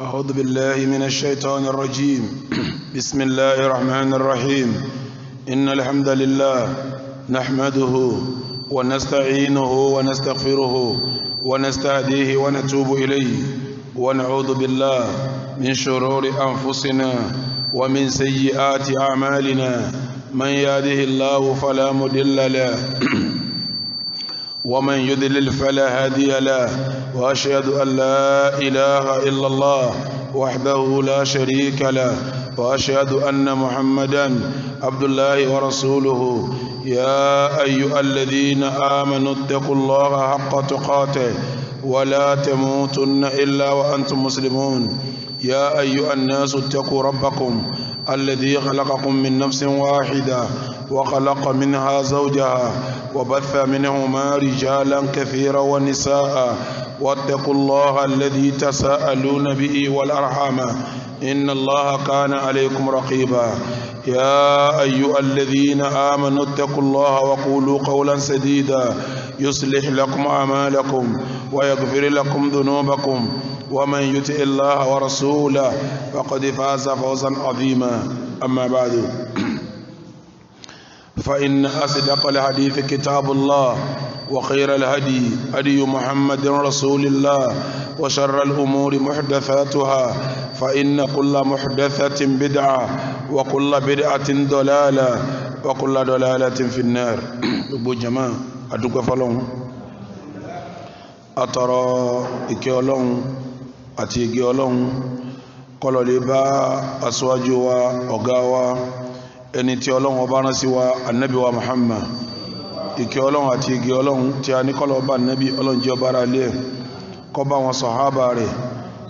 أعوذ بالله من الشيطان الرجيم بسم الله الرحمن الرحيم إن الحمد لله نحمده ونستعينه ونستغفره ونستهديه ونتوب إليه ونعوذ بالله من شرور أنفسنا ومن سيئات أعمالنا من يهده الله فلا مضل له ومن يضلل فلا هادي له وأشهد أن لا إله إلا الله وحده لا شريك له وأشهد أن محمدا عبد الله ورسوله يا أيها الذين آمنوا اتقوا الله حق تقاته ولا تموتن إلا وأنتم مسلمون يا أيها الناس اتقوا ربكم الذي خلقكم من نفس واحدة وخلق منها زوجها وبث منهما رجالا كثيرا ونساء واتقوا الله الذي تساءلون به والأرحام إن الله كان عليكم رقيبا يا أيها الذين آمنوا اتقوا الله وقولوا قولا سديدا يصلح لكم أعمالكم ويغفر لكم ذنوبكم ومن يطع الله ورسوله فقد فاز فوزا عظيما أما بعد فإن أصدق الحديث كتاب الله وخير الهدي هدي محمد رسول الله وشر الأمور محدثاتها فإن كل محدثة بدعة وكل بدعة دلالة وكل دلالة في النار أبو جماعة أدوك فلون أترى إكيولون أتيجيولون قالوا لي با أسواجوا أغاوا أني تيولون وبانسوا النبي ومحمد ìkẹ́ ọlọ́run àti igi ọlọ́run tí a ní kọ́lọ̀ bá nẹ́bí ọlọ́run jẹ́ ọba ara ilé ẹ̀ kọ́ bá wọn sọ̀hábà rẹ̀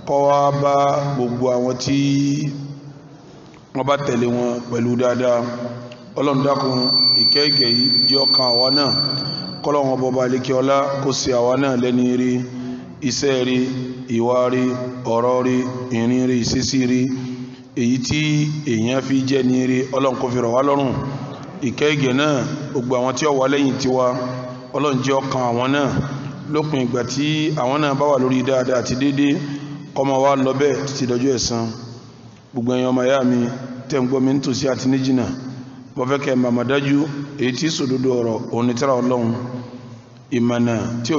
kọ́ wá bá gbogbo àwọn tí wọ́n bá tẹ̀lé wọn pẹ̀lú dáadáa ọlọ́run dákun ìkẹ́ ìkẹ́ yìí jẹ́ ọkàn àwa náà kọ́lọ̀wọ́n bọba alékẹ́ ọlá kó sí àwa náà lẹ́ni rí iṣẹ́ rí ìwà rí ọ̀rọ̀ rí ìrìn rí ìṣesí rí èyí tí èèyàn fi jẹ́ ní rí ọlọ́run kó fi rọ̀ wá lọ́rùn ìkẹ́ ìgẹ̀ náà gbogbo àwọn tí ó wà lẹ́yìn tiwa ọlọ́run jẹ́ ọkàn àwọn náà lópin ìgbà tí àwọn náà bá wà lórí dáadáa àti déédé kọ́mọ wa lọ bẹ́ẹ̀ títí dọjọ́ ẹ̀san gbogbo ẹ̀yin ọmọ ìyá mi tẹ́ ń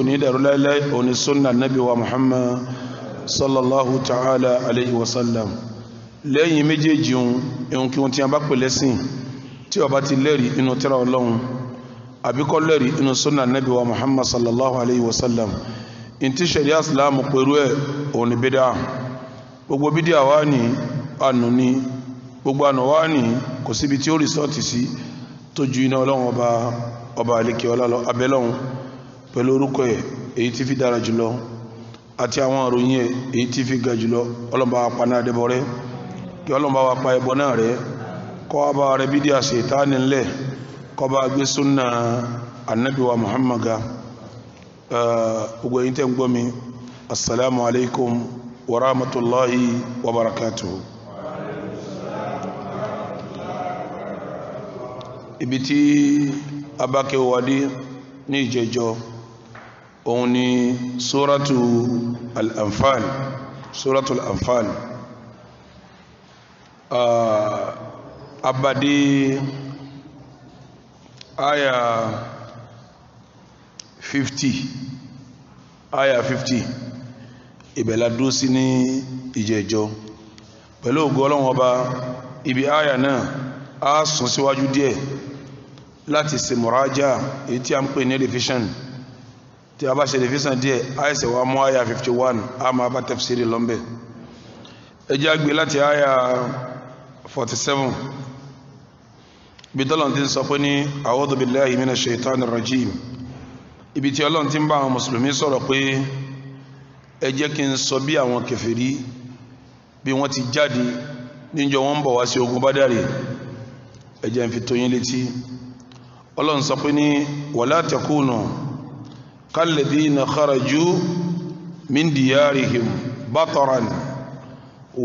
gbọ́ nabi wa muhammad sallallahu ta'ala alayhi wa sallam lẹ́yìn méjèèjì òun kí wọ́n ti bá pè lẹ́sìn tí ó bá ti lẹ́rìí inú tírà Ọlọ́run àbí kó lẹ́rìí inú sunna nabi muhammad sallallahu alayhi wa sallam in ti sharia islam pẹ̀lú ẹ̀ òun ni bídà gbogbo bídà wà ní ànú ni gbogbo ànú wà ní kò síbi tí ó rìsọ́ọ̀tì sí tó ju iná Ọlọ́run ọba ọba àlekè ọlọ́lọ́ abẹ́lọ́run pẹ̀lú orúkọ ẹ̀ èyí tí fi dára jùlọ àti àwọn àròyìn ẹ̀ èyí tí fi ga jùlọ ọlọ́mọba wa pa náà dẹ́bọ̀ rẹ́ kí ọlọ́mọba wa pa ẹbọ náà rẹ́ kọ́ bá rẹ̀ bí díà ṣètánì lẹ̀ kọ́ bá gbé súnà annabiwa muhammaga ogun tẹ́ ń gbọ́ mi assalamu alaikum wa rahmatullahi wa barakatuhu ibi tí abákẹ́wàdí ní ìjẹjọ́ òun ni sóràtù al-anfal sóràtù uh, Abadi, aya 50 aya 50 ìbẹ̀là dúró sí ní ìjẹjọ pẹ̀lú ògo ọlọ́run ọba ibi aya náà a sùn síwájú díẹ̀ láti ṣe mọ̀rájá èyí tí a ń pè ní revision tí a bá ṣe revision díẹ̀ àìsẹ̀ wa mú aya 51 a máa bá tafsiri lọ́mbẹ̀ ẹ gbé láti aya 47 bí tọ́lọ́n ti ń sọ pé ní a'udhu billahi minash shaitanir rajim ibi tí ọlọ́run ti ń bá àwọn mùsùlùmí sọ̀rọ̀ pé ẹ jẹ́ kí n sọ bí àwọn kèfèrí bí wọ́n ti jáde níjọ wọ́n bọ̀ wá sí ogun Badari ẹ jẹ́ n fi tó yín létí ọlọ́run sọ pé ní wala takunu kalladhina kharaju min diyarihim bataran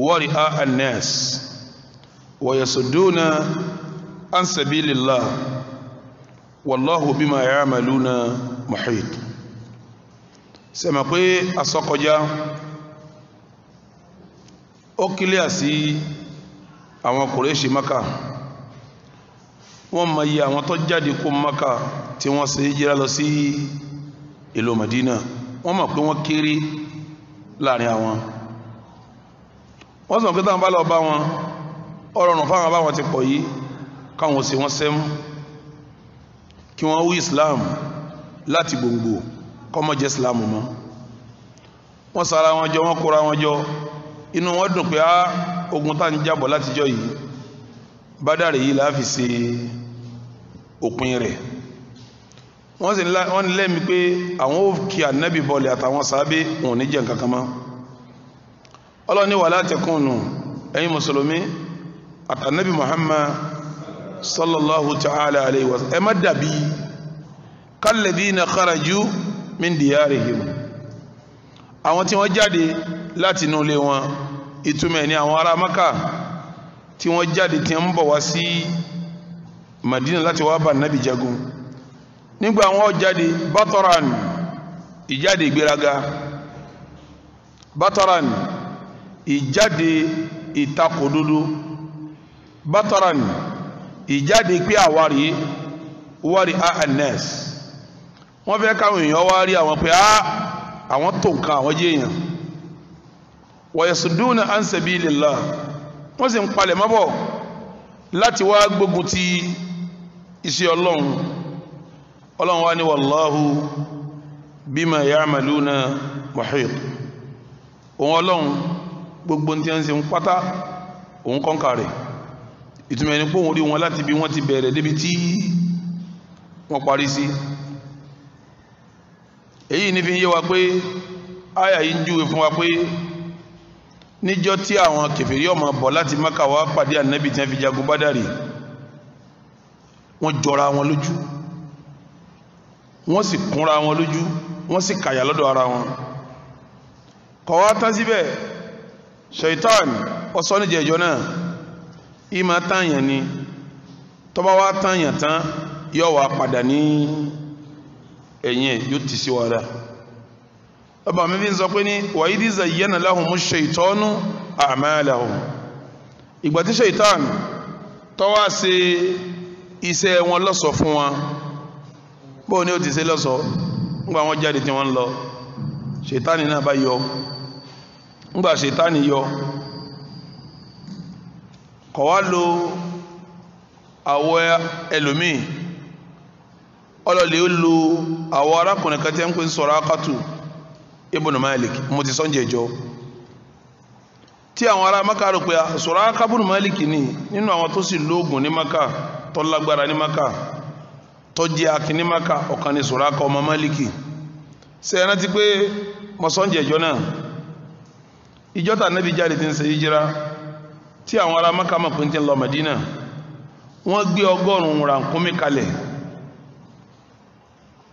wari'a an-nas an sabilillah wallahu bima ya'maluna muhit sẹ́mọ̀ pé asọ́kọjá ó kílẹ̀ sí àwọn kòrèṣì maka wọ́n ma yí àwọn tó jáde kó maka tí wọ́n ṣe hijira lọ sí ìlú Madina wọ́n mọ̀ pé wọ́n kéré láàrin àwọn wọ́n sọ pé táwọn bá lọ bá wọn ọ̀rọ̀ ọ̀nà fáwọn bá wọn ti pọ̀ yìí káwọn ṣe wọ́n sẹ́mú kí wọ́n wú islam láti gbòǹgbò kọ́mọ jẹ́ islam mọ́ wọ́n sara wọn jọ wọ́n kóra wọn jọ inú wọn dùn pé á ogun tá à ń jábọ̀ látijọ́ yìí bádàrí yìí láàfi ṣe òpin rẹ̀ wọ́n sì wọ́n ní lẹ́mi pé àwọn ò kí ànábì bọ̀lẹ̀ àtàwọn sábé wọn ò ní jẹ́ nǹkan mọ́ ọlọ́ni wà látẹ̀kùnù ẹ̀yin mùsùlùmí àtànábì Muhammad sallallahu ta'ala alayhi wa sallam ẹ má dàbí kalladhina kharaju min diyarihim àwọn tí wọ́n jáde láti inú ilé wọn ìtumọ̀ ní àwọn ará maka tí wọ́n jáde tí wọ́n ń bọ̀ wá sí madina láti wá bá nàbì jagun nígbà wọn jáde batoran ìjáde ìgbéraga batoran ìjáde ìtakòdodo batoran. ìjáde pé àwárí wárí ahanes wọ́n fẹ́ káwọn èèyàn wá rí àwọn pé á àwọn tó nǹkan àwọn wa an wọ́n sì ń palẹ̀ mọ́bọ̀ láti wá gbógun ti iṣẹ́ ọlọ́run ọlọ́run wá ní wallahu bima na muhit òun ọlọ́run gbogbo tí wọ́n sì pátá òun ìtumọ̀ ẹni pòun rí wọn láti bí wọ́n ti bẹ̀rẹ̀ débi tí wọ́n parí sí èyí ni fi ń yé wa pé àyà yìí ń júwe fún wa pé níjọ́ tí àwọn kèfèrí ọmọ bọ̀ láti Mákà wá pàdé ànábì tí wọ́n fi jagun Bádàrí wọ́n jọra wọn lójú wọ́n sì kúnra wọn lójú wọ́n sì kàyà lọ́dọ̀ ara wọn kọ̀wá tán síbẹ̀ ṣèitán ọsọ́nìjẹ̀jọ náà ìmọ̀ tààyàn ni tọ́ba wa tààyàn tán yóò wá padà ní ẹ̀yìn ẹ̀ yóò ti sí wàrà ọba mi fi ń sọ pé ní wàyídí zayyana lahumu shaytanu a'malahum ìgbà tí shaitan tọ́wá ṣe iṣẹ́ wọn lọ́sọ̀ fún wọn bóò ní ó ti ṣe lọ́sọ̀ ńgbà wọn jáde tí wọ́n lọ shaitan náà bá yọ ńgbà shaitan yọ kọ̀ lo àwọ̀ ẹlòmíì ọlọ́lẹ̀ ó lo àwọ̀ arákùnrin kan tí ń pè ń ti àwọn ará maka rò pé sọ̀rọ̀ akábùn malik ni nínú àwọn tó sì lóògùn ní maka tó ní maka tó jẹ́ ní maka ọkani ni ọmọ malik pé náà tí àwọn ará Mákà mọ̀ pé ń ti lọ Mẹ̀dínà wọ́n gbé ọgọ́rùn-ún rànkúnmí kalẹ̀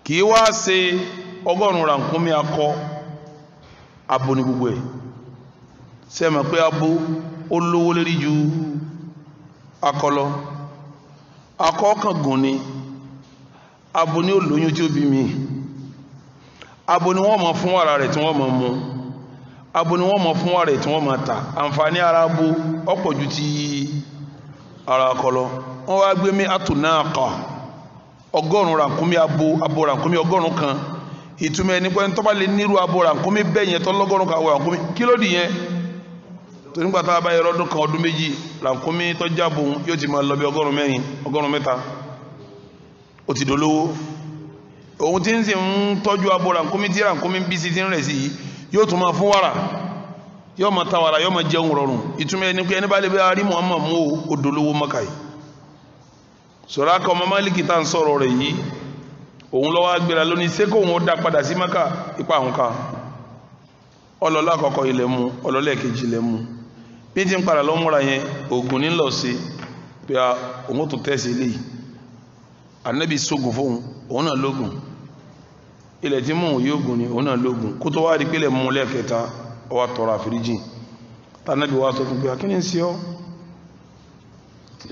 kì í wá se ọgọ́rùn-ún rànkúnmí akọ abo ní gbogbo ẹ̀ ṣe mọ̀ pé abo ó lówó lérí ju akọ lọ akọ kan gùn ni abo ní ó lóyún tí ó bí mi abo ni wọ́n mọ̀ fún wàrà rẹ̀ tí wọ́n mọ̀ mu. abo ni wọ́n mọ̀ fún wa rẹ̀ tí wọ́n máa ta àǹfààní ara abo ọ̀pọ̀ ju ti ara kọlọ wọ́n wá gbé mi àtúnáàkà ọgọ́rùn-ún rànkúmí ọgọ́rùn kan ẹni lè nírú rànkúmí bẹ́ẹ̀ yẹn kan rànkúmí kí ló dì yẹn kan ọdún méjì rànkúmí tọ́jà bò yóò ti máa lọ bí ó ti dolówó òun ti ń sìn ń tí bí si ti ń sí yìí yóò tún máa fún wàrà yóò máa ta wàrà yóò máa jẹun rọrùn ìtumọ̀ ẹni pé ẹni bá lè bá rí Muhammad mú odolówó mọ́kà yìí sọ̀rọ̀ akọ ọmọ Málíkì tá à ń sọ̀rọ̀ rẹ̀ yìí òun lọ́wọ́ agbèrè lónìí ṣé kò wọ́n dá padà sí mọ́kà ipa àwọn ká ọlọ́lá àkọ́kọ́ ilẹ̀ mu ọlọ́lá ẹ̀kejì ilẹ̀ mu bí ti ń padà lọ́ múra yẹn ògùn nílọ sí pé òun tún tẹ̀sí eléyìí ànábì sógun fóun òun náà lógun ilẹ̀ tí mò ń yóògùn ni òun náà lóògùn kó tó wá di pé ilẹ̀ mú lẹ́ẹ̀kẹta ó wá tọrọ àforíjìn tànàbí wá sọ fún pé akíní ń sí ọ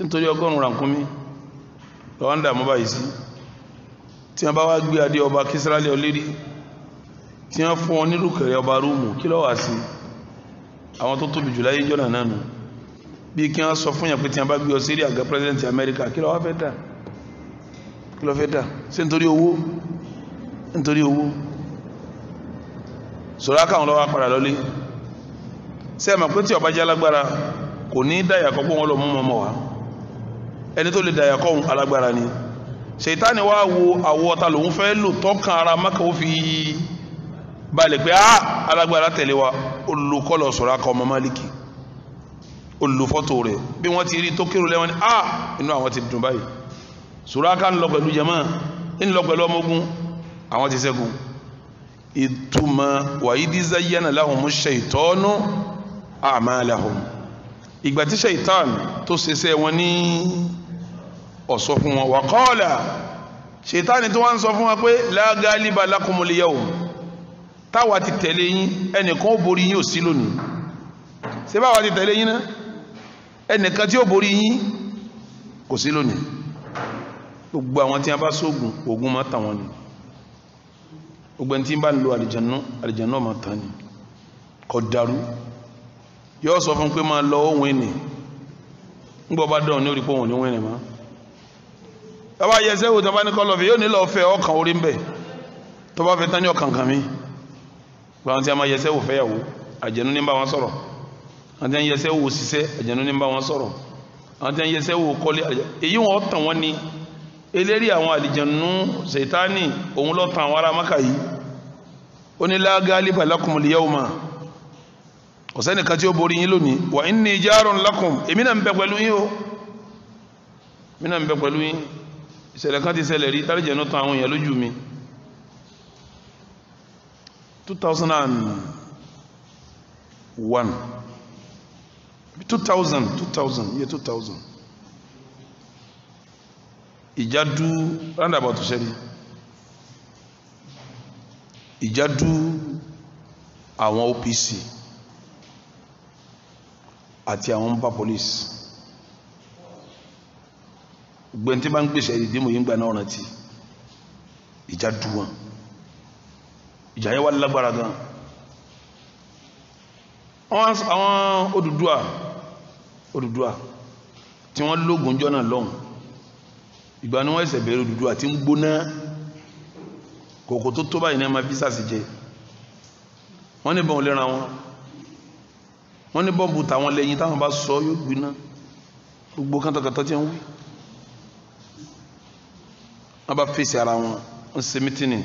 nítorí ọgọ́rùn-ún ràkúnmí lọ́wọ́ ń dààmú báyìí sí tí wọ́n bá wá gbé adé ọba kísírálẹ̀ olérí tí wọ́n fún ọ nírùkẹ̀rẹ̀ ọba rúùmù kí ló nítorí owó sọ̀rọ̀ káwọn lọ́wọ́ padà lọ́lé sí ẹ̀mọ̀ pé tí ọba jẹ́ alágbára kò ní dàyàkọ́ pé wọ́n lọ mú mọ́mọ́ wa ẹni tó lè dàyàkọ́ òun alágbára ni ṣètánì wá wo àwọ̀ ọ̀tá lòun fẹ́ lò tọ́kàn ara maka fi balẹ̀ pé ah alágbára tẹ̀lé wa olùkọ́lọ̀ sọ̀rọ̀ akọ ọmọ Málíkì olùfọ́tò rẹ̀ bí wọ́n ti rí tó kérò lẹ́wọ́n ni ah inú àwọn ti dùn báyìí sọ̀rọ̀ aká ń lọ pẹ̀lú jẹ̀mọ́ ń lọ pẹ̀lú ọmọ ogun àwọn ti ṣẹ́gun ìtumọ̀ wàyídí zayyana lahum ṣaitọ́nù a'malahum ìgbà tí ṣaitan tó ṣeṣẹ́ wọn ní ọ̀sọ́ fún wọn wàkọ́ọ̀là ṣaitan tó wá sọ fún wọn pé la ghaliba lakumul yawm táwa ti tẹ̀lé yín ẹnìkan ó borí yín ò sí lónìí ṣé báwa ti tẹ̀lé yín ẹnìkan tí ó borí yín kò sí lónìí gbogbo àwọn tí a bá sógun ogun máa tà wọn gbogbo ẹni tí ń bá ń lo àlìjànú àlìjànú ọmọ tán ni kò dàrú yóò sọ fún pé máa lọ òun ẹni ńgbọ́ bá dán ní orí pé òun ní òun ẹni máa bàbá yẹsẹ́ wò tó bá ní kọ́ lọ́fẹ̀ẹ́ yóò nílò ọ̀fẹ́ ọkàn orí ń bẹ̀ tó bá fẹ́ tán ní ọkàn kan mi gbọ́n tí a máa yẹsẹ́ wò fẹ́yàwó àjẹnú ní bá wọn sọ̀rọ̀ àwọn tí a ń yẹsẹ́ wò ṣiṣẹ́ àjẹnú ní bá wọn sọ̀rọ̀ àwọn tí a ń yẹsẹ́ wò kọ́lé èyí wọn tàn ni eléri àwọn àlìjẹ̀nú ṣètánì òun ló tan àwọn ará maka yìí ó ní la ghaliba lakumul yawma kò sẹ́nìkan tí ó borí yín lónìí wa inni jarun lakum èmi náà ń bẹ pẹ̀lú yín o èmi náà ń bẹ pẹ̀lú yín ìṣẹ̀lẹ̀ kan ti ṣẹlẹ̀ rí tálíjẹ̀nú tan àwọn èèyàn lójú mi 2001 2000 2000 year 2000 ìjádú randabọ̀ tó ṣẹ́rí ìjádú àwọn OPC àti àwọn mpa police gbẹ̀ntí bá ń pèsè ìdímò yíngbà náà rántí ìjádú wọn ìjà yẹn wá lágbára gan àwọn Odùduwà Odùduwà tí wọ́n lógun jọ náà lọ́hùn ìgbà ni wọ́n ẹ̀sẹ̀ bẹ̀rẹ̀ òdùdú àti ń gbóná kòkò tó tó báyìí ní ẹmà físà sí jẹ wọ́n ní bọ́n lẹ́ra wọn wọ́n ní bọ́ọ̀bù tàwọn lẹ́yìn táwọn bá sọ yóò gbiná gbogbo kátàkátà tí wọ́n wí wọ́n bá fèsì ara wọn ń ṣe mítìnì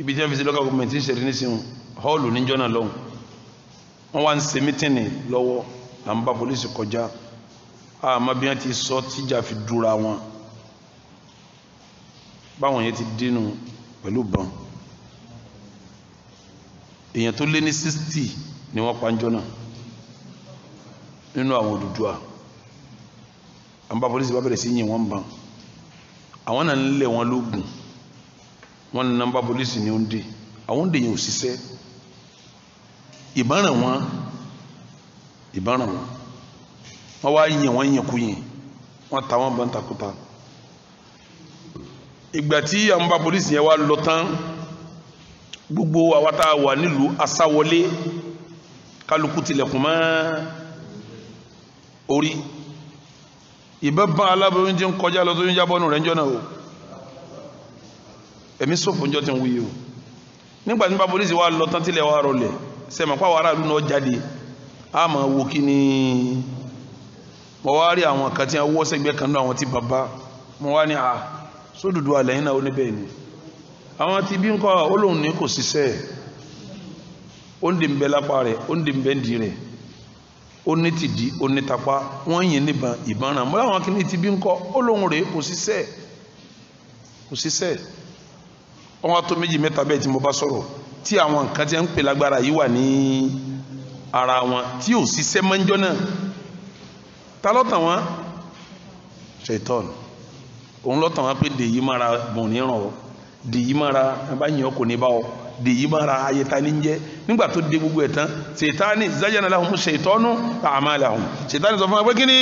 ibi tí wọ́n fi sí lọ́kà gọ́ọ̀mẹ̀ntì ń ṣẹ̀rí nísìnyí họ́ọ̀lù níjọ́ lọ́hùn wọ́n wá ń ṣe mítìnì lọ́wọ́ à polisi kọjá àmọ́ bí wọ́n ti sọ tíjà fi dúra wọn báwọn yẹn ti dínú pẹ̀lú bọn èèyàn tó lé ní 60 ni wọ́n panjọ́ náà nínú àwọn Odùduwà àwọn bá polisi bá bẹ̀rẹ̀ sí yìn wọ́n ban àwọn náà ń lẹ̀ wọn lóògùn wọn ní nọ́mbà polisi ni ó ń dè àwọn ń dè yẹn ò ṣiṣẹ́ ìbáràn wọn ìbáràn wọn wọ́n wá yàn wọ́n yàn kú yìn wọ́n ta wọ́n bá ń takuta ìgbà tí àwọn bá polisi yẹn wá lọ tán gbogbo àwa tá a wà nílùú asáwọlé kálukú tilẹ̀kùn mọ́ orí ìbẹ́ bá aláboyún tí ń kọjá lọ tó ń jábọ́ nù rẹ̀ ń jọ́nà o ẹ̀mí sọ̀fọ̀ ń jọ́ ti ń wuyì o nígbà tí bá polisi wá lọ tán tilẹ̀ wá rọlẹ̀ sẹ́mi àpá wàrà lù náà jáde a máa kí ni mo wá rí àwọn kan tí wọ́n wọ́ sẹ́gbẹ́ kan náà àwọn tí bàbá mo wá ní à sódùdú àlẹ́yìn náà ó níbẹ̀ ni àwọn tí bí ń kọ́ ó ní kò ṣiṣẹ́ ó ń dì ń bẹ lápá rẹ̀ ó ń dì ń bẹ ń di rẹ̀ ó ní tìdí ó ní tapá wọ́n yìn níbọn ìbọn ràn mo láwọn kìíní tí bí ń kọ́ ó lóun rèé kò ṣiṣẹ́ kò ṣiṣẹ́ wọ́n tó méjì mẹ́ta bẹ́ẹ̀ tí mo bá sọ̀rọ̀ tí àwọn nǹkan tí ń pè lágbára yìí wà ní ara wọn tí ò ṣiṣẹ́ mọ́jọ́ náà ta ló tàn wọ́n ṣètọ́n òun ló tàn wọ́n pé dèyí mara bùn níràn o dèyí mara bá yìn ọ́ kò ní bá ọ dèyí mara ayé ta ní jẹ́ nígbà tó dé gbogbo ẹ̀ tán ṣètáni zayyana lahum ṣètọ́nù a'malahum ṣètáni sọ fún wa pé kí ni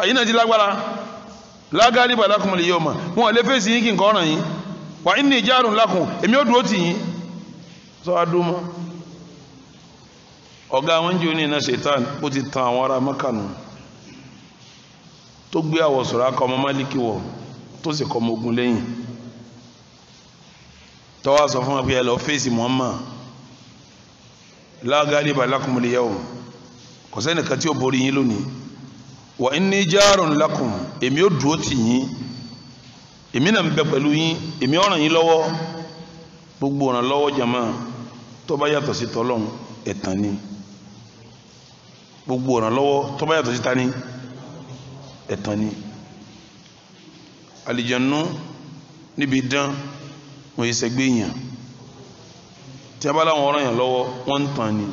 àyín náà ti lágbára lágáàlì bàlá kùmọ̀lì yóò mà wọn lè fèsì yín kí nǹkan ọ̀ràn yín wà ní ìjárùn lákùn èmi ó dúró tì yín sọ adúmọ́ ọ̀gá wọn jù ní iná ṣètáni ó ti tan àwọn ará mọ́kànù tó gbé àwọ̀ Sùrákà ọmọ Málíkì wọ̀ tó sì kọ́ ọmọ ogun lẹ́yìn tó wá sọ fún wa pé ẹ lọ fèsì Muhammad la ghaliba lakum al-yawm kò sẹ́nìkan tí ó borí yín lónìí wa inni jarun lakum èmi ó dúró tì yín èmi náà ń bẹ pẹ̀lú yín èmi ó ràn yín lọ́wọ́ gbogbo ọ̀ràn lọ́wọ́ jama tó bá yàtọ̀ sí tọ́lọ́hún ẹ̀tàn ni gbogbo ọ̀ràn lọ́wọ́ tó bá yàtọ̀ sí tani ẹ̀tàn ni àlìjànú níbi dán wọ́n yẹ sẹ́gbẹ́ èèyàn tí a bá láwọn ọ̀rọ̀ yàn lọ́wọ́ wọ́n ń tàn ni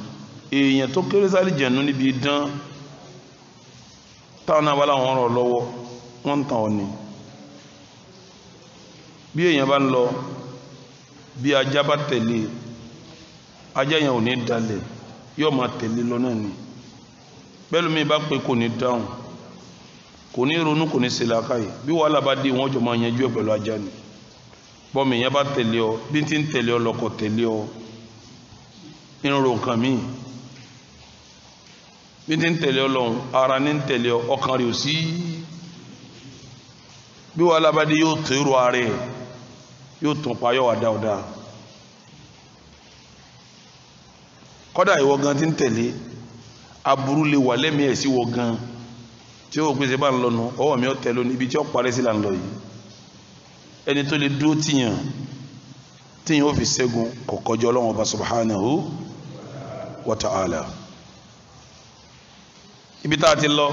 èèyàn tó kéré sálìjànú níbi dán táwọn náà bá láwọn ọ̀rọ̀ lọ́wọ́ wọ́n ń tàn ni bí èèyàn bá ń lọ bí ajá bá tẹ̀lé ajá yẹn ò ní dalẹ̀ yóò máa tẹ̀lé lọ ni bẹ́ẹ̀ lómi bá pé kò ní dáhùn kò ní ronú kò ní sílaka yìí bí wàhálà bá dé wọn jọ máa yanjú ẹ pẹ̀lú ajá ni bọ́mì yẹn bá tẹ̀lé ọ bí ti ń tẹ̀lé ọ lọ́kọ̀ tẹ̀lé ọ irun kan mi bí ti ń tẹ̀lé ọ lọ́hùn ara ní ń tẹ̀lé ọ ọkàn rẹ̀ ò sí bí wàhálà bá dé yóò tó irú ara yóò tún pa yóò dáadáa kọ́dà ìwọ gan ti ń tẹ̀lé aburú lè wà lẹ́mìí ẹ̀ sí wọ gan tí ó gbèsè bá ń lọnu ọwọ́ mi ó tẹ lónìí ibi tí ó parẹ́ sí là ń lọ yìí ẹni tó lè dúró tìyàn tíyàn ó fi ṣẹ́gun kò kọjọ ọlọ́wọ́n ọba subhanahu wa ta'ala ibi tá a ti lọ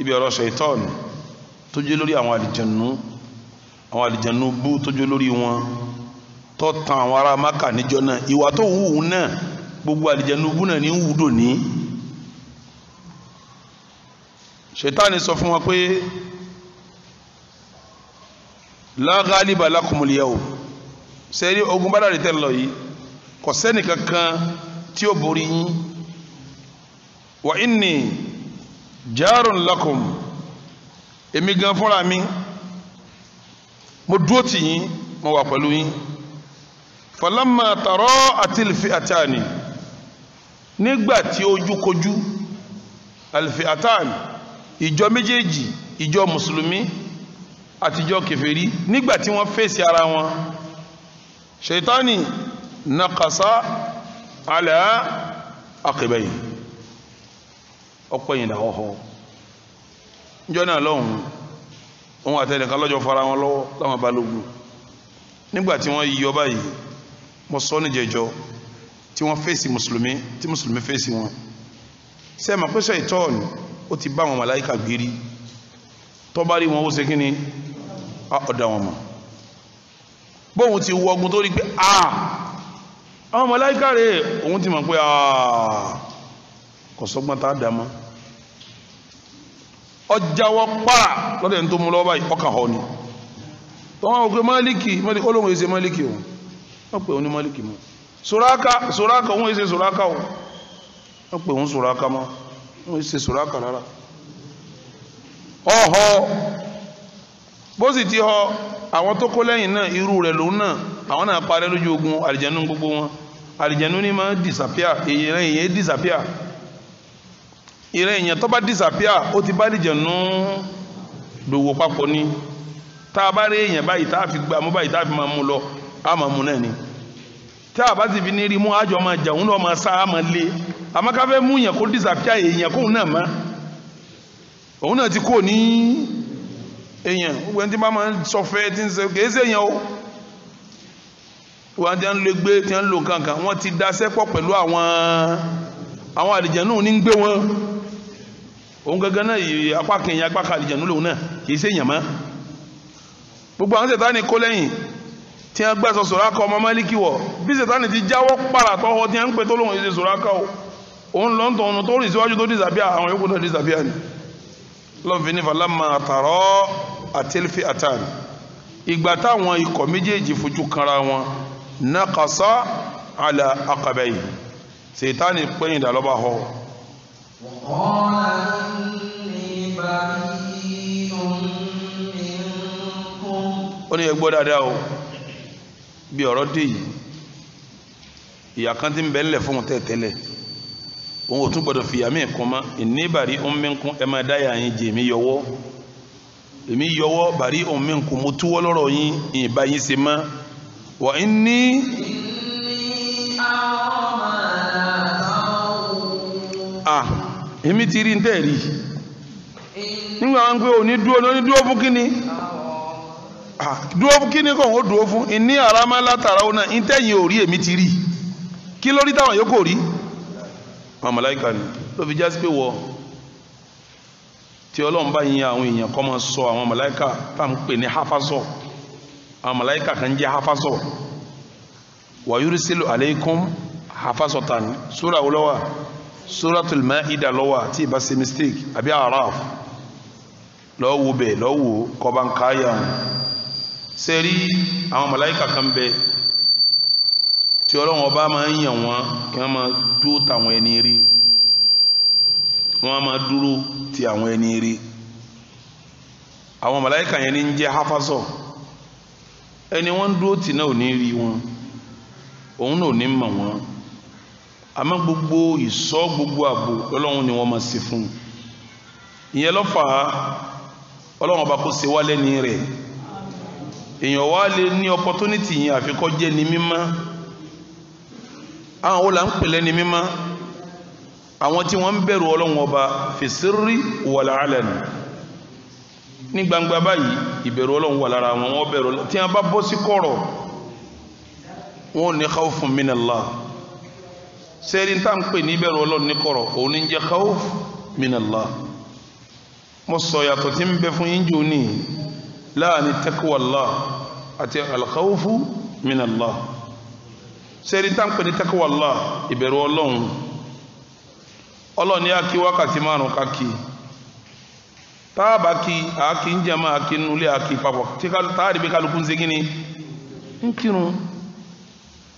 ibi ọ̀rọ̀ ṣaitan tó jẹ́ lórí àwọn àlìjànú àwọn àlìjànú bú tó jẹ́ lórí wọn tó àwọn ará maka níjọ náà ìwà tó wù náà gbogbo àlìjànú bú náà ní wù dò ní ṣètánì sọ fún wọn pé la ghaliba lakumul yawm sẹ́rí ogun bá dàrí tẹ́lọ yìí kò sẹ́nì kankan tí ó borí yín wa inni jarun lakum èmi gan fúnra mi mo dúró tì yín mo wà pẹ̀lú yín falamma tàrọ́ àti ìlfi àtàní nígbà tí ojú kojú àlfi àtàní ìjọ méjèèjì ìjọ mùsùlùmí àtijọ́ kèfèrí nígbà tí wọ́n fèsì ara wọn ṣètánì nàkàsá alẹ́ àkèbẹ̀yìn ọ̀pọ̀ ìyìnà ọ̀họ̀ níjọ́ náà lọ́hùn òun àtẹnìkan lọ́jọ́ fara wọn lọ́wọ́ láwọn balógun nígbà tí wọ́n yíyọ báyìí mo sọ ní jẹjọ tí wọ́n fèsì mùsùlùmí tí mùsùlùmí fèsì wọn sẹ́ẹ̀mà pẹ́sọ̀ ìtọ́ọ̀nù ó ti bá àwọn màláíkà gbérí tó bá rí wọn ó ṣe kí ni ọ̀dà wọn mọ̀ bóun ti wọ ọgbọ́n tó rí pé a àwọn màláíkà rẹ̀ òun ti mọ̀ pé a kò sọ́gbọ́n tá a dà mọ́ ọjà wọn para lọ́dẹ̀ tó mú lọ́wọ́ báyìí ọkà họ ni tọ́wọ́n òkè Málíkì Málíkì olóhùn èsè Málíkì o wọ́n pè òun ní Málíkì mọ́ Sùrákà Sùrákà òun èsè Sùrákà o wọ́n pè òun Sùrákà mọ́ wọ́n ṣe sòrò àkàn rárá ọ̀họ́ bó sì ti họ àwọn tó kó lẹ́yìn náà irú rẹ̀ lòun náà àwọn náà parẹ́ lójú ogun àlìjẹ̀nú gbogbo wọn àlìjẹ̀nú ni máa disappear èèyàn èèyàn disappear ìrẹ́ èèyàn tó bá disappear ó ti bá àlìjẹ̀nú dòwò papọ̀ ni tá a bá rí èèyàn báyìí tá a fi gbà mú báyìí tá a fi máa mú lọ á máa mú náà ni tí a bá sì fi ní rí mú àjọ máa jà òun náà máa sá máa lé àmọ́ ká fẹ́ mú yàn kó disapia èèyàn kóun náà mọ́ òun náà ti kú ní èèyàn gbogbo ẹni tí bá máa ń sọ fẹ́ tí ń sọ kìí ṣe èèyàn o wọn ti ń lo gbé ti ń lo kankan wọn ti da sẹ́pọ̀ pẹ̀lú àwọn àwọn àlìjẹ̀nù ní ń gbé wọn òun gangan náà yìí apá kìnyìn apá kan àlìjẹ̀nù lòun náà kìí ṣe èèyàn mọ́ gbogbo àwọn sẹ̀tà ni kó lẹ́yìn tí wọ́n gbẹ́sọ̀ sòrákà ọmọ mẹ́líkì wọ̀ bí sètánì ti jáwọ́ pàrà tọ́wọ́ tí wọ́n ń pè tó lóun èsè sòrákà o òun lọ́n tó ọ̀nà tó rìn síwájú tó dìsàbíà àwọn yòókù náà dìsàbíà ni lọ́nfin ní falama àtàrọ́ àtẹ́lẹ́fẹ́ àtàn ìgbà táwọn ikọ̀ méjèèjì fojú kanra wọn nàkàsá àlà àkàbẹ̀yìn sètánì pẹ́yìn dà lọ́ba họ. ó ní ẹ gbọ́ dáadáa o. bí ọ̀rọ̀ dé yìí ìyà kan ti ń bẹ ńlẹ̀ fún tẹ́tẹ́lẹ̀ òun ò tún gbọdọ̀ fìyà mí mọ́ bàrí ọmọkún ẹ máa dáyà yín jẹ èmi yọwọ́ èmi yọwọ́ bàrí ọmọkún mo túwọ́ lọ́rọ̀ yín ìbá yín ṣe mọ́ wà ń ní. à èmi ti dúró fún kí ni kò ó dúró fún ìní àràmà látara ọ̀nà ìtẹ̀yìn ò rí èmi ti rí kí lórí táwọn yòókù rí àwọn màláìka ni ló fi jásí pé wọ tí ọlọ́run bá yin àwọn èèyàn kọ́ máa sọ àwọn màláìka tá à ń pè ní hafasọ àwọn màláìka kan jẹ́ hafasọ wàyúrí sílò aleikum hafasọ tani sóra wo lọ́wọ́ suratul maida lọ́wọ́ tí ìbá ṣe mistake àbí araf lọ́wọ́ bẹ̀ lọ́wọ́ kọ́ bá ń káyà ṣe rí àwọn màláìkà kan bẹ tí ọlọ́run ọba máa ń yàn wọ́n kí wọ́n máa dúró tàwọn ẹni rí wọ́n máa dúró ti àwọn ẹni rí àwọn màláìkà yẹn ní ń jẹ́ hafasọ ẹni wọ́n ń dúró gbogbo ìṣọ́ gbogbo ààbò lọ́lọ́run ni wọ́n máa fún un ìyẹn lọ́fà ọba kò ṣe wá èèyàn wá lè ní opportunity yẹn àfikọ́ jẹ́ ni mímọ́ àwọn wo la ń pèlẹ́ ni mímọ́ àwọn tí wọ́n ń bẹ̀rù ọlọ́run ọba fèsìrì wàlà alẹ́nu ní gbangba báyìí ìbẹ̀rù ọlọ́run wà lára wọn wọ́n bẹ̀rù tí wọ́n bá bọ́ sí kọ̀rọ̀ wọn ò ní khawfun minallah sẹ́ẹ̀rì tá ń pè ní ìbẹ̀rù ọlọ́run ní kọ̀rọ̀ òun ní jẹ́ khawf minallah mo sọ yàtọ̀ tí ń bẹ fún yín jù ní láàrin taqwallah àti alkhawfu minallah sẹ́rí táǹpẹ̀ ní taqwallah ìbẹ̀rù ọlọ́run ọlọ́run ní akí wákàtí márùn kákì táàbà kí àákí ń jẹma àkí nulẹ̀ àkí papọ̀ táàrí bí kálukú ń ṣe gíní ń kírun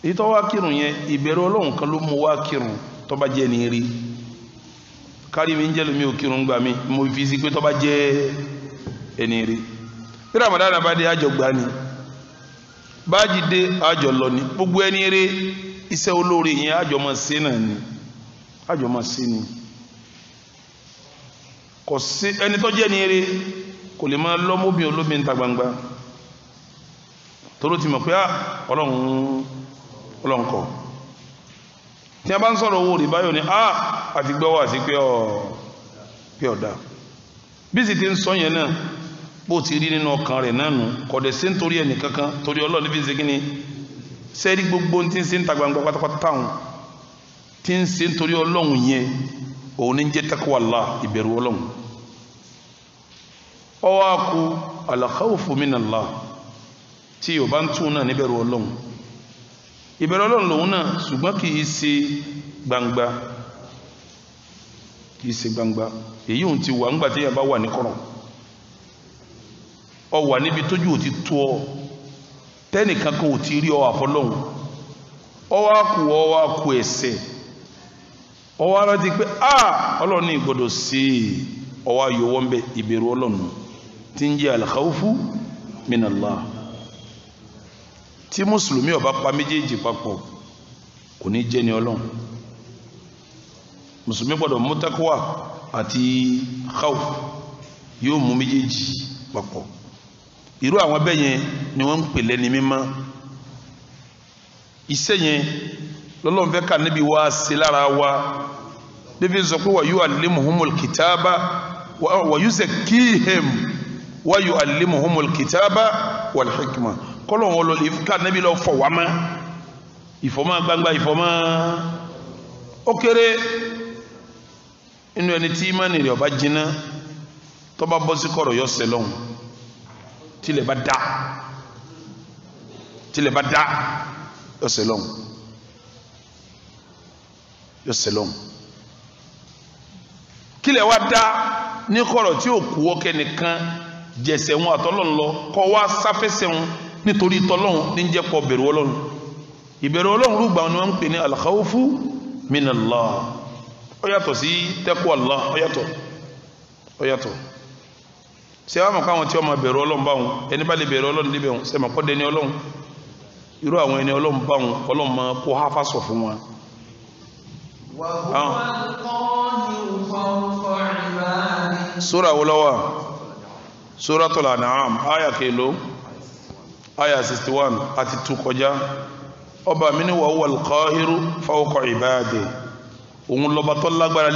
èyí tó wá kírun yẹn ìbẹ̀rù ọlọ́run kan ló mú wá kírun tó bá jẹ́ ní kárí mi ń jẹ́ lómi ò gbà mí mo fi sí pé tó bá jẹ́ ẹni tí Ramadan bá dé àjọ ni báàjì dé àjọ lọ ni gbogbo ẹni eré iṣẹ́ olóore ìyẹn àjọ náà ni àjọ ni kò sí ẹni tó jẹ́ ni eré kò lè máa lọ olómi gbangba toro ti mọ̀ pé ah, ọlọ́run tí a bá ń ah, àti gbọ́wọ́ àti pé ọ̀dà bí sì ti ń sọ yẹn bó ti rí nínú ọkàn rẹ̀ náà nù kọ̀dẹ̀ sí nítorí torí ọlọ́ọ̀ni fi ṣe ni gbogbo tí ń ṣe ń ta gbangba pátápátá táwọn ń ṣe nítorí yẹn òun ní jẹ́ takwa ìbẹ̀rù ọwọ́ tí yóò bá ń gbangba kì í gbangba èyí òun ti wà tí yàrá ọ wà níbi tójú ò ti tó ọ tẹ́nìkan kan ò ti rí ọ àfọlọ́hún ọ kù ọ kù ẹ̀ṣẹ̀ ọ wá rántí pé a ọlọ́run ní ìgbọ́dọ̀ sí i ọ wá yọ wọ́n bẹ ìbẹ̀rù ọlọ́run tí ń jẹ́ al-khawfu min Allah tí mùsùlùmí ó bá pa méjèèjì papọ̀ kò ní jẹ́ ni ọlọ́run mùsùlùmí gbọ́dọ̀ mú takuwa àti khawf yóò mú méjèèjì papọ̀ irú àwọn bẹ́ẹ̀ yẹn ni wọ́n ń pè lẹ́ni mímọ́ iṣẹ́ yẹn lọ́lọ́run fẹ́ ká níbi wá sí lára wa bíbí sọ pé wa yu'allimuhumul kitaba wa yuzakkihim wa yu'allimuhumul kitaba wal hikma kọ́lọ́run wọ́n lọ lè ká níbi lọ fọ̀ wá mọ́ ìfọ̀mọ́ gbangba ìfọ̀mọ́ ó kéré inú ẹni tí ìmánì ọba jiná tó bọ́ sí kọ̀rọ̀ yọ sẹ́lọ́hùn tilẹ̀ bá dá tilẹ̀ bá dá yóò ṣe lọ́hùn yóò ṣe lọ́hùn kílẹ̀ wá dá ní kọ̀rọ̀ tí yóò kú ọkẹ́ nìkan jẹ̀sẹ̀ wọn àtọ́lọ́run lọ kọ́ wá sáfẹ́sẹ̀ wọn nítorí tọ́lọ́run ní jẹ́ kọ́ bẹ̀rù ọlọ́run ìbẹ̀rù ọlọ́run rúgbà wọn ni wọ́n ń pè ní alkhawfu minallah ó yàtọ̀ sí tẹ́kù Allah ó yàtọ̀ ó yàtọ̀ ṣé wàá mọ̀ káwọn tí wọ́n máa bẹ̀rù ọlọ́run bá wọn ẹni bá lè bẹ̀rù ọlọ́run níbẹ̀ wọn ṣe mọ̀ kọ́ dẹni ọlọ́run irú àwọn ẹni ọlọ́run bá wọn ọlọ́run kó háfà sọ fún wọn. sura wo lọ́wọ́ Suratul An'am aya kelo aya 61 àti tu kọjá ọba mi ni wàá wal qahiru fawqa òun lọ́ba tó lágbára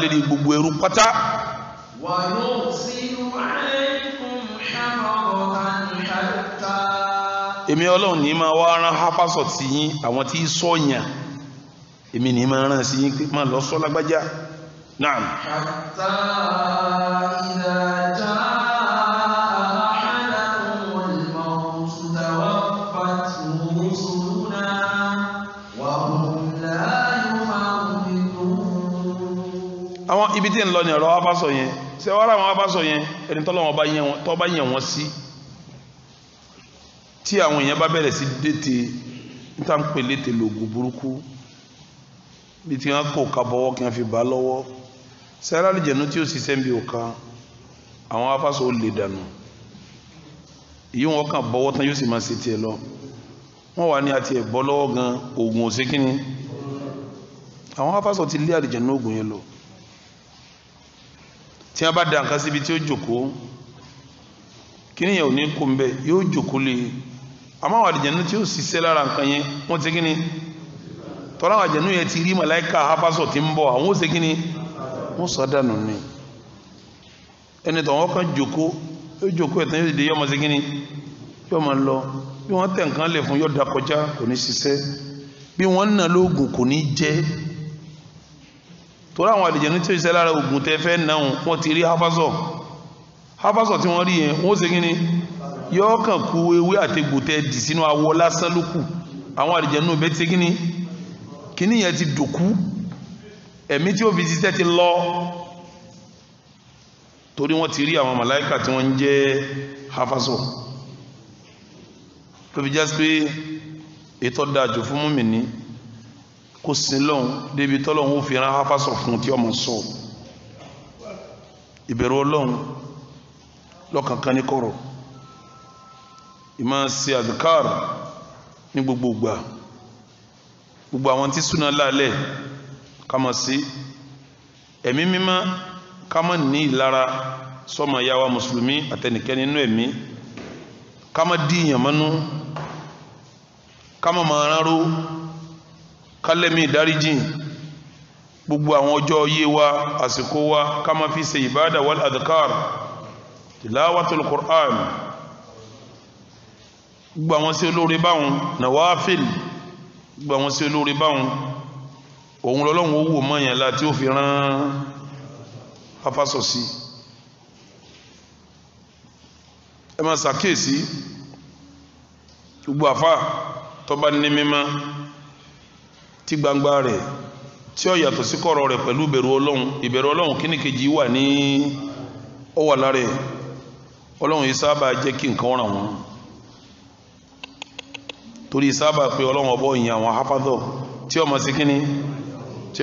èmi ọlọ́run ní máa wá rán háfásọ̀ tí yín àwọn tí sọ́yàn èmi ní máa rán sí yín pé máa lọ lágbájá náà. ibi tí ń lọ ní yẹn ṣe wá ra wọn bá sọ yẹn ẹni tọ́lọ́wọ́n bá yẹn wọn tọ́ bá yẹn wọn sí tí àwọn èèyàn bá bẹ̀rẹ̀ sí dété níta ń pè lété lògùn burúkú bí tí wọn kò ká bọ́wọ́ kí wọn fi bá lọ́wọ́ sẹ́rà lè jẹ̀nu tí ó sì sẹ́ńbi òka àwọn afásọ olè dànù èyí wọn kàn bọ́wọ́ tán yóò sì máa ṣe tiẹ̀ lọ wọn wà ní àti ẹ̀bọ́ lọ́wọ́ gan oògùn òsèkínni àwọn afásọ ti lé àlìjẹ̀nu oògùn yẹn lọ tí wọ́n bá da nǹkan síbi tí ó jòkóó kíní yẹn ò ní kó mbẹ yóò jòkó lé àmọ́ àwọn àdìjẹ́nu tí ó ṣiṣẹ́ lára nǹkan yẹn wọ́n ti kíní tọ́lá àwọn àdìjẹ́nu yẹn ti rí màláìka hafásọ̀ tí ń bọ̀ àwọn ó ṣe kíní wọ́n sọ dànù ni ẹni tó wọ́n kàn jòkó yóò jòkó ẹ̀tàn yóò dìde yọ́ ọmọ ṣe kíní yọ́ lọ bí wọ́n tẹ̀ nǹkan lẹ̀ fún yọ́ kọjá kò ní ṣiṣẹ́ bí wọ́n nà lóògùn kò ní jẹ́ torí àwọn àlìjẹ̀nú tí ó ṣiṣẹ́ lára ogun tẹ́ fẹ́ náà wọ́n ti rí hafazọ́ hafazọ́ tí wọ́n rí yẹn wọ́n ṣe kíni yọ́ kàn kú ewé àtegbò tẹ́ dì sínú awọ lásán ló kù àwọn àlìjẹ̀nú bẹ́ẹ̀ ti ṣe kíní yẹn ti dòkú ẹ̀mí tí ó fi ṣiṣẹ́ ti lọ torí wọ́n ti rí àwọn màláìkà tí wọ́n ń jẹ́ hafazọ́ tó fi jẹ́ pé ètò dájú fún múmi ní kò sin lọ́hùn débi tọ́lọ́hùn fi rán hafásọ fún tí ọmọ sọ ìbẹ̀rù ọlọ́hùn lọ́kànkan ní kọ̀rọ̀ ìmọ̀ sí ní gbogbo gbogbo àwọn tí súná láàlẹ̀ ká sí ẹ̀mí mímọ́ ká ní ìlara sọmọ mùsùlùmí ẹ̀mí kálẹ́mì ìdáríjìn gbogbo àwọn ọjọ́ yé wa àsìkò wa ká máa fi ṣe ìbáàdà wal adhkar tilawatul Qur'an gbogbo àwọn sí olóore báwọn nawafil gbogbo àwọn sí olóore báwọn òun lọ́lọ́run ó mọ́yàn láti ó rán afásọ̀ ẹ máa ṣàkíyèsí gbogbo àfà tó ní mímọ́ tí gbangba rẹ̀ tí ó yàtọ̀ sí kọ̀rọ̀ rẹ̀ pẹ̀lú ìbẹ̀rù ọlọ́run ìbẹ̀rù ọlọ́run kíní kejì wà ní ó wà lára ẹ̀ ọlọ́run yìí sábà jẹ́ kí nǹkan ràn wọ́n torí sábà pé ọlọ́run ọbọ̀ ìyìn àwọn hafadọ̀ tí ọmọ sí kíní tí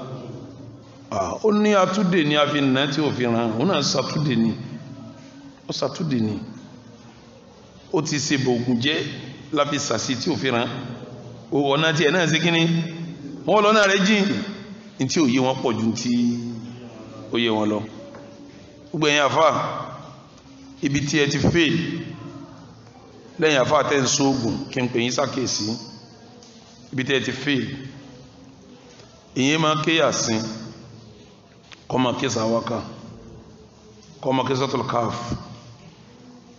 ó ní atúndè ni a fi nà tí ò fi ràn án ó náà sàtúndè ni ó sàtúndè ni ó ti ṣe bògùn jẹ́ láfi sàṣì tí ò fi ràn án ọ̀nà tiẹ̀ náà ṣe kíní wọ́n lọ́nà rẹ̀ jìn ní tí òye wọn pọ̀ ju ti òye wọn lọ gbogbo ẹ̀yin àfa ibi tí ẹ ti fail lẹ́yìn àfa tẹ́ ń sóògùn kí n pè yín sàkíyèsí ibi tí ẹ ti fail ìyẹn máa kéyà sí i kọ́mà kí sàwákà kọ́mà kí sọ́tọ̀lù káf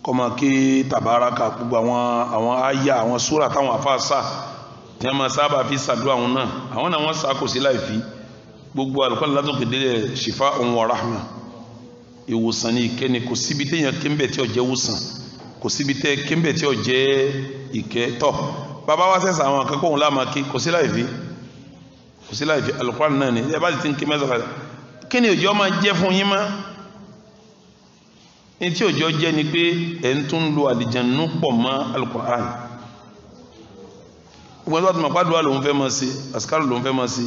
kọ́mà kí tàbáraka gbogbo àwọn àwọn àyà àwọn súrà táwọn afáàsà tí wọ́n máa sábà fi sàdú àwọn náà àwọn náà wọ́n sàkó sí láìfi gbogbo alùpàdé látòkè délẹ̀ ṣìfà òun wa rahma ìwòsàn ní ìkẹ́ni kò síbi téèyàn kéńbẹ̀ tí ò jẹ́ wòsàn kò síbi tẹ́ kéńbẹ̀ tí ò jẹ́ ìkẹ́ tọ̀ bàbá wa sẹ́sà àwọn akẹ́kọ̀ọ́ òun láàmà kí kò sí láìfi kò sí láìfi alùpàdé náà ni ẹ bá ti ti ń ké mẹ́sàn-án kí ni òjò máa jẹ́ fún yín mọ́ ní tí òjò jẹ́ ni pé ẹ̀ ń tún lo àlìjànú pọ̀ mọ́ alukur'an gbogbo ẹgbẹ́ àtúmọ̀ pàdùwà lòun fẹ́ máa ṣe àsìkárò lòun fẹ́ máa ṣe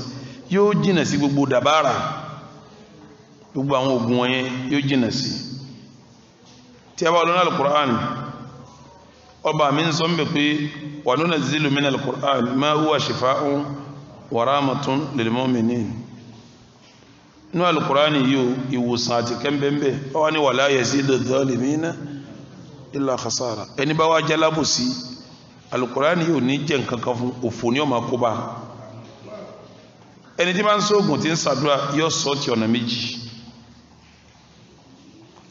yóò jìnà sí gbogbo dàbára gbogbo àwọn oògùn wọ̀nyẹn yóò jìnà sí tí a bá lọ́nà alukur'an ọba mi ń sọ ń pé wà nuna zilu min alukur'an ma huwa shifa'un wa rahmatun lil mu'minin nú alukurani yìí ìwòsàn àti kẹ́ńbẹ́ńbẹ́ ọwọ́ ni wàlá yazidu dhalimina illa khasara ẹni bá wá jálábù sí alukurani yìí ò ní jẹ́ nǹkan kan fún òfò ní ọmọ kóbá ẹni tí máa ń sóògùn tí ń sàdúrà yóò sọ ti ọ̀nà méjì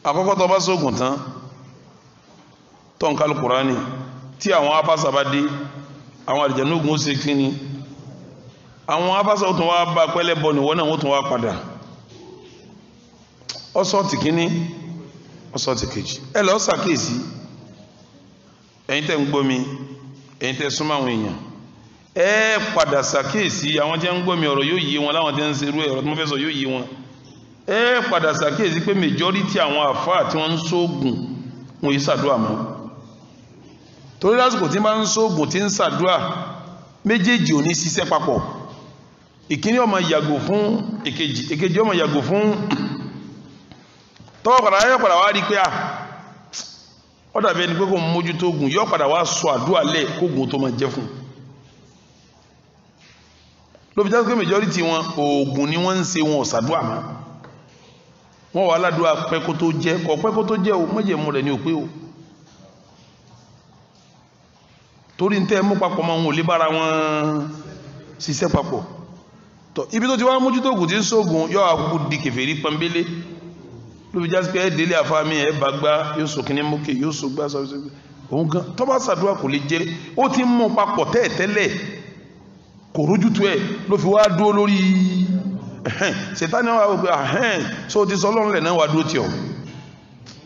àkọ́kọ́ tó bá sóògùn tán tó ń ka alukurani tí àwọn afásà bá dé àwọn àdìjẹ́nú ó ṣe kí àwọn afásà ó tún wá bá pẹ́lẹ́ bọ́ nìwọ́n náà ó tún wá padà ọsọ́ọ̀tì kíní ọsọ́ọ̀tì kejì ẹ lọ ṣàkíyèsí ẹ̀yin tẹ́ ń gbọ́ mi ẹ̀yin tẹ́ súnmọ́ àwọn èèyàn ẹ padà ṣàkíyèsí àwọn tẹ́ ń gbọ́ mi ọ̀rọ̀ yóò yí wọn láwọn tẹ́ ń ṣerú ẹ̀rọ tí mo fẹ́ sọ yóò yí wọn ẹ padà ṣàkíyèsí pé majority àwọn àfáà tí wọ́n ń sóògùn wọn yìí ṣàdúrà mọ́ torí lásìkò tí bá ń sóògùn tí ń ṣàdúrà méjèèjì ò ní ṣiṣẹ́ papọ̀ ìkíní ọmọ yàgò fún èkejì èkejì ọmọ yàgò fún tọ́wọ́ padà yọ padà wá rí pé à ah, ó dàbí ẹni pé kò mójútó ogun yọ padà wá sọ àdúrà lẹ̀ kógun tó máa jẹ́ fún lóbi jáde pé majority wọn oògùn ni wọ́n ń ṣe wọn ọ̀sàdúà mọ́ wọ́n wà aládùá pẹ́ tó jẹ́ kọ̀ pẹ́ tó jẹ́ o mọ́jẹ̀mú rẹ̀ ni ò o torí tẹ́ mú papọ̀ mọ́ wọn ò lè bára wọn ṣiṣẹ́ papọ̀ tọ́ ibi tó ti wá mójútó ogun ti ń ṣoògùn yọ àkókò di kèfèrí pọ́nbélé ló fi jásí pé ẹ délé àfáàmì ẹ bá gbá yóò sọ kíní mókè yóò sọ gbá sọ sí òun gan tó bá ṣàdúrà kò lè jẹrè ó ti mú papọ̀ tẹ́ẹ̀tẹ́lẹ̀ kò rójú tu ló fi wá dúró lórí ṣètánì wà wípé ahẹ́n so ti sọ lọ́rùn lẹ̀ náà wà dúró tiọ̀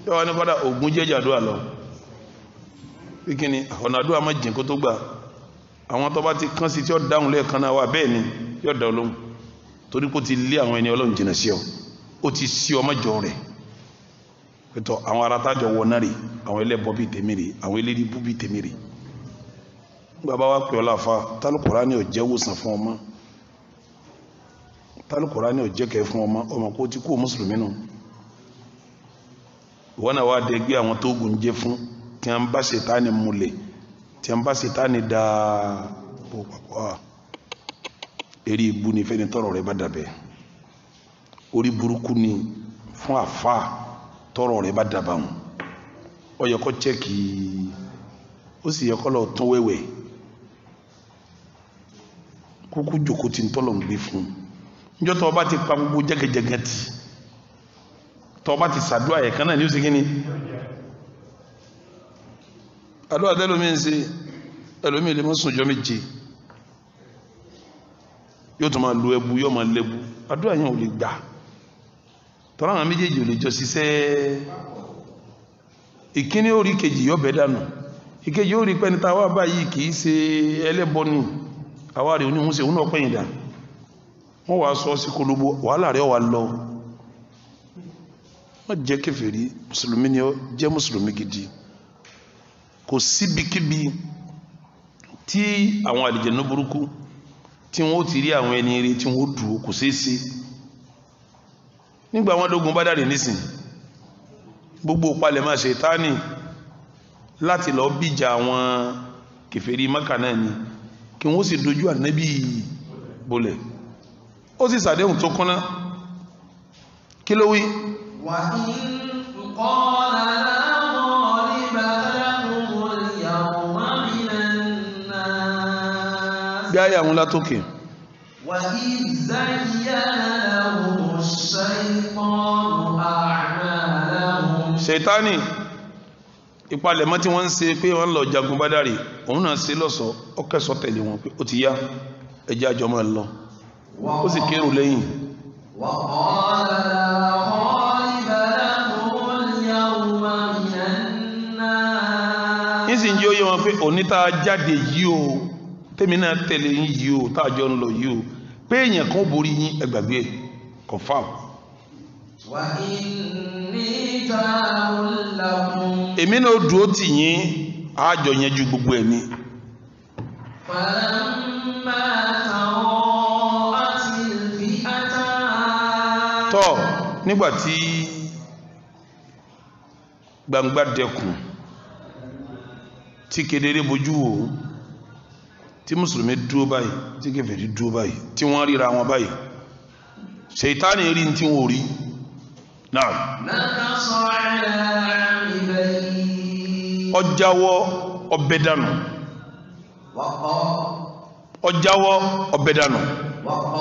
yóò wá ní kọ́dà ògùn jẹ́jà àdúrà lọ kíkíni ọ̀nà àdúrà má jìn kó tó gbà àwọn tó bá ti kán sí tí ó dáhùn lẹ́ẹ̀kan náà wà bẹ́ẹ̀ ni yóò dá ọlọ́run torí kó ti lé àwọn ẹni ọlọ́run jìnnà sí ọ ó ti sí ọmọ jọ rẹ̀ pẹ̀tọ́ àwọn arátájọ wọ náà rè àwọn ẹlẹ́bọ bíi tèmi rè àwọn ẹlẹ́dìbú bíi tèmi rè bàbá wa pè ọ́ láfa tálùkùrá ni ò jẹ́ wòsàn fún ọmọ tálùkùrá ni ò jẹ́ kẹ́ fún ọmọ ọmọ kó ti kú mùsùlùmí nù ìwọ náà wá dé gbé àwọn tó gùn jẹ fún tí a ń bá ṣètánì múlẹ̀ tí a ń bá ṣètánì dáa bó papọ̀ à ah. eré ibú ni fẹ́ni tọrọ rẹ bá dàbẹ̀ orí burúkú ni fún àfáà tọrọ rẹ̀ bá dàbà wọn ó yẹ kó chẹ́kì ó sì yẹ kó lọ tán wẹ́wẹ́ kúkú jòkó tí ń tọ́lọ̀ ń gbé fún níjọ́ tó bá ti pa gbogbo jẹ́gẹ́jẹ́gẹ́ tì tó bá ti sàdúrà yẹ kan náà ní ó sì kí ni àdúrà tẹ́lómi ń ṣe ẹlòmí ilé mọ́sùn ọjọ́ méje yóò tún máa lo ẹbu yóò máa lẹ́bu àdúrà yẹn ò lè gbà tọ́lá àwọn méjèèjì ò lè jọ ṣiṣẹ́ ìkíní orí kejì yọ bẹ̀ dànù ìkejì orí pẹ́ni tá báyìí kì í ṣe ẹlẹ́bọ ni àwa rẹ̀ oníhun ṣe òun náà pẹ̀yìn dà wọ́n wá sọ sí kolobo wàhálà rẹ̀ wà lọ wọ́n jẹ́ kèfèrí mùsùlùmí ni ó jẹ́ mùsùlùmí gidi kò síbikíbi tí àwọn àlìjẹ̀nú burúkú tí wọ́n ti rí àwọn ẹni rí tí wọ́n dùn kò ṣeé ṣe nígbà wọn lógun bá dàrí nísìn gbogbo palẹ̀ máa ṣe tání láti lọ bíjà àwọn kèfèrí maka náà ni kí wọ́n sì dojú ànábì bolẹ̀ ó sì sàdéhùn tó kọ́ná kí ló wí wà ní kọ́ látókè. wà ní ìzáyà ṣètánì ìpalẹ̀mọ́ tí wọ́n ń ṣe pé wọ́n lọ jagun Bádàrí òun náà ṣe lọ́sọ̀ ọkẹ́sọ tẹ̀lé wọn pé ó ti yá ẹjẹ́ àjọmọ́ lọ ó sì kérò lẹ́yìn nísìnyí ó yẹ wọn pé òní tá a jáde yìí o tèmi náà tẹ̀lé yìí o tá jọ ń lọ yìí o pé èèyàn kan borí yín ẹgbàgbé confam èmi náà dúró tì yín àjọ yẹn ju gbogbo ẹ̀ ni. tọ́ nígbà tí gbangba dẹkùn tí kedere bojú wò ó tí mùsùlùmí dúró báyìí tí kèfèrí dúró báyìí tí wọ́n ríra wọn báyìí ṣèyítánì rí tí wọ́n rí náà. nàkàsọ àlà ìbẹ̀yì. ọjàwọ ọbẹ̀ dànù. wọ́pọ̀. ọjàwọ ọbẹ̀ dànù. wọ́pọ̀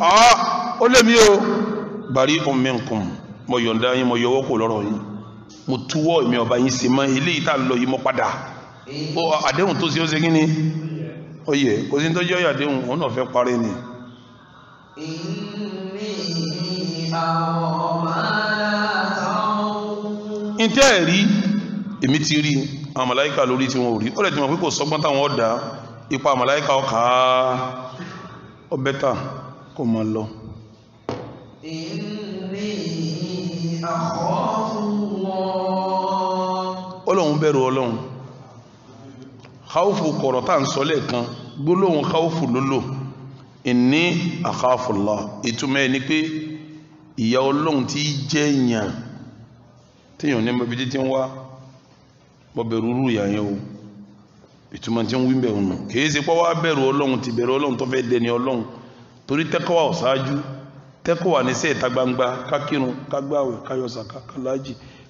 ah, ó lé mi o bari ọmọkùn mo yọ̀ǹda yín mo yọwọ́ kò lọ́rọ̀ yín mo túwọ́ èmi ọba yín sí mọ́ eléyìí tá lọ yìí mo padà àdéhùn tó ṣe ó ṣe kí Oye, kò sí tó jẹ́ òyàdéhùn òun náà fẹ́ parí ni ìtẹ́ ẹ̀rí èmi ti rí àwọn màláíkà lórí tí wọ́n rí ó rẹ̀ ti mọ̀ pé kò sọ́gbọ́n táwọn ọ̀dá ipa màláíkà ọkà ọbẹ́ta kò mọ̀ lọ ọlọ́run bẹ̀rù ọlọ́run khawfu kọ̀rọ̀ tá à ń sọ lẹ́ẹ̀kan gbólóhùn khawfu lólò inni akhafullah ìtumọ̀ ẹ̀ ni pé ìyà ọlọ́run ti jẹ́ èèyàn téèyàn ní mọ̀bí títí ń wá bọ̀bẹ̀rù rú ìyà yẹn o ìtumọ̀ tí ń wí bẹ̀rù nù kìí ṣe pọ́ wá bẹ̀rù ọlọ́run ti bẹ̀rù ọlọ́run tó fẹ́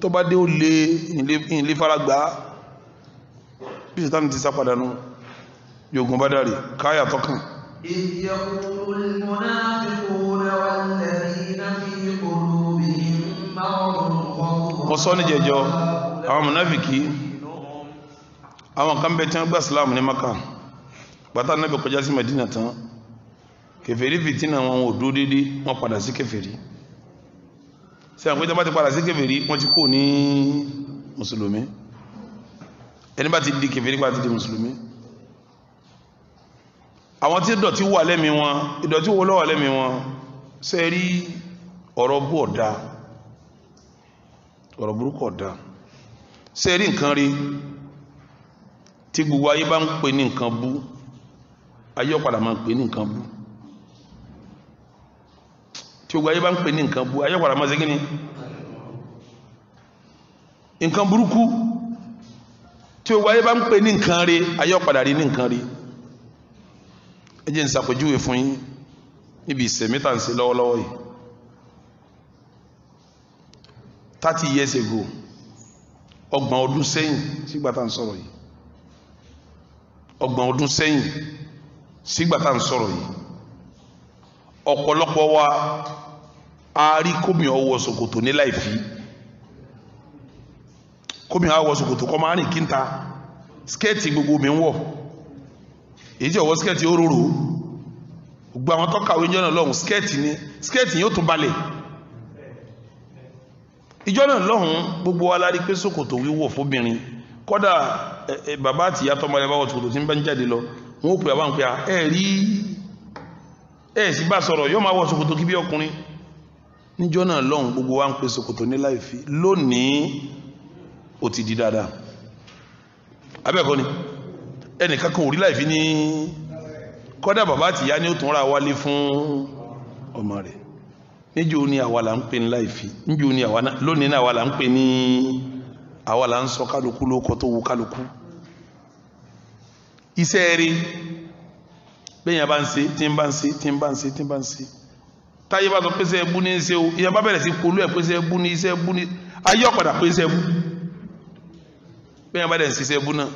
tọ́ba dé ó lé ìlé faragbá bí sátani ti sá padà nù yogun bá dàrí káyà tọkàn. ìyẹ̀wò olùmọ̀nàfíkùn wàlẹ́rìnà fi qulubihim márùn-ún kọ́. mo sọ ní jẹjọ àwọn mọ̀nàfíkì àwọn kan bẹ tí wọ́n gbà sílámù ní maka bàtà náà bẹ kọjá sí Madina tán kèfèrí fìtínà wọn ò dúró déédéé padà sí kèfèrí sí àwọn ìjọba ti padà sí kèfèrí wọ́n ti kò ní mùsùlùmí ẹni bá ti di kèfèrí pa ti di mùsùlùmí àwọn tí ìdọ̀tí wà lẹ́mi wọn ìdọ̀tí wo ló wà lẹ́mi wọn ṣe rí ọ̀rọ̀ bú ọ̀dá ọ̀rọ̀ burúkú ọ̀dá ṣe rí nǹkan rí tí gbogbo ayé bá ń pè ní nǹkan bú ayé ọ̀padà máa ń pè ní nǹkan bú tí ó gba ayé bá ń pè ní nǹkan bu ayé wàrà máa ṣégíní nǹkan burúkú tí ó gba ayé bá ń pè ní nǹkan rí ayé rí ní nǹkan rí ẹ jẹ́ n fún yín níbi ìsẹ̀mí ń ṣe lọ́wọ́lọ́wọ́ yìí thirty years ago ọgbọ̀n ọdún sẹ́yìn sígbà tá à ń sọ̀rọ̀ yìí ọgbọ̀n ọdún sẹ́yìn sígbà ń sọ̀rọ̀ yìí ọ̀pọ̀lọpọ̀ wa a rí kómìnà wọ ṣòkòtò ní láìfí kómìnà wọ ṣòkòtò kọ́ máa rìn kínta skẹ́ẹ̀tì gbogbo mi ń wọ̀ èyí tí ọwọ́ skẹ́ẹ̀tì ó rorò gbogbo àwọn tọ́kàwé ìjọ náà lọ́hùn ni skẹ́ẹ̀tì yóò tún balẹ̀ ìjọ náà gbogbo alárí pé sokoto wíwọ fóbìnrin bàbá àti ìyá wọ tí ń bá ń lọ wọn pè àwọn pé ẹ rí ẹ sì bá yóò máa wọ níjọ́ náà lọ́hùn gbogbo wa ń pe ṣòkòtò ní láìfi lónìí ó ti di dáadáa abẹ́ẹ̀kọ́ ni ẹnìkan kan ò rí láìfi ní kọ́dà bàbá àti ìyá ni ó tún ra wálé fún ọmọ rẹ̀ níjó ni àwa là ń pè ní láìfi níjó ni àwa lónìí ni àwa là ń pè ní àwa ń sọ kálukú lóko tó wu kálukú iṣẹ́ rí bẹ́ẹ̀ yẹn bá ń ṣe tí ń bá ń ṣe tí ń bá ń ṣe tí ń bá ń ṣe táyé bá sọ pèsè ẹbú ní í ṣe o ìyẹn bá bẹ̀rẹ̀ sí polú ẹ̀ pèsè ẹbú ní iṣẹ́ ẹbú ní ayé ọ̀padà pèsè ẹbú bẹ́ẹ̀ bá dẹ̀ ń ṣiṣẹ́ ẹbú náà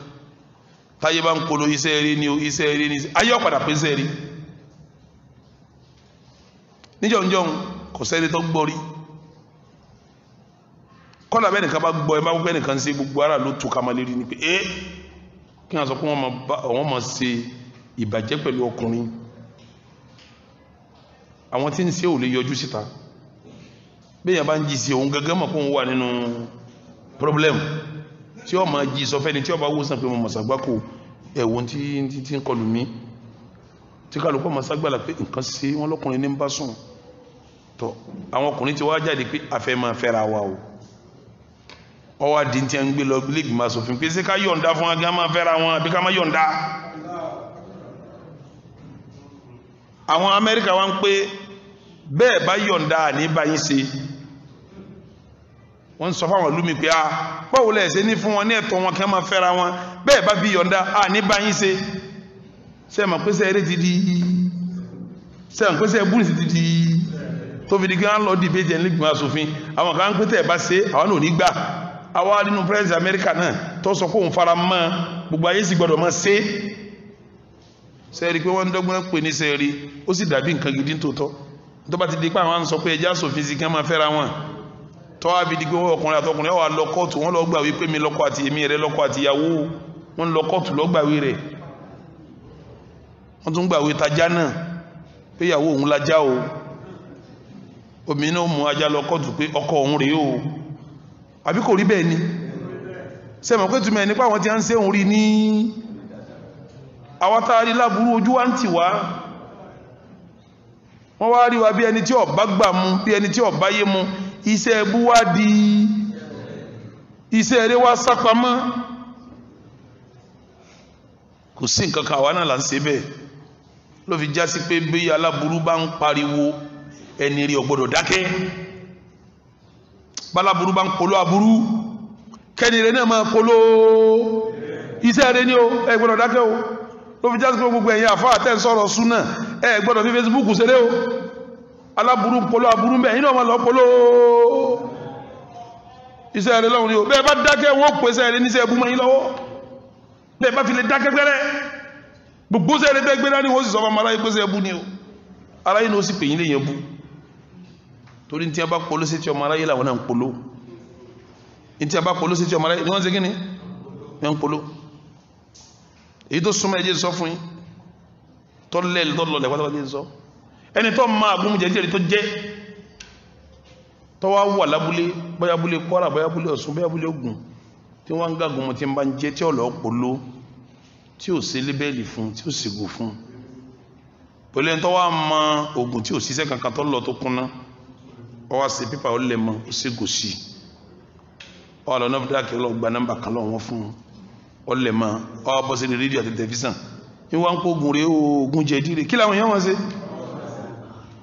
táyé bá ń polo iṣẹ́ rí ni o iṣẹ́ rí ni ayé ọ̀padà pèsè rí níjọ̀njọ̀n kò sẹ́ni tó gbọ́ rí kọ́lá bẹ́ẹ̀ nìkan bá gbọ́ ẹ bá bẹ́ẹ̀ nìkan ṣe gbogbo ara ló tu kama lérí ni pé ẹ kí wọ́n sọ pé wọ́n máa ṣe ìbàjẹ́ pẹ̀lú ọkùnrin àwọn tí ń ṣe ò lè yọjú síta bẹ́yàn bá ń jí sí òun gẹ́gẹ́ mọ̀ kóun wà nínú problem tí ó máa jí sọ fẹ́ni tí ó bá wòsàn pé mo mọ̀ sàgbákò ẹ̀wọ̀n tí tí ń kọlù mí tí kálukọ́ mọ̀ sàgbàlà pé nǹkan ṣe wọ́n lọ́kùnrin ní ń bá sùn tọ́ àwọn ọkùnrin ti wá jáde pé afẹ́ máa fẹ́ra wa o ọwọ́ adi ti ń gbé lọ lẹ́gbìmọ̀ asòfin pé ká yọ̀ǹda fún wa máa fẹ́ra wọn àbí ká má yọ̀ǹda àwọn Amẹ́ríkà wa ń pé bẹ́ẹ̀ bá yọ̀ǹda ní báyìí ṣe wọ́n sọ fáwọn ìlú mi pé a ah, báwo lẹ̀ ṣe ní fún wọn ní ẹ̀tọ́ wọn kí wọ́n máa fẹ́ra wọn bẹ́ẹ̀ bá yọ̀ǹda a ah, ní báyìí n ṣe mọ̀ pé ṣe eré ti di ṣe mọ̀ pé ṣe ti di tó di kí wọ́n lọ jẹ́ àwọn kan pé tẹ̀ bá ṣe àwọn ò àwa nínú Amẹ́ríkà náà tó tó bá ti di pé àwọn ń sọ pé ẹja sòfin sí kí wọ́n máa fẹ́ra wọn tó wá fi di pé ọkùnrin àtọkùnrin ẹ̀ wà lọ kóòtù wọ́n lọ gbàwé pé mi lọ́kọ àti èmi rẹ lọ́kọ àti ìyàwó wọ́n lọ kóòtù lọ gbàwé rẹ̀ wọ́n tún gbàwé tajá náà pé ìyàwó òun lajá o omi náà mú ajá lọ kóòtù pé ọkọ òun rèé o àbí kò rí bẹ́ẹ̀ ni sẹ́mọ̀ pé túnmẹ̀ nípa àwọn tí a ń sẹ́hùn rí ní àwátárí láburú wọ́n wá rí wa bí ẹni tí ọ̀bá gbà mu bí ẹni tí ọ̀bá yé mu iṣẹ́ ẹbú wá di iṣẹ́ eré wá sápamọ́ kò sí nǹkan kan àwa náà ń ṣe bẹ́ẹ̀ ló fi jásí pé bí aláburú bá ń pariwo ẹni rí ọgbọ́dọ̀ dákẹ́ balaburú bá ń polo aburú kẹ́ni rẹ̀ náà máa polo iṣẹ́ rẹ̀ ni o ẹ gbọ́dọ̀ dákẹ́ o ló fi jásí pé gbogbo ẹ̀yin àfáà tẹ́ ń súnà ẹ gbọ́dọ̀ fi Facebook ṣeré o aláburú ń polo aburú bẹ́ẹ̀ iná ọmọ polo iṣẹ́ rẹ lọ́hùn ni o bẹ́ẹ̀ bá dákẹ́ wọ́n pè iṣẹ́ rẹ níṣẹ́ ẹbú mọ́ lọ́wọ́ bẹ́ẹ̀ bá fi lè dákẹ́ gbẹ́rẹ́ gbogbo iṣẹ́ rẹ bẹ́ẹ̀ gbéra ni wọ́n sì sọ fún ọmọ aráyé pé iṣẹ́ ẹbú ni o aráyé ni ó sì pè yín léyìn ẹbú torí tí a bá polo sí ti ọmọ aráyé làwọn náà ń polo tí a bá polo sí ti ọmọ aráyé ni wọ́n ṣe kí ni ń polo èyí tó súnmọ́ ẹ̀jẹ̀ sọ fún yín tọ́lẹ̀ tọ́lọ̀ lẹ́pàtàkì ẹni tó ma agúnmu jẹjẹrẹ tó jẹ́ tọ́wá wà lábúlé bọ́yábúlé Kwara bọ́yábúlé Ọ̀ṣun bọ́yábúlé Ògùn tí wọ́n ń gàgùnmu tí ń bá ń jẹ́ tí ọ̀lọ́ polo tí ò sí lébẹ́lì fún tí ò sì gùn fún pẹ̀lú ẹni tọ́wá ma oògùn tí ò síṣẹ́ kankan tó lọ tó kúnná ọwá sí pípa ó lẹ̀ mọ́ ó sì gùn sí ọwá lọ nọ́fíà kí lọ gba nọ́mbà kan lọ́wọ́ fún ọ lẹ̀ mọ́ ọwá bọ́ sí rédíò àti tẹlifíṣàn ní ń kó oògùn rẹ̀ oògùn jẹ̀dí rẹ̀ kí làwọn èèyàn wọn ṣe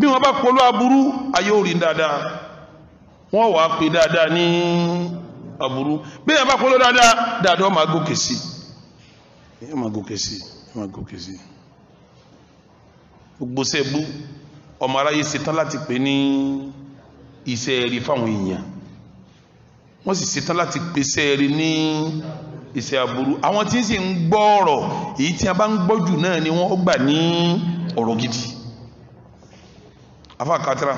bí wọ́n bá polú aburú ayé ò rí dáadáa wọ́n wàá pè dáadáa ní aburú bí wọ́n bá polú dáadáa dáadáa wọ́n máa gòkè sí wọ́n máa gòkè sí wọ́n máa gòkè sí gbogbo sẹ́gbú ọmọ aráyé ṣetán láti pè ní iṣẹ́ rí fáwọn èèyàn wọ́n sì ṣetán láti pèsè rí ní iṣẹ́ aburú àwọn tí ń sì ń gbọ́ ọ̀rọ̀ èyí tí a bá ń gbọ́ jù náà ni wọ́n gbà ní ọ̀rọ̀ gidi afa katra.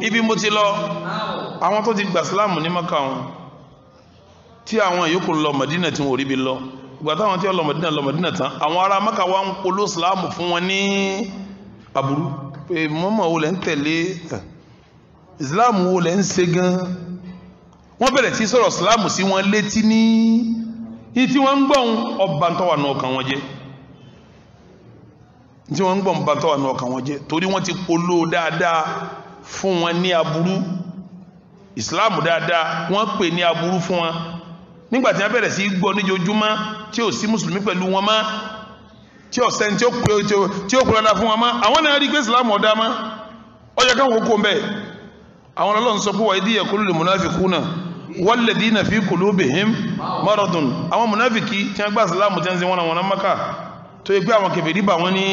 ibi mo ti lọ àwọn tó ti gbà sílámù ní maka wọn tí àwọn yòókù lọ Madina tí wọn ò rí bi lọ ìgbà táwọn tí wọn lọ Madina lọ Madina tán àwọn ará maka wa ń polo sílámù fún wọn ní aburú pé mọ́mọ́ wo lẹ́ ń tẹ̀lé Islam wo lẹ́ ń ṣe gan wọ́n bẹ̀rẹ̀ sí sọ̀rọ̀ sílámù sí wọn létí ní ní tí wọ́n ń gbọ́n ọba náà kàn wọ́n jẹ́ tí wọ́n ń gbọ̀n bá tọ́wà náà kàn wọ́n jẹ́ torí wọ́n ti polo dáadáa fún wọn ní aburú islam dáadáa wọ́n pè ní aburú fún wọn nígbà tí wọ́n bẹ̀rẹ̀ sí gbọ́ níjojúmọ́ tí ò sí mùsùlùmí pẹ̀lú wọn mọ́ tí ò sẹ́ni tí ó pè tí ó kúrọ̀dá fún wọn mọ́ àwọn náà rí pé islam ọ̀dá mọ́ ọjọ́ kan kókó ń bẹ̀ àwọn ọlọ́run sọ pé wà ìdí ẹ̀kọ́ lè munafiquna walladhina fi qulubihim maradun àwọn munafiki tí wọ́n gbà islam tí wọ́n ti wọ́n wọn mọ́ka tó yẹ pé àwọn kèfèrí bá wọn ní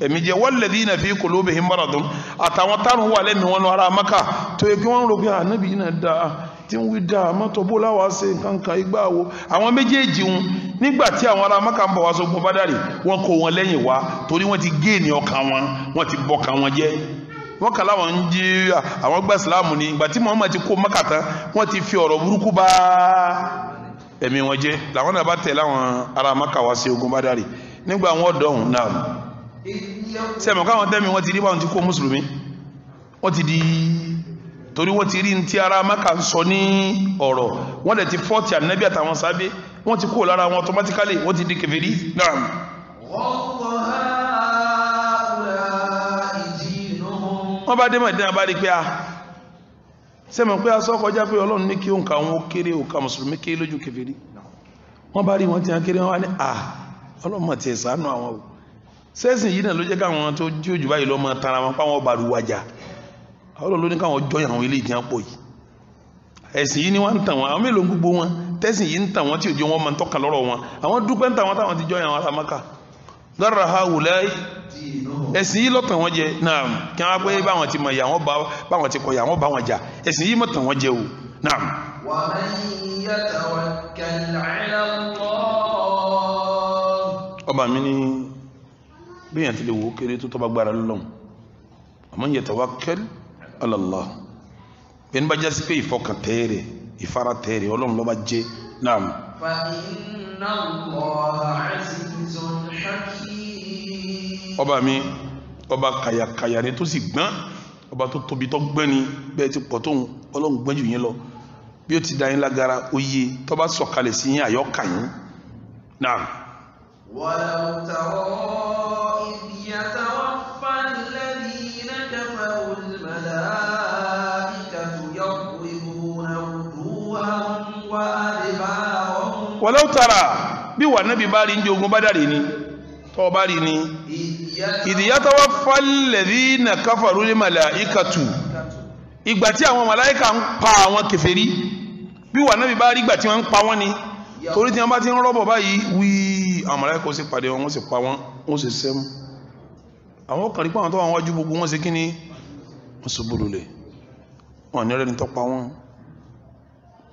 ẹ̀mí jẹ́ walladhina fi qulubihim maradun àtàwọn tárùn wà lẹ́mí wọn ará maka tó yẹ pé wọ́n rò pé ànábì yìí náà dáa tí ń wí dáa mọ́tò bó láwa ṣe nǹkan igbá wo àwọn méjèèjì ń nígbà tí àwọn ará maka ń bọ̀ wá sógun Bádàrì wọ́n kó wọn lẹ́yìn wá torí wọ́n ti géènì ọkàn wọn wọ́n ti bọkàn wọn jẹ́ wọ́n kà láwọn ń jí àwọn gbà síláàmù ni ìgbà tí Muhammad ti kó maka wọ́n ti fi ọ̀rọ̀ burúkú bá ẹ̀mí wọn jẹ́ làwọn náà bá tẹ̀ láwọn ará maka sí ogun Bádàrì nígbà wọn dọ̀hùn náà sẹ́mọ̀ káwọn tẹ́mi wọ́n ti rí báwọn ti kó mùsùlùmí wọ́n ti di torí wọ́n ti rí ní ti ara maka ń sọ ní ọ̀rọ̀ wọ́n dẹ̀ ti fọ́ọ̀tì ànábì àtàwọn sábé wọ́n ti kó lára wọn automatically wọ́n ti di kèfèrí náà. wọ́n bá dé mọ̀dínà bá rí pé a ah, sẹ́mọ̀ pé a sọ kọjá pé ọlọ́run ní kí òǹkà wọn kéré òǹkà mùsùlùmí kéré lójú kèfèrí wọ́n bá rí wọn ti hàn kéré wọn wá ní à ah, ọlọ́mọ tiẹ̀ sànú àwọn o sẹ́sìn yìí náà ló jẹ́ káwọn tó jí òjò báyìí lọ́mọ tara wọn páwọn ọba àrùwájà àwọn olóní káwọn jọyìn àwọn ilé ìdíyàn pọ̀ yìí ẹ̀sìn yìí ni ń tàn wọn gbogbo wọn yìí ń tàn wọn tí òjò wọn máa ń wọn àwọn dúpẹ́ ń tàn wọn táwọn ti àwọn ha yìí lọ́tàn wọn jẹ kí pé báwọn ti ti kọ jà yìí wọn o naam ọba mi ní bíyàn ti lè wò ó kéré tó tọ́ba gbára lọ́lọ́run àmọ́ ń yẹtọ̀ wá kẹ́lí alàlá bẹ́ẹ̀ ni bá jásí pé ìfọkàn tẹ́ẹ̀rẹ̀ ìfara tẹ́ẹ̀rẹ̀ ọlọ́run lọ́ba jẹ́ náà. fa iná lọ àìsàn ṣákì. ọba mi ọba kàyàkàyà ni tó sì gbọ́n ọba tó tóbi tó gbọ́n ni bẹ́ẹ̀ ti pọ̀ tóun ọlọ́run gbọ́n jù lọ bí ó ti da yín lágara oyè tó bá sọ̀kalẹ̀ sí yín àyọkà yín náà. ولو ترى إذ يتوفى الذين كفروا الملائكة يضربون وجوههم وأدبارهم ولو ترى bí wà nábì bá rí ní ogun Bádàrì ni tó bá rí يتوفى الذين كفروا الملائكة ìgbà tí àwọn màláíkà ń pa àwọn kèfèrí bí wà nábì bá rí ìgbà tí wọ́n ń pa wọ́n ni torí tí wọ́n bá ti ń rọ́bọ̀ báyìí wí àmàlà ẹ̀kọ́ sí pàdé wọn wọ́n sì pa wọn wọ́n sì sẹ́mu àwọn kàrí pàwọn tó wà wájú gbogbo wọn sí kí ni wọ́n sì búrú lẹ̀ wọn ní ọ̀rẹ́ni tó pa wọn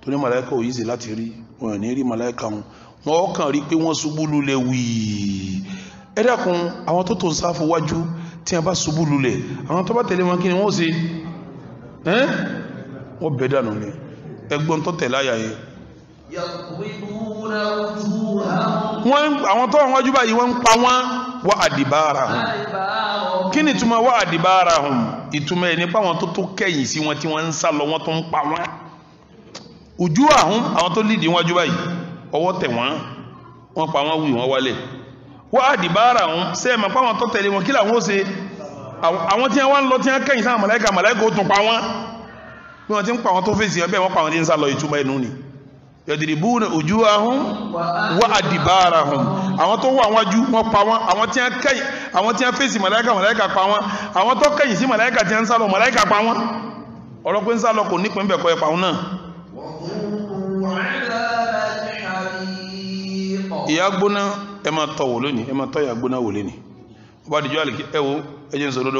torí àmàlà ẹ̀kọ́ yìí sì láti rí wọn ní rí àmàlà ẹ̀kọ́ wọn wọn kàn rí pé wọ́n ṣubú lulẹ̀ wíì ẹ dákun àwọn tó tó ń sáfù wájú tí wọ́n bá ṣubú ẹgbọ́n tó tẹ̀lé àyà yàtọ̀ wíwú wọ́n àwọn tó wọ́n júbà yìí wọ́n ń pa wọ́n wá àdìbára hùn kí ni ìtumọ̀ wá àdìbára hùn ìtumọ̀ ẹ̀ nípa àwọn tó tó kẹ̀yìn sí wọn tí wọ́n ń sá lọ wọ́n tó ń pa wọ́n ojú àhún àwọn tó lìdí wọn júbà yìí ọwọ́ tẹ̀ wọ́n wọ́n pa wọ́n wù wọ́n wálẹ̀ wá àdìbára hùn sẹ́ẹ̀mọ̀ pa àwọn tó tẹ̀lé wọn kí làwọn ó ṣe àwọn tí wọ́n ń lọ tí wọ́n kẹ̀yìn sáà màláìka màláìka ó tún pa wọ́n bí wọ́n ti ń pa àwọn tó fèsì ọbẹ̀ wọ́n pa àwọn tí ń sá lọ ìtumọ̀ ẹnu ni yadribuna ujuhahum wa adbarahum àwọn tó wọ àwọn ajú wọn pa wọn àwọn tí wọn kẹyìn àwọn tí wọn fèsì màláìka màláìka pa wọn àwọn tó kẹyìn sí màláìka tí wọn ń sálọ màláìka pa wọn ọ̀rọ̀ pé ń sálọ kò ní pínpẹ̀ kọ́ ẹ̀pà wọn náà. ìyá gbóná ẹ máa tọ̀ wò lónìí ẹ máa tọ̀ ìyá gbóná wò lónìí wọ́n bá dìjọ́ àlèkí ẹ wo ẹ jẹ́ ń sọdodo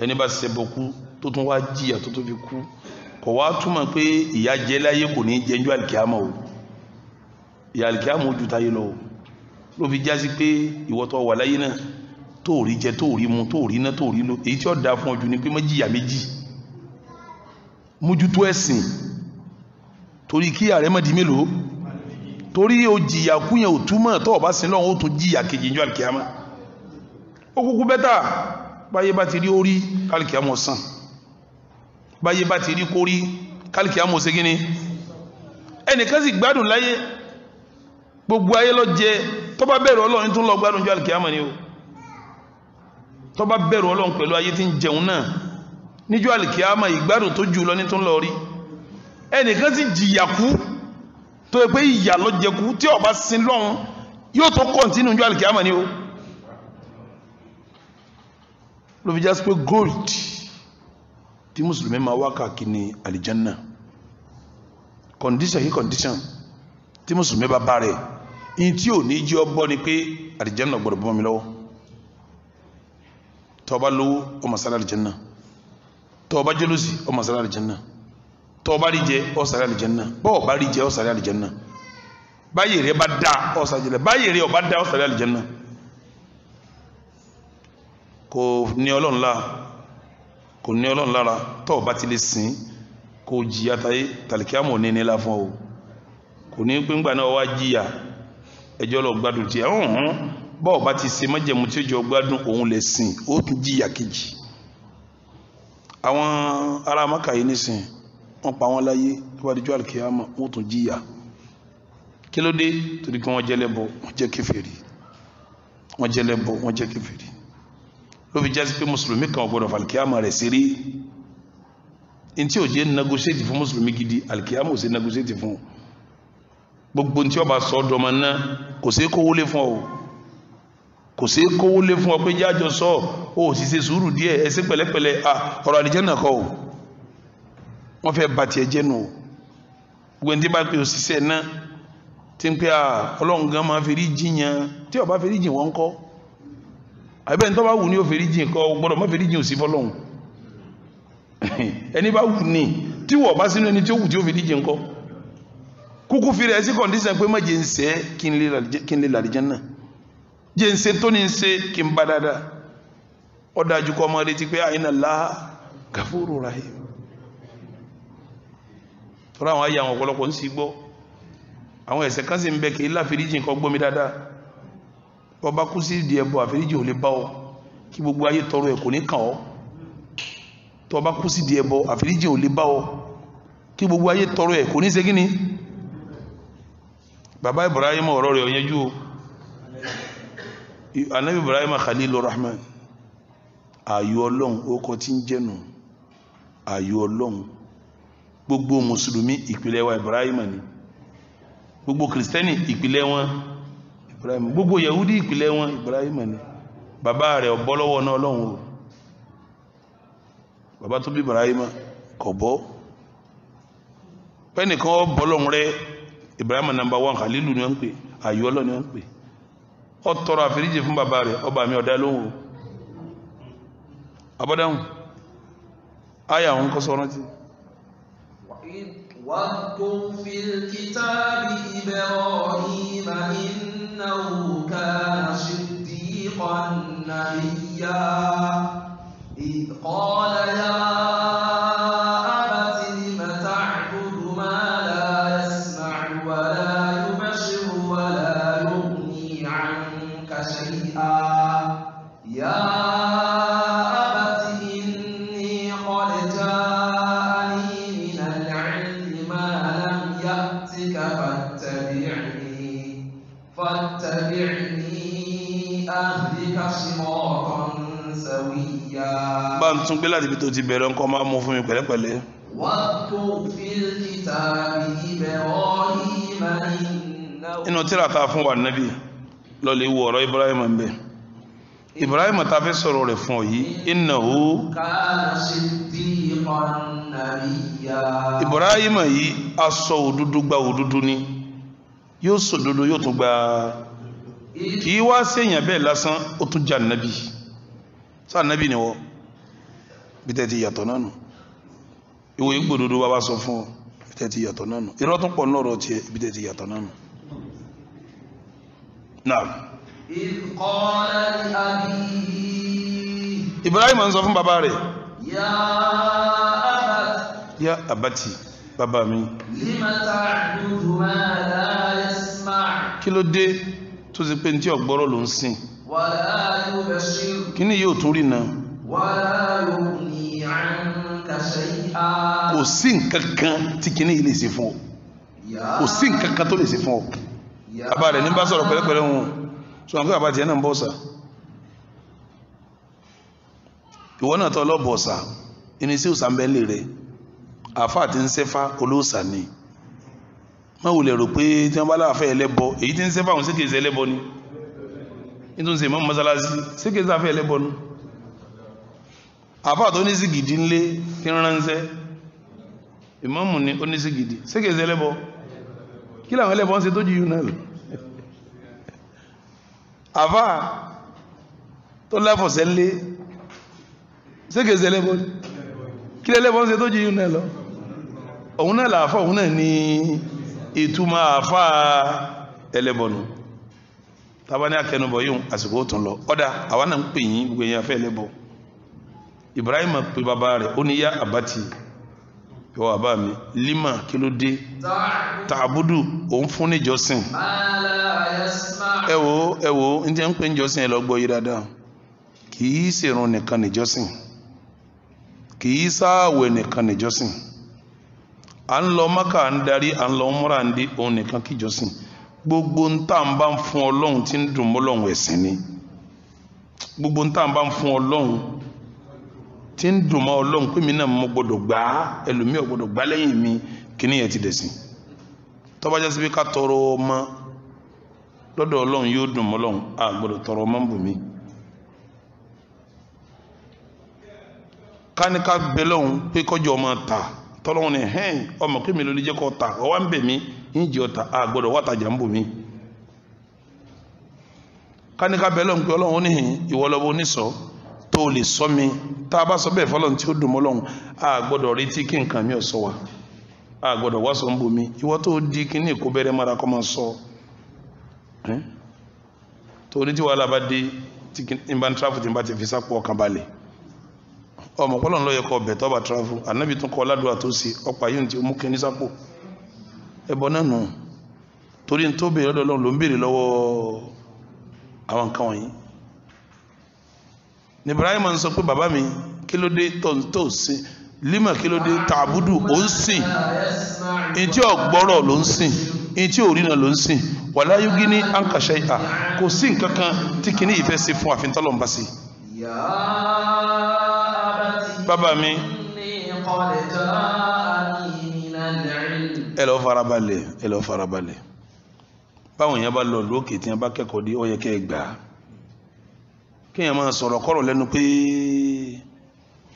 ẹni bá ṣẹbọ kú tó tún wá jìyà tó tún fi kú kò wá túmọ̀ pé ìyà jẹ láyé kò ní jẹjú àlìkíámọ̀ o ìyà àlìkíámọ̀ ojú táyé lọ ló fi jásí pé ìwọ tó wà láyé náà tó rí jẹ tó rí mu tó rí ná tó rí lo èyí tí ó da fún ojú ni pé má méjì mójútó ẹ̀sìn torí kí ààrẹ mọ́ di mélòó torí o jìyà kúyàn ò túmọ̀ tó o bá sin lọ́wọ́ ó tún jìyà kejì ní àlìkíámọ̀ ó kúkú bẹ́tà báyé bá ti rí orí kálíkì àmọ̀ sàn báyé bá ti rí kórí kálíkì àmọ̀ ṣe gíní ẹnìkan sì gbádùn láyé gbogbo ayé lọ jẹ tó bá bẹ̀rù ọlọ́run tún lọ gbádùn jọ àlìkì àmọ̀ ni o tó bá bẹ̀rù ọlọ́run pẹ̀lú ayé tí ń jẹun náà níjọ́ àlìkì àmọ̀ ìgbádùn tó jù lọ ní tún lọ rí ẹnìkan sì jìyà kú tó yẹ pé ìyà lọ jẹ kú tí ó sin lọ́run yóò tó kọ̀ntínú jọ àlìkì àmọ̀ ni o ló fi já pé gold tí mùsùlùmí máa wá káàkiri ní condition yìí condition tí mùsùlùmí bá bá rẹ̀ in tí ò ní jẹ́ ọ bọ́ ni pé àlìjánná gbọ́dọ̀ bọ́ mi lọ́wọ́ tọba lówó ọmọ sáré àlìjánná tọba jẹlósì ọmọ sáré àlìjánná tọba rí jẹ ọ sáré àlìjánná bọ́ọ̀ bá rí jẹ ọ sáré àlìjánná báyìí rẹ bá dá ọ sáré àlìjánná báyìí rẹ ọ bá dá ọ sáré kò ní ọlọ́run láà kò ní ọlọ́run lára tó o bá ti lè sìn kò jìyà táyé tàlìkíámọ̀ ní nílá fún o kò ní gbígbà náà wá jìyà ẹjọ́ lọ gbádùn tí ẹ̀hún hàn bọ́ ọ bá ti ṣe májẹ̀mú tí ó jọ gbádùn òun lè sìn ó tún jìyà kejì àwọn ará maka yìí nísìn wọ́n pa wọ́n láyé tó bá dijọ́ àlìkíámọ̀ wọ́n tún jìyà kí ló dé torí pé wọ́n jẹ́ lẹ́bọ wọ́n jẹ́ kèfèrí wọ́n jẹ́ lẹ́bọ wọ́n jẹ́ kèfèrí ló fi jásí pé mùsùlùmí kan ọ̀gbọ́dọ̀ fàlìkíyàmà rẹ̀ sí rí ntí ò jẹ́ nagosíétì fún mùsùlùmí gidi àlìkíyàmà ò sí nagosíétì fún gbogbo ntí ọba sọ ọdọọmọ náà kò sí kówó lé fún ọ kò sí kówó lé fún ọ pé jájọ sọ ọ ò sì ṣe sùúrù díẹ̀ ẹ ṣe pẹ̀lẹ́pẹ̀lẹ́ à ọ̀rọ̀ kọ o wọn fẹẹ ba tiẹ̀ jẹ́ nù gbogbo ntí bá pè òṣìṣẹ́ náà tí ń pẹ Ọlọ́run gan máa fi rí jiyàn tí ọba fi rí jìn wọn kọ́ àbẹ́ tó bá wù ní ó fèrí jìn kọ́ gbọ́dọ̀ mọ́ fèrí jìn ò sí fọ́lọ́hun ẹni bá wù ní tí wọ́n bá sínú ẹni tí ó wù tí ó fèrí jìn kọ́ kúkú fi rẹ̀ sí kọ̀ǹdíṣàn pé má jẹ́ ń sẹ́ kí n lè làdìjẹ́ náà jẹ́ ń sẹ́ tó ní sẹ́ kí n bá dáadáa ó dájú kọ́ ọmọ retí pé àyínà láà gàfúrò rahim tọ́ra àwọn ayé àwọn ọ̀pọ̀lọpọ̀ ń sì gbọ́ àwọn ẹ̀ṣẹ̀ kan sì ń bẹ kì í láfèrí bọ́ bá kú sí ìdí ẹbọ àfẹ́ríjì ò lè bá ọ kí gbogbo ayé tọrọ ẹ̀ kò ní kàn ọ́ tọ́ kú sí ìdí ẹbọ àfẹ́ríjì ò lè bá ọ kí gbogbo ayé tọrọ ẹ̀ kò ní ṣe kíni bàbá Ibrahim ọ̀rọ̀ rẹ̀ ọ̀yẹ́jú anabi Ibrahim Khalilur Rahman Ayo ọlọ́run orúkọ tí ń jẹ́nu ààyò ọlọ́run gbogbo mùsùlùmí ìpìlẹ̀ wa Ibrahim ni gbogbo kìrìsìtẹ́nì ìpìlẹ̀ wọn Ibrahim gbogbo Yahudi ìpìlẹ̀ wọn Ibrahim ni bàbá rẹ̀ ọ̀bọ́ lọ́wọ́ náà Ọlọ́run o bàbá tó bí Ibrahim kò bọ́ pẹ́nìkan ọ̀bọ́ lọ́run rẹ̀ Ibrahim nàmbà wọn Khalilu ni wọ́n ń pè ayé Ọlọ́run ni wọ́n ń pè ó tọrọ àforíjì fún bàbá rẹ̀ ọba mi ọ̀dá lóhùn o abọ́dáhùn ayé àwọn kọ́sọ́ rántí. واذكر في الكتاب إبراهيم إن إنه كان صديقا نبيا إذ قال يا tún gbé láti ibi tó ti bẹ̀rẹ̀ nǹkan máa mú fún mi pẹ̀lẹ́pẹ̀lẹ́. inú tíra fún wa nábì lọ́lẹ̀ wo ọ̀rọ̀ Ibrahim ń Ibrahim ta fẹ́ sọ̀rọ̀ rẹ̀ fún ọ yìí innahu Ibrahim yìí aṣọ òdodo gba òdodo ni yóò sòdodo yóò tún gba kì í wá séèyàn bẹ́ẹ̀ lásán ó tún jà nábì sáà nábì ni wọ́n bí ti yàtọ̀ náà ìwò ìgbòdodo bá bá sọ fún ọ bí ti yàtọ̀ náà nù tó pọ̀ náà rọ tiẹ̀ ti yàtọ̀ náà Ibrahim ń sọ fún bàbá rẹ̀ yá abati bàbá mi kí ló dé tó ti pé ní tí ọ̀gbọ́rọ̀ ló ń sìn kí ni yóò tún rí náà kò sí nǹkan kan tí kìíní yìí lè ṣe fún ọ kò sí nǹkan kan tó lè ṣe fún ọ bàbá rẹ̀ ní bá sọ̀rọ̀ pẹ̀lẹ́pẹ̀lẹ́ wọn sọ wọn pé bàbá tiẹ̀ náà ń bọ̀ ọ̀sà ìwọ náà tọ́ lọ́bọ̀ ọ̀sà ẹni sí òsà ń bẹ́ lè rẹ̀ àfa àti ń sẹ́fà olóòsà ni má wulẹ̀ rò pé tí wọ́n bá láàfẹ́ ẹlẹ́bọ èyí tí ń sẹ́fà òun sí kèsì ẹlẹ́bọ ni nítorí sèmọ́ mọ́sálásí sí kèsì àfẹ́ ẹlẹ́bọ ni àfáà tó ní sí gidi ńlé tí ń ránṣẹ́ ìmáàmù ní oníṣì gidi sékèsè ẹlẹ́bọ kí làwọn ẹlẹ́bọ ń ṣe tó jù yìí náà àfáà tó láfọ̀sẹ̀ ńlé sékèsè ẹlẹ́bọ kí lẹ́lẹ́bọ ń ṣe tó jù yìí náà lọ òun náà làáfà òun náà ní ìtumọ̀ àfáà ẹlẹ́bọnù tàbá akẹnubọ̀ yìí àsìkò tó lọ ọ̀dà àwa náà ń pè yín gbogbo èèyàn afẹ́ ẹlẹ́bọ̀ọ́ ibrahim pe bàbá rẹ̀ ó ní yá àbátì yọ bàbá mi lima kí ló dé tààbùdù òun fún níjọsìn ẹ wò ẹ wò n jẹ́ ń pè níjọsìn ẹ lọ gbọ́ yìí dáadáa kì í ṣèrun nìkan níjọsìn kì í sáàwẹ̀ nìkan níjọsìn à ń lọ mọ́kà ń darí à ń lọ múra ń dé òun nìkan kíjọsìn gbogbo ń tà ń bá fún ọlọ́run tí ń dùn mọ́ ẹ̀sìn ni gbogbo ń tà ń bá fún ọlọ́run tí ń dùn mọ́ ọlọ́run pé mi náà mo gbá ẹlòmíì lẹ́yìn mi kíní ti dẹ̀sìn tọ́ba jásí ká tọrọ ọmọ lọ́dọ̀ ọlọ́run yóò dùn mọ́ ọlọ́run a tọrọ ọmọ ń bù mí. bẹ lọ́hùn pé kọjọ ọmọ ta tọ́lọ́hùn ni hẹ́n ọmọ pé mi ló jẹ́ kọ́ ta ń bẹ̀ mí ń jẹ́ a wá tajà ń bù tó lè sọ mi tá a bá sọ bẹ́ẹ̀ fọlọ́n tí ó dùn mọ́ lọ́hùn a gbọ́dọ̀ retí kí nǹkan mi ò sọ wa a gbọ́dọ̀ wá sọ ń bomi ìwọ tó di kíní kó bẹ̀rẹ̀ mara kọ́ máa sọ hm? torí tí wàhálà bá dé tí n bá ń tráfù tí n bá ti fi sápò ọkàn balẹ̀ ọmọ pọ́lọ́n ló yẹ kó bẹ̀ tọ́ bá tráfù ànábì tún kọ́ ládùúgbà tó ṣe ọ̀pá yóò ti mú kíní sápò ẹ̀bọ náà nù torí n tó béèrè lọ́wọ́ àwọn nǹkan wọ̀nyí ní Ibrahim ń sọ pé bàbá mi kí ló dé tó sìn lima kí ló dé tààbùdù ó ń sìn etí ọ̀gbọ́rọ̀ ló ń sìn etí òrìnà ló ń sìn wàlá yógi ní ankàṣẹ ìta kò sí nǹkan kan tí kìíní yìí fẹ́ ṣe fún àfin tọ́lọ́mbà sí. bàbá mi ẹ lọ farabalẹ̀ ẹ lọ farabalẹ̀ báwọn èèyàn bá lọ lókè tí wọ́n bá kẹ́kọ̀ọ́ dé ó yẹ kéèyàn máa sọ̀rọ̀ kọ́rọ̀ lẹ́nu pé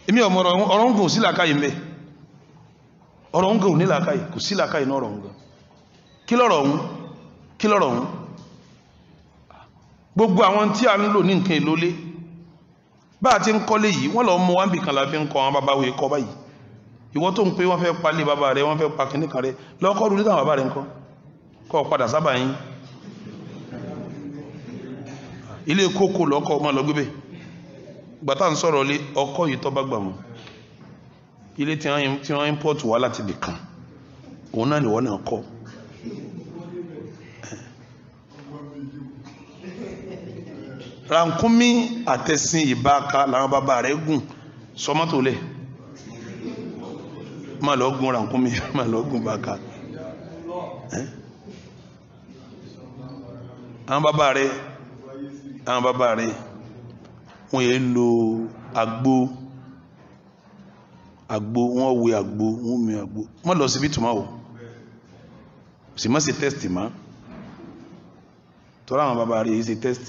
èmi ọmọ ọ̀rọ̀ ń gùn sí làákàyè mẹ́ ọ̀rọ̀ ń gùn ní làákàyè kò sí làákàyè náà ọ̀rọ̀ ń gùn kí lọ́rọ̀ ọ̀hún kí lọ́rọ̀ ọ̀hún gbogbo àwọn tí a ń lò ní nǹkan èlò lé bá a ti ń kọ́lé yìí wọ́n lọ mú wáńbì kan láfi ń kọ́ àwọn bàbá wèé kọ́ báyìí ìwọ tó ń pé wọ́n fẹ́ palé bàbá rẹ wọ́n fẹ́ pa kìnnìkan rẹ lọ́kọ́ rú nígbà bàbá rẹ ń kọ́ padà sábà yín ilé kókó lọ́kọ́ ọmọ lọ gbébẹ̀ gbàtà ń sọ̀rọ̀ lé ọkọ̀ yìí tọ́ bá gbà mú ilé tí wọ́n import wá láti bì kan òun náà nìwọ́n náà kọ́ rankumi àtẹ̀sìn ìbáka làwọn bàbá rẹ̀ gùn sọmọ́tò lẹ̀ má lọ gùn rankumi má lọ gùn báka àwọn bàbá rẹ̀ àwọn bàbá rẹ̀ wọ́n yẹ lo àgbo àgbo wọ́n wẹ àgbo wọ́n mi àgbo má lọ síbi tùmọ̀ o sì má ṣe test má tọ́lá àwọn bàbá rẹ̀ yìí ṣe test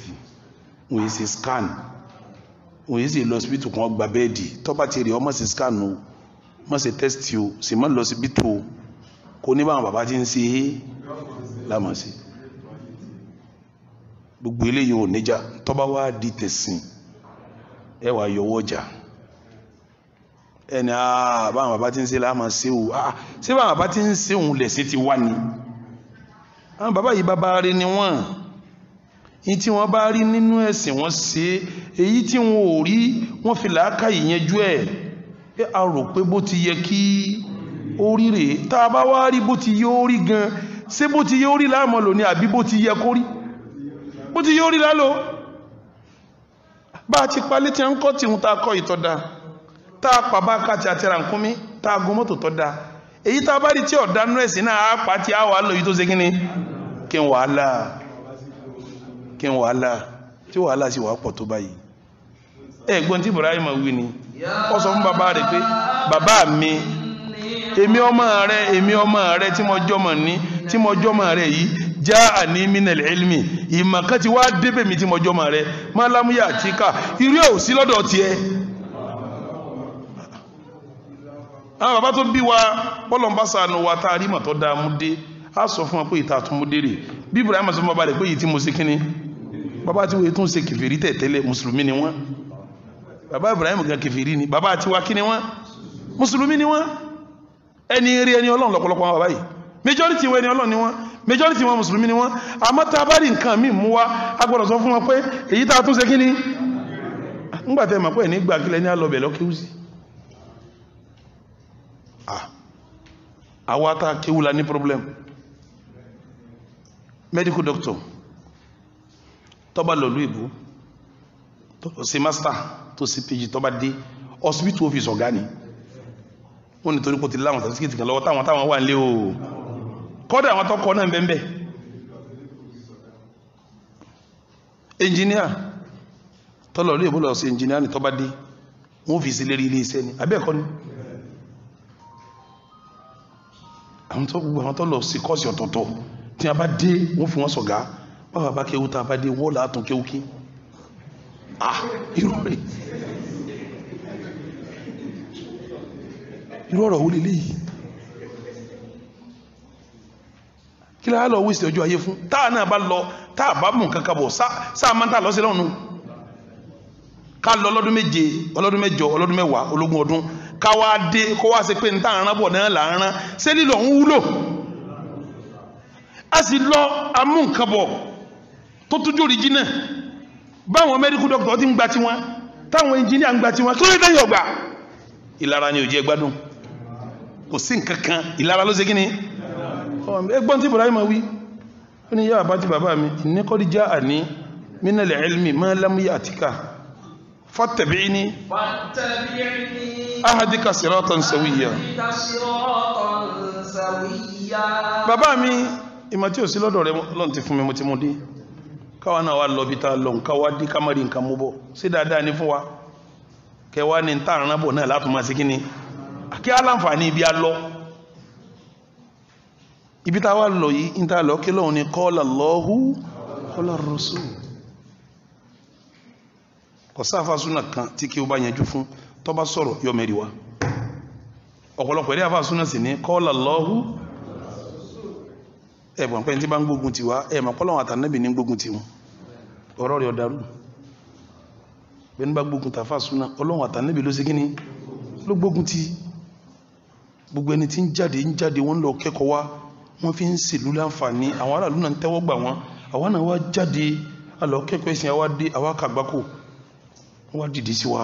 wọ́n yìí ṣe scan wọ́n yìí ṣe lọ síbi tù kan gba bẹ́ẹ̀dì tọ́ba ti rè ọ́ má ṣe scan o má ṣe test o sì má lọ síbi tù kò ní báwọn bàbá ti ń ṣe é lámàṣe gbogbo eléyìí ò níjà tó bá wá di tẹ̀sìn ẹ wà yọwọ́ jà ẹni àà báwọn bàbá tí ń ṣe láàmà sí òun àà sí báwọn bàbá tí ń ṣe òun lẹ̀sìn ti wá ni àwọn bàbá yìí bàbá rí ni wọ́n yìí tí wọ́n bá rí nínú ẹ̀sìn wọ́n ṣe èyí tí wọ́n ò rí wọ́n fi làákà ìyẹnjú ẹ̀ ẹ a rò pé bó ti yẹ kí ó rí rèé tá a bá wá rí bó ti yẹ ó rí gan ṣé bó ti yẹ ó rí láàmọ́ lónìí àbí bó ti yẹ kó rí. bó ti yóò rí lálò bá ti palé tí a ń kọ́ tí ta kọ́ ìtọ́da tá a pa bá ti àtẹ̀rà ń tá a gun mọ́tò tọ́da èyí tá a bá rí tí ọ̀dá nú ẹ̀sìn náà á pa tí a wà yìí tó ṣe kí n wà pọ̀ sọ fún bàbá rẹ̀ pé bàbá mi èmi ọmọ rẹ èmi ọmọ rẹ tí mo jọmọ ní tí mo jọmọ rẹ yìí jaani minal ilmi ìmọ̀ kan ti wá débè mi tí mo jọmọ rẹ málámúyà àti ká irú ẹ̀ ò sí lọ́dọ̀ tiẹ̀. àwọn bàbá tó bí wa bọ́lọ̀mbá sànù wa tá a rí màtọ́ dáa mú dé a sọ fún wa pé ìta àtúnmú dé rè bí Ibrahim sọ fún bàbá rẹ pé èyí tí mo ṣe kínní bàbá tí wọ́n tún ṣe kẹfìrí tẹ̀ tẹ́lẹ̀ mùsùlùmí ni wọ́n bàbá Ibrahim gan kẹfìrí ni bàbá àti wa kínní wọ́n mùsùlùmí ni wọ́n ẹni rí ẹni ọlọ́run lọ́pọ̀lọpọ̀ wọn bàbá yìí majority wọn ẹni ọlọ́run ni wọ́n majority wọn mùsùlùmí ni wọ́n àmọ́ tá a bá rí nǹkan míì mú wá a gbọ́dọ̀ sọ fún wọn pé èyí tá a tún ṣe kí ni ńgbà tẹ́ mọ̀ pé ní gbà kílẹ̀ ní alọ́bẹ̀ lọ́kíwú sí àwa tá a kéwú la ní problem medical doctor tó bá lọ́lú ìbú tó ṣe master tó ṣe pg tó bá dé hospital office ọ̀gá ni wọ́n nítorí kò ti láwọn certificate kan lọ́wọ́ táwọn táwọn wà nílé o kọ́dà àwọn tọ́kọ náà bẹ́ẹ̀ ẹnjìníà tọ́lọ̀ lóyìnbó lọ sí ẹnjìníà ní tọ́ba dé wọ́n fi sí lérí ilé ni abẹ́ẹ̀kọ́ ni àwọn tó gbogbo àwọn tó lọ sí kọ́ọ̀sì ọ̀tọ̀ọ̀tọ̀ tí a bá dé wọ́n fi wọ́n sọ̀gá báwa bá kéwú tá ah irú rẹ̀ irú ọ̀rọ̀ léyìí kí ló lọ wíṣẹ ojú ayé fún táà náà bá lọ táà bá mú nǹkan kan bọ̀ sáà máa ń tà lọ́sẹ̀ lọ́nu ká lọ ọlọ́dún méje ọlọ́dún mẹ́jọ ọlọ́dún mẹ́wàá ológun ọdún ká wá dé kó wá ṣe pé ní táà rán bọ̀ náà là ń rán ṣé lílọ ń wúlò a sì lọ amú nǹkan bọ̀ tó tójú òrìjì náà báwọn mẹ́ríkù dọ́kítọ̀ ti ń gba tiwọn táwọn ẹnjìníà ń gba tiwọn kí ló dé yọ̀gbà ìlara ni ò jẹ́ kò sí nǹkan ìlara ló ṣe kí ni ẹgbọ́n tí Ibrahim wí ó ní yáwà bá ti bàbá mi ìníkọ́dí já à ní mínàlẹ̀ ilmi ma lam ya'tika fattabi'ni ahadika siratan sawiyya bàbá mi ìmọ̀ tí ò sí lọ́dọ̀ rẹ̀ lọ́n ti fún mi mo ti mú dé káwa náà wà lọ bí ta lọ nǹkan wá dí kámẹ́rì nǹkan mú bọ̀ sí dáadáa ní fún wa kẹwàá ní tààrán bọ̀ náà látùmọ̀ sí kíni kí á láǹfààní ibi á lọ ibi tá a wá lọ yìí ní tá a lọ kí lóun ni kọ́ọ̀lá lọ́hù kọ́ọ̀lá rọ́sù kò sáfà súnà kan tí kí o bá yanjú fún tó bá sọ̀rọ̀ yọ mẹ́rin wa ọ̀pọ̀lọpọ̀ ẹ̀rí àfà súnà sì ní kọ́ọ̀lá lọ́hù ẹ̀bùn pẹ́ntí bá ń gbógun tiwa ẹ̀mọ̀ pọ́lọ́wọ́n àtànẹ́bì ní gbógun tiwọn ọ̀rọ̀ rẹ̀ ọ̀dàrú gbogbo ẹni tí ń jáde ń jáde wọ́n lọ kẹ́kọ̀ọ́ wá wọ́n fi ń sèlú láǹfààní àwọn aráàlú náà ń tẹ́wọ́ gbà wọ́n àwọn náà wá jáde alọ́ kẹ́kọ̀ọ́ ẹ̀sìn àwa dé àwa kàgbákò wọ́n dìde sí wa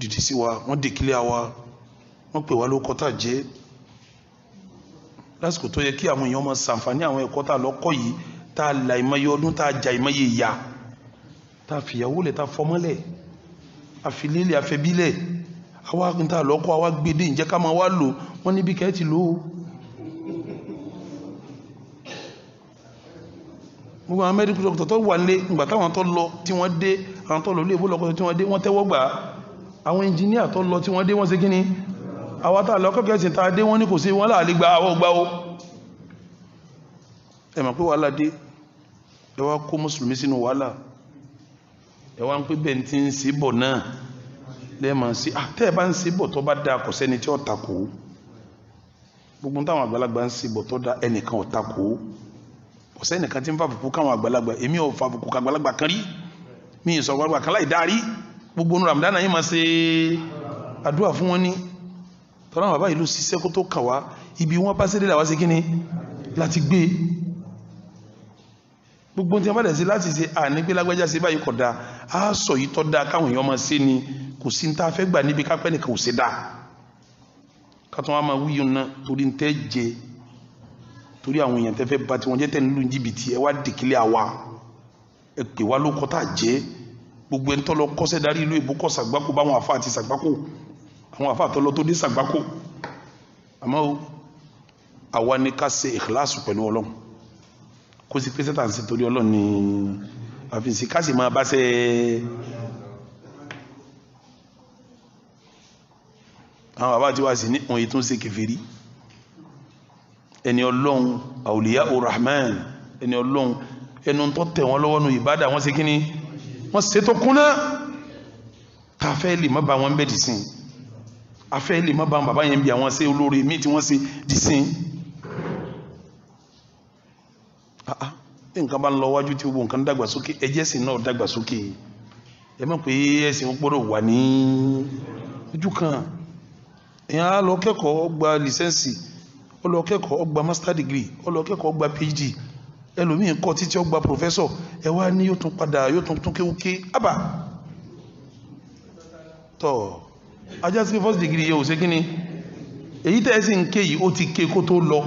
dìde sí wa wọ́n dèkílé àwa wọ́n pè wá ló kọ́tà jẹ́ lásìkò tó yẹ kí àwọn èèyàn máa ṣàǹfààní àwọn ẹ̀kọ́ tá a lọ kọ́ yìí tá a la ìmọye ọdún tá a ja ìmọye ìyà tá a fìyàwó lẹ̀ tá a fọmọ́lẹ̀ àfilélẹ̀ àfẹbílẹ̀ àwa tá a lọ kọ́ àwa máa wá lò wọ́n níbi kẹ́ẹ̀ ti gbogbo àwọn medical doctor tó wà nílé ìgbà táwọn tó lọ tí wọ́n dé àwọn tó lọ ilé ìbò tí wọ́n dé wọ́n tẹ́wọ́ gbà àwọn engineer tó lọ tí wọ́n dé wọ́n ṣe kíni àwọn tá lọ kọ́kẹ́ sí ta dé wọ́n ní kò sí wọ́n láàlé gba àwọ̀ gbá o ẹ mọ̀ pé wàhálà dé ẹ wá kó mùsùlùmí sínú wàhálà ẹ wá ń pè bẹ́ẹ̀ tí ń ah, sí ọ̀sẹ́ nìkan tí ń fàbùkù káwọn àgbàlagbà èmi ò fàbùkù ká àgbàlagbà kan rí mi ì sọ̀rọ̀ àgbà kan láì dárí gbogbo onú ramadana yìí máa ṣe àdúrà fún wọn ní tọ́lá bàbá ìlú ṣiṣẹ́ kó tó kà ibi wọn bá ṣe dé làwá sí kíni láti gbé gbogbo tí a bá dẹ̀ sí láti ṣe àní pé lágbájá ṣe báyìí kọ̀ da á sọ yìí tọ́ da káwọn èèyàn máa ṣe ni kò sí ta fẹ́ gbà níbi kápẹ́ nìkan ò ṣe da ká tún wá máa wíyùn náà torí ń tẹ́ jẹ torí àwọn èèyàn tẹ́fẹ́ bá tí wọ́n jẹ́ tẹ́nu lóun jìbìtì ẹ wá dìkílẹ̀ àwa ẹ pè wá ló kọ́tà jẹ́ gbogbo ẹni tọ́lọ kọ́sẹ́ darí ìlú èbó kọ́ sàgbákò báwọn àfa àti sàgbákò àwọn àfa àtọ́lọ tó dé sàgbákò àmọ́ àwa ni ká ṣe ìkìláàsù pẹ̀lú ọlọ́run kó sì pèsè tàǹsì torí ọlọ́run ni àfihàn sí ká sì máa bá ṣe àwọn bàbá àti wá sí ní òun ètò ń ṣe kèfèrí ẹni ọlọ́run àwòlíyá urahman ẹni ọlọ́run ẹnu tó tẹ̀ wọ́n lọ́wọ́ nu ìbádà wọ́n ṣe kí ni wọ́n ṣe tó kúnná ta fẹ́ lè má ba wọn bẹ́ dì sin afẹ́ lè má ba bàbá yẹn bí àwọn ṣe olóore míì tí wọ́n ṣe dì sin nǹkan bá ń lọ wájú tí gbogbo nǹkan dàgbà sókè ẹjẹ́ sì náà dàgbà sókè ẹ mọ̀ pé ẹ̀sìn gbọ́dọ̀ wà ní ojú kan èèyàn á lọ kẹ́kọ̀ọ́ gba lìsẹ́ǹsì ó lọ kẹ́kọ̀ọ́ ó master degree ó lọ kẹ́kọ̀ọ́ phd ẹlòmíì kọ́ títí ó professor ẹ wá ní yóò tún padà yóò tún tún kéwúké ábà tọ́ ajá sí first degree yẹn ò ṣe kí ni èyí tẹ́ ẹ sì ń ké yìí ó ti ké kó tó lọ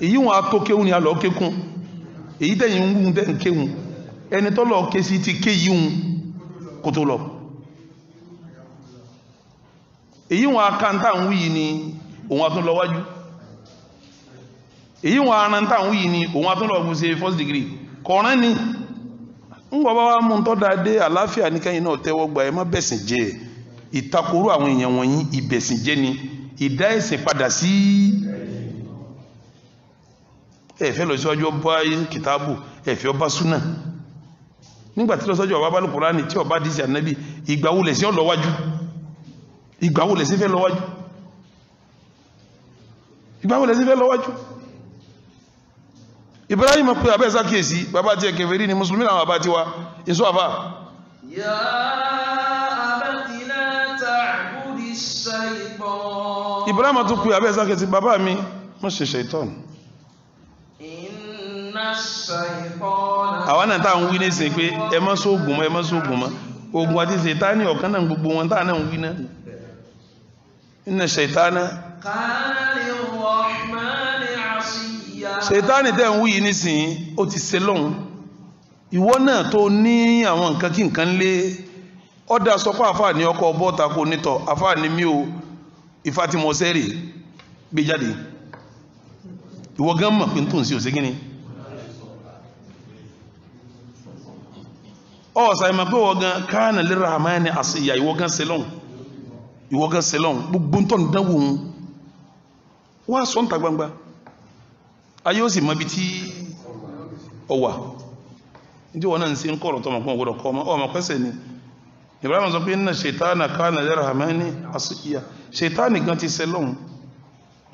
èyí wọn ató kéwù ni a kékun èyí tẹ́ yìí ń wù tẹ́ ń kéwù ẹni tó lọ ké sí ti ké yìí ń kó tó lọ èyí wọn akántà ń wí yìí ni òun àtúnlọ́wájú èyí wọn ara ń tàwọn yìí ni òun atúnlọ̀ fún ṣe first degree kọ̀ọ̀rán ni ń gbọ́ bá wá mú tọ́ da dé àlàáfíà nìkẹ́yìn náà tẹ́wọ́ gba ẹ má bẹ̀sìn jẹ́ ìtakorú àwọn èèyàn wọ̀nyí ìbẹ̀sìn jẹ́ ni ìdá ẹ̀sìn padà sí ẹ̀fẹ́ lọ síwájú ọba kìtàbù ẹ̀fẹ́ ọba súnà nígbà tí lọ́sọ́jọ́ ọba bálù kùránì tí ọba dìsí ànábì ìgbà wo lẹ̀sìn ọlọ́wájú ìgbà wo lẹ̀sìn fẹ́ lọ́wájú ìgbà wo lẹ̀sìn fẹ́ lọ́wájú Ibrahim pe abẹ́ sákèsí bàbá tí ẹ e kèfèrí ni mùsùlùmí làwọn bàbá tiwa èso àfà. yà á abati la Ibrahim tún pe abẹ́ sákèsí bàbá mi mo ṣe ṣaitan. inna shaytan. àwa náà tá à ń wí nísìnyí pé ẹ má sóògùn mọ́ ẹ má sóògùn mọ́ oògùn àti ṣètánì ọ̀kan náà gbogbo wọn tá náà ń wí náà. inna shaytana. kana ṣètánì tẹ́ ń wú yìí nísìnyí ó ti ṣe lọ́hùn ìwọ náà tó ní àwọn nǹkan kí nǹkan lé ọ̀dà sọ pé àfáà ní ọkọ̀ bọ́ta kò nítọ̀ àfáà ní mí o ìfatimọ̀sẹ́rì gbé jáde ìwọ gan mọ̀ pé tó ń sí òsé gíní ọ̀sà ìmọ̀ pé ìwọ gan káànà lérà àmáyẹni àṣìyà ìwọ gan selon ìwọ gan selon gbogbo tó ń dánwò wọn wá sọ́ǹtà gbangba ayé ó sì mọ ibi tí ọ wà nítorí wọn náà ń ṣe ń kọ̀rọ̀ tọmọ pọ̀ gbọdọ̀ kọ́ ọmọ pẹ́sẹ̀ ni Ibrahim sọ pé ní ṣètánà kánà lẹ́rọ àmẹ́ni àṣìyà ṣètánì gan ti sẹ lọ́hùn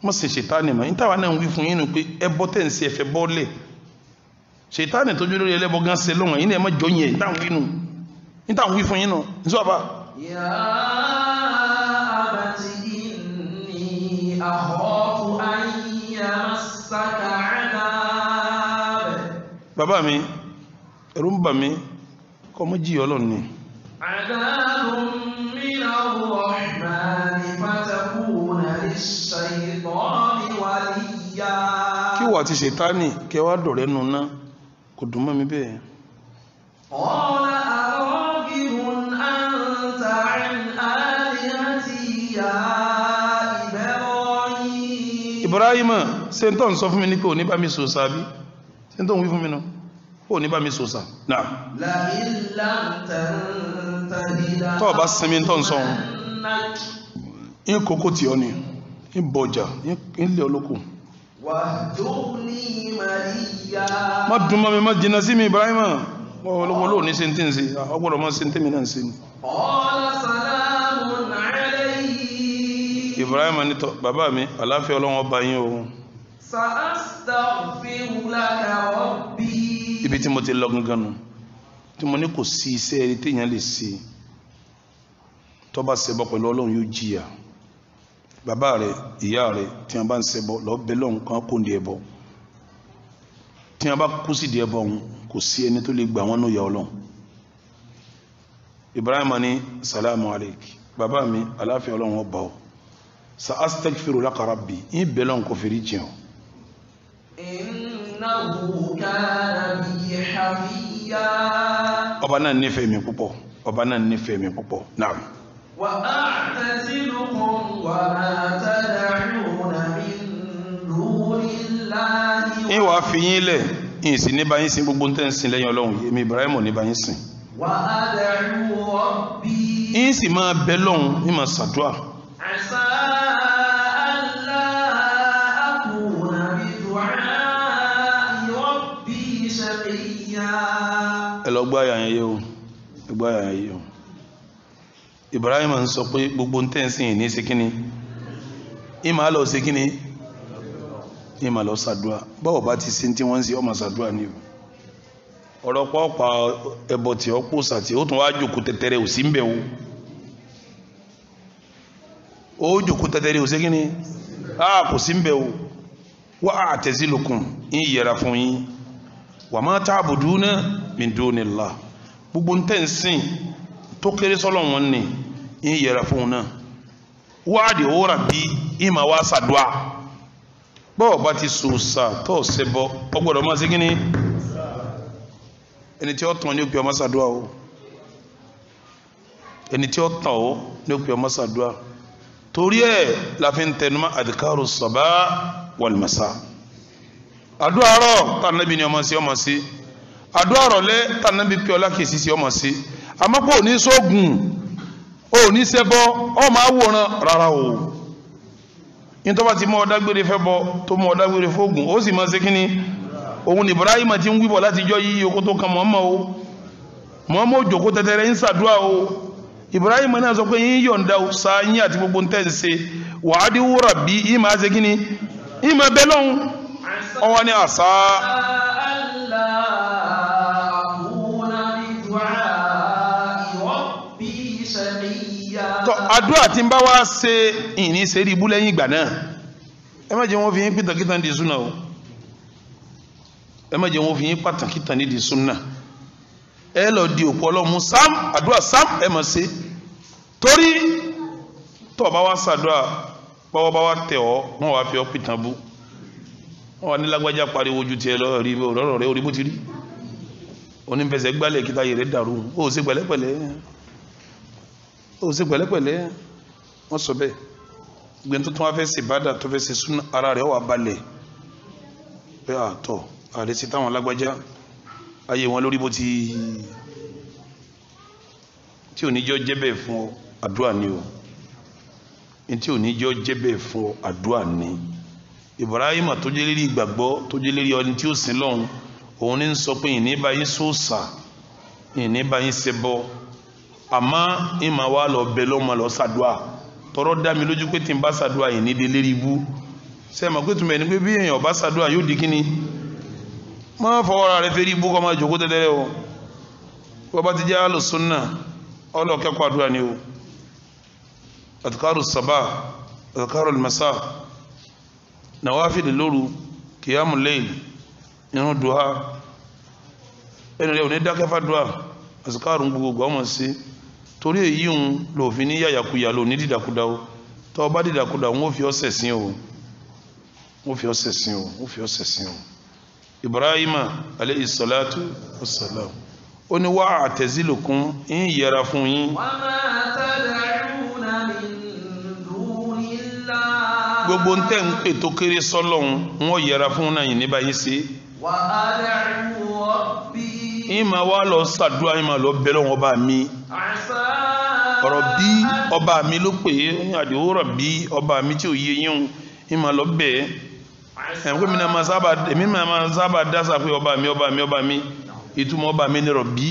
mọ́ sí ṣètánì mọ́ níta wà náà ń wí fún yín nu pé ẹbọ tẹ̀ ń ṣe ẹ̀fẹ̀ bọ́ọ̀lẹ̀ ṣètánì tó lórí ẹlẹ́bọ gan sẹ lọ́hùn bàbá mi ẹ̀rù ń bà mí kọ́ mọ́ jí ọlọ́run ni kí wà ti ṣètánì kẹwàá dọ̀rẹ́ nù náà kò dùn mọ́ mi bẹ́ẹ̀ ọ̀nà àrọ́gìrún Ibrahima ṣe ń tọ́ ní bá mi sọ sábí ní tó ń wí fún mi nù ó ní bá mi sòsà náà tó ọba sinmi tó ń sọ̀hún ní kókó tí ọ ni ní bọjà ní ilé olóko má dùn mọ́ mi má sí mi Ibrahima olówó olóò ní náà ń se ni ní bàbá mi aláfẹ́ ọlọ́wọ́ bá yín ohun ibi tí mo ti lọ gangan nu tí mo ní kò sí iṣẹ́ eré téèyàn lè ṣe tó bá ṣẹbọ pẹ̀lú ọlọ́run yóò jìyà bàbá rẹ̀ ìyá rẹ̀ tí wọ́n bá ń ṣẹbọ lọ́ọ́ bẹ lọ́hùn kan kò ní ẹbọ tí wọ́n bá kú sí ìdíẹbọ ọ̀hún kò sí ẹni tó lè gbà wọ́n níyà ọlọ́run Ibrahim ní salamu alayki bàbá mi aláfíà ọlọ́run ọba ọ sa astagfiru laka rabbi ń bẹ lọ́hùn kò fèrè jìn ọ́ ọba náà nífẹ̀ẹ́ mi púpọ̀ ọba náà nífẹ̀ẹ́ mi púpọ̀ náà. wà á tẹ̀sílùkùn wà á tẹ̀dàrún àmì lórí láàyè. ìwà fi yín lẹ̀ ìyìn sí ní báyìí sin gbogbo tẹ́ ń sin lẹ́yìn ọlọ́run yìí èmi Ibrahim ní báyìí sin. wà máa bẹ lọ́hùn ní màá ṣàdúrà. lọ gbọ́ àyà o gbọ́ àyà o Ibrahim ń sọ pé gbogbo ń tẹ̀sìn ní síkíní ìmà lọ síkíní ìmà lọ sàdúà ti sí tí wọ́n ń sí ọmọ sàdúà ni o ọ̀rọ̀ pọ́ọ̀pá ẹbọ tí ó pòsà tí ó tún wá jòkó tẹ́tẹ́rẹ́ ò sí ń bẹ̀ o ó jòkó tẹ́tẹ́rẹ́ ò a kò sí ń bẹ̀ wá àtẹ̀sílùkùn ń min dunillah gbogbo ń tẹ̀ ń sìn tó kéré sọ́lọ̀ wọn ni ń yẹra fún un náà wáàdì ó rà bí ìmọ̀ wá sàdúà bọ́ọ̀ bá ti sòsà tó ṣe bọ́ ọgbọ́dọ̀ máa ṣe kí ni ẹni tí ó tàn ní òpè ọmọ sàdúà o ẹni tí ó tàn ó ní òpè ọmọ sàdúà torí ẹ̀ la ń tẹnumọ́ àdìkárò sọ̀bá wal àdúrà rọ̀ tá a nàbí ni ọmọ sí ọmọ sí. àdúrà rọ̀lẹ́ tànàbí pé ọlá kìí ọmọ sí àmọ́pọ̀ ọmọ rárá o ní ọ bọ tó mú ọ dágbére ó sì máa òun Ibrahim ti ń láti jọ yí o Muhammad ó jòkó ń ṣàdúrà o Ibrahim náà sọ pé yín yín àti gbogbo ntẹ́ wúrà bí ìmọ̀ ìmọ̀ ọwọ́ tọ́ ah. àdúrà tí ń bá wá ṣe ìní sẹ́rí ibú lẹ́yìn ìgbà náà ẹ má fi yín pìtàkìtàn di súnà o ẹ má jẹ́ wọ́n fi yín pàtàkìtàn di súnà ẹ lọ di òpó ọlọ́mú sam àdúrà sam ẹ má ṣe torí tọ́ ọ bá wá ṣàdúrà báwọ́ bá wá tẹ̀ ọ́ wọ́n wá fi ọ́ pìtàn bú wọ́n wá ní lágbájá pariwo ju tiẹ̀ lọ rí ọ̀rọ̀ rẹ̀ orí bó ti rí onífẹsẹ̀ gbálẹ̀ kíta yẹrẹ dàrú ó ṣe pẹ̀lẹ́pẹ̀lẹ́ ó ṣe pẹ̀lẹ́pẹ̀lẹ́ wọ́n sọ bẹ́ẹ̀ gbẹ̀ntó tó wá fẹ́ ṣe bàdà tó fẹ́ ṣe sún ara rẹ̀ wà balẹ̀ pé àtọ̀ àrẹ sí táwọn lágbájá ayé wọn lórí bó ti tí ò ní jọ jẹ́ bẹ́ẹ̀ fún àdúrà ni o tí ò ní jọ jẹ́ fún àdúrà ni Ibrahima tó jẹ́ lérí ìgbàgbọ́ tó jẹ́ lérí ọni tí ó sin lọ́hùn òun ní sọ pé ìní bá sóòsà ìní bá yín àmọ́ ìmọ̀ wa lọ bẹ lọ́mọ lọ sàdúà tọrọ dá mi lójú pé tí n bá sàdúà yìí ní délé rí ibú sẹ́mà pé tùmẹ̀ ní pé bí èèyàn bá sàdúà yóò di kíni má fọwọ́ra rẹ fẹ́ rí ibú kọ́ máa jòkó tẹ́tẹ́rẹ́ o wọ́n bá ti jẹ́ alùsùnà ọlọ́kẹ́kọ̀ọ́ àdúrà ni o àtùkárù sàbà àtùkárù mẹ́sà nàwáfìlì lóru kìyàmù lẹ́yìn nínú dùhà ẹni rẹ̀ ò ní dákẹ́fà dùhà àtùkárù gbogbo ọmọ sí i torí èyí ń lòfin ní yàyàkuyà lò ní dìdàkudà o tọ́ ọba dìdàkudà wọn ò fi ọ́ sẹ̀sìn o wọn fi ọ́ sẹ̀sìn o wọn fi ọ́ sẹ̀sìn o Ibrahima aleyhi salatu wa salam ó ní wá àtẹ̀sílùkún ń yẹra fún yín. wọ́n máa tẹ̀lé ẹ̀rùnà mi dúnilá. gbogbo ń tẹ̀ ń pè tó kéré sọ́lọ́hún wọ́n yẹra fún náà yìí níbà yín sí. wà á dàrú ìmọ̀ wa lọ sàdúrà ìmọ̀ lọ bẹ́ẹ̀ lọ́wọ́ bá mi ọ̀rọ̀ bí ọba mi ló pè é àdìwó rọ̀ bí ọba mi tí ò yé yín ń máa lọ bẹ́ẹ̀ ẹ̀ mi náà máa sábà èmi pé ọba mi ọba mi ọba mi ìtumọ̀ ọba mi ni rọ̀ bí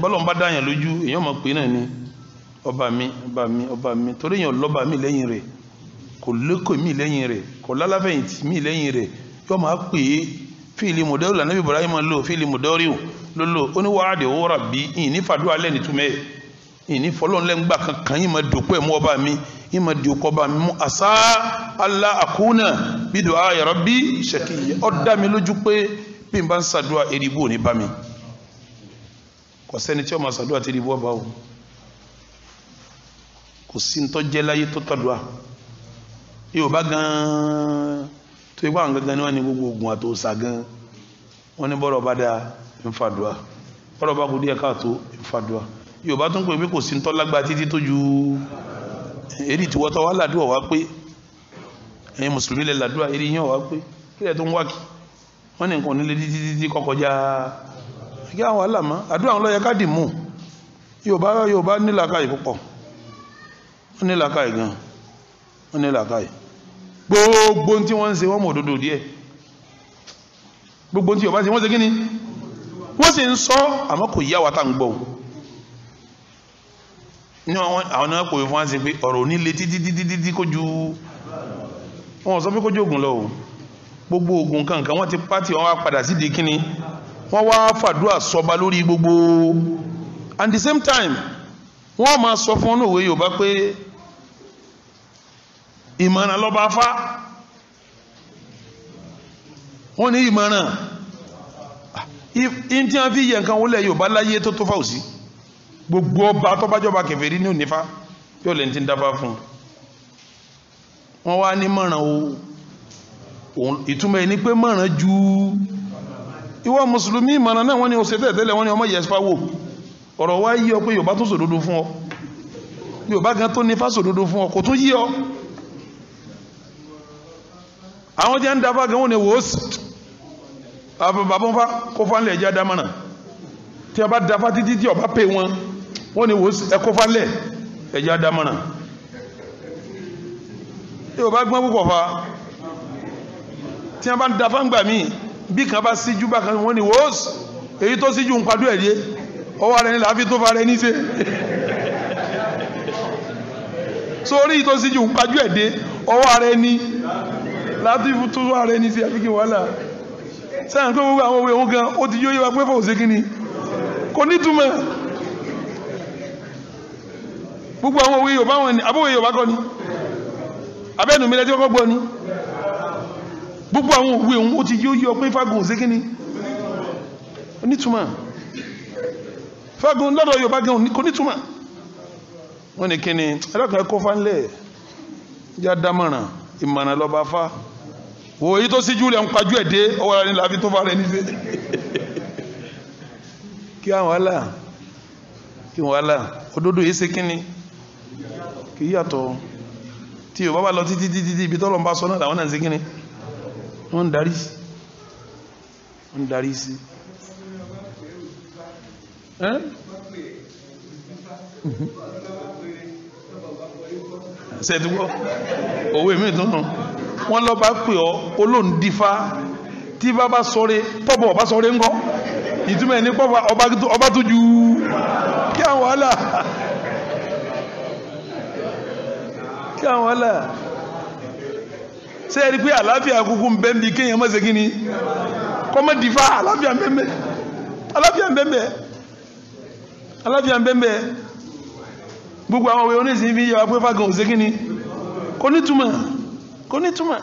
bọ́lọ̀ ń bá dáyàn lójú èèyàn máa pè náà ni ọba mi ọba mi ọba mi torí èèyàn lọ́ba mi lẹ́yìn rẹ̀ kò lóko mi lẹ́yìn rẹ̀ kò lálàfẹ̀yìntì mi lẹ́yìn rẹ̀ yóò máa pè é fíìlì mọ̀dẹ́rù lànà bí Ibrahim lò fíìlì mọ̀dẹ́rù ló lò ó ní wàhádìí owó rabbi ìní fàdúrà lẹ́ni túmẹ̀ ìní fọlọ́nlẹ́ngbà kankan yìí máa dòkó ẹ̀ mú ọba mi yìí máa dòkó ọba mi mú àṣà Allah àkúnà bídò ayọ̀ rabbi ṣèkìyẹ ó dá mi lójú pé bí n bá ń ṣàdúrà erigbó ní bá mi kò sẹ́ni tí ó máa ṣàdúrà tí erigbó bá wò kò sí ń tọ́jẹ́ láyé tó tọ́dúà yóò bá gan-an tó ipá àwọn kankan ní wọn ní gbogbo oògùn àtòsà gan wọn ní bọ́rọ̀ bá dáa ń fàdúrà bọ́rọ̀ bá kú díẹ̀ káàtó ń fàdúrà yorùbá tún pè pé kò sí ntọ́lágbá títí tó ju èdè tí wọ́tọ́ wá làdúrà wá pé ẹ̀yin mùsùlùmí lẹ làdúrà èdè yẹn wá pé kí lẹ tó ń wá kí wọ́n ní nǹkan onílé títí títí kọkọjá kí àwọn àlàmọ́ àdúrà wọn ló yẹ ká mú yorùbá yorùbá nílàkàyè púpọ̀ wọ́n nílàkàyè gan wọ́n nílàkàyè gbogbo tí wọ́n ń ṣe wọ́n mọ̀ òdodo díẹ̀ gbogbo tí ọba ṣe wọ́n ṣe kí ni wọ́n sì ń sọ àmọ́ kò yá wa tá ń gbọ́ o ní àwọn náà pòwe fún wa ṣe pé ọ̀rọ̀ onílé títí títí títí kó ju wọn sọ pé kó ju oògùn lọ o gbogbo oògùn kankan wọ́n ti pátì wọn wá padà sídìí kí ni wọ́n wá fàdúrà sọba lórí gbogbo and the same time wọ́n máa sọ fún ọ náà òwe Yorùbá pé ìmọ̀ràn lọ́ba fá wọ́n ní ìmọ̀ràn ìntí wọn fi yẹ nǹkan wọlé Yorùbá láyé tó tó fà òsì gbogbo ọba tó bá jọba kèfèrí ní ònífà yóò lè ti ń dábàá fún un wọ́n wá ní mọ̀ràn o ìtumọ̀ ẹni pé mọ̀ràn ju ìwọ mùsùlùmí ìmọ̀ràn náà wọ́n ní oṣù tẹ́lẹ̀tẹ́lẹ̀ wọ́n ní ọmọ yẹsùpá wò ọ̀rọ̀ wá yí ọ pé Yorùbá tó sòdodo fún ọ Yorùbá gan tó nífà sòdodo fún ọ kò tún yí ọ àwọn tí a ń dafa gan wọn ni wò ó sì bàbá wọn fa kó fanlẹ̀ ẹ̀jẹ̀ adámọ́nà tí a bá dafa títí tí ọba pè wọn wọn ni wò ó sì ẹ kó fanlẹ̀ ẹ̀jẹ̀ tí o bá gbọ́n púpọ̀ fa tí a bá ń dafa ńgbà míì bí kan bá síjú bá kan wọn ni wò ó sì èyí tó síjú ń padú ẹ̀ yé ọwọ́ rẹ ni làáfi tó fa rẹ ní ṣe sórí tó ń padú ẹ̀ dé ọwọ́ rẹ ni látìfù tó wà rẹ ní sí àfikì wàhálà sáà tó gbogbo àwọn òwe òun gan ó ti yóò yíwa pé fòwòsé kí ni kò nítumọ̀ gbogbo àwọn òwe Yorùbá wọn ni abówe Yorùbá kọ́ ni abẹ́nu mi lẹ́tí kọ́kọ́ gbọ́ ni gbogbo àwọn òwe òun ó ti yóò yíwa pé fagun òsé kí ni kò nítumọ̀ fagun lọ́dọ̀ Yorùbá gan kò nítumọ̀ wọ́n ní kí ni ẹlẹ́kọ̀ọ́ ẹ̀kọ́ fánlẹ̀ yá dámọ̀ràn ìmọ̀ràn lọ́ba fá wò èyí tó síjú lẹ̀ ń pajú ẹ̀ dé ọwọ́ ara ní láfi tó bá rẹ̀ níṣẹ́ kí àwọn wàhálà kí wọ́n wàhálà òdodo yìí ṣe kínni kì í yàtọ̀ tí yorùbá bá lọ títí títí ibi tọ́lọ̀ ń bá sọ náà làwọn náà ń ṣe kínni wọ́n ń darí wọ́n ń darí sí ṣe é òwe mi tún nù wọ́n lọ́ba pè ọ́ olóńdífá tí bàbá sọ̀rẹ́ tọ́bọ̀ ọba sọ̀rẹ́ ńkọ́ ìtumọ̀ ẹni pọ̀ ọba tó ju kí àwọn wàhálà kí àwọn wàhálà ṣe é rí pé àlàáfíà kúkú ń bẹ́ẹ̀ bí kéèyàn mọ̀ ṣe kí ni kọ́mọ̀dífá àlàáfíà ń bẹ́ẹ̀ àlàáfíà ń bẹ́ẹ̀ àlàáfíà ń bẹ́ẹ̀ gbogbo àwọn òwe oníṣìí fi yẹ wá pé fagàn òṣèkíní kò nítumọ̀ kò ní túmọ̀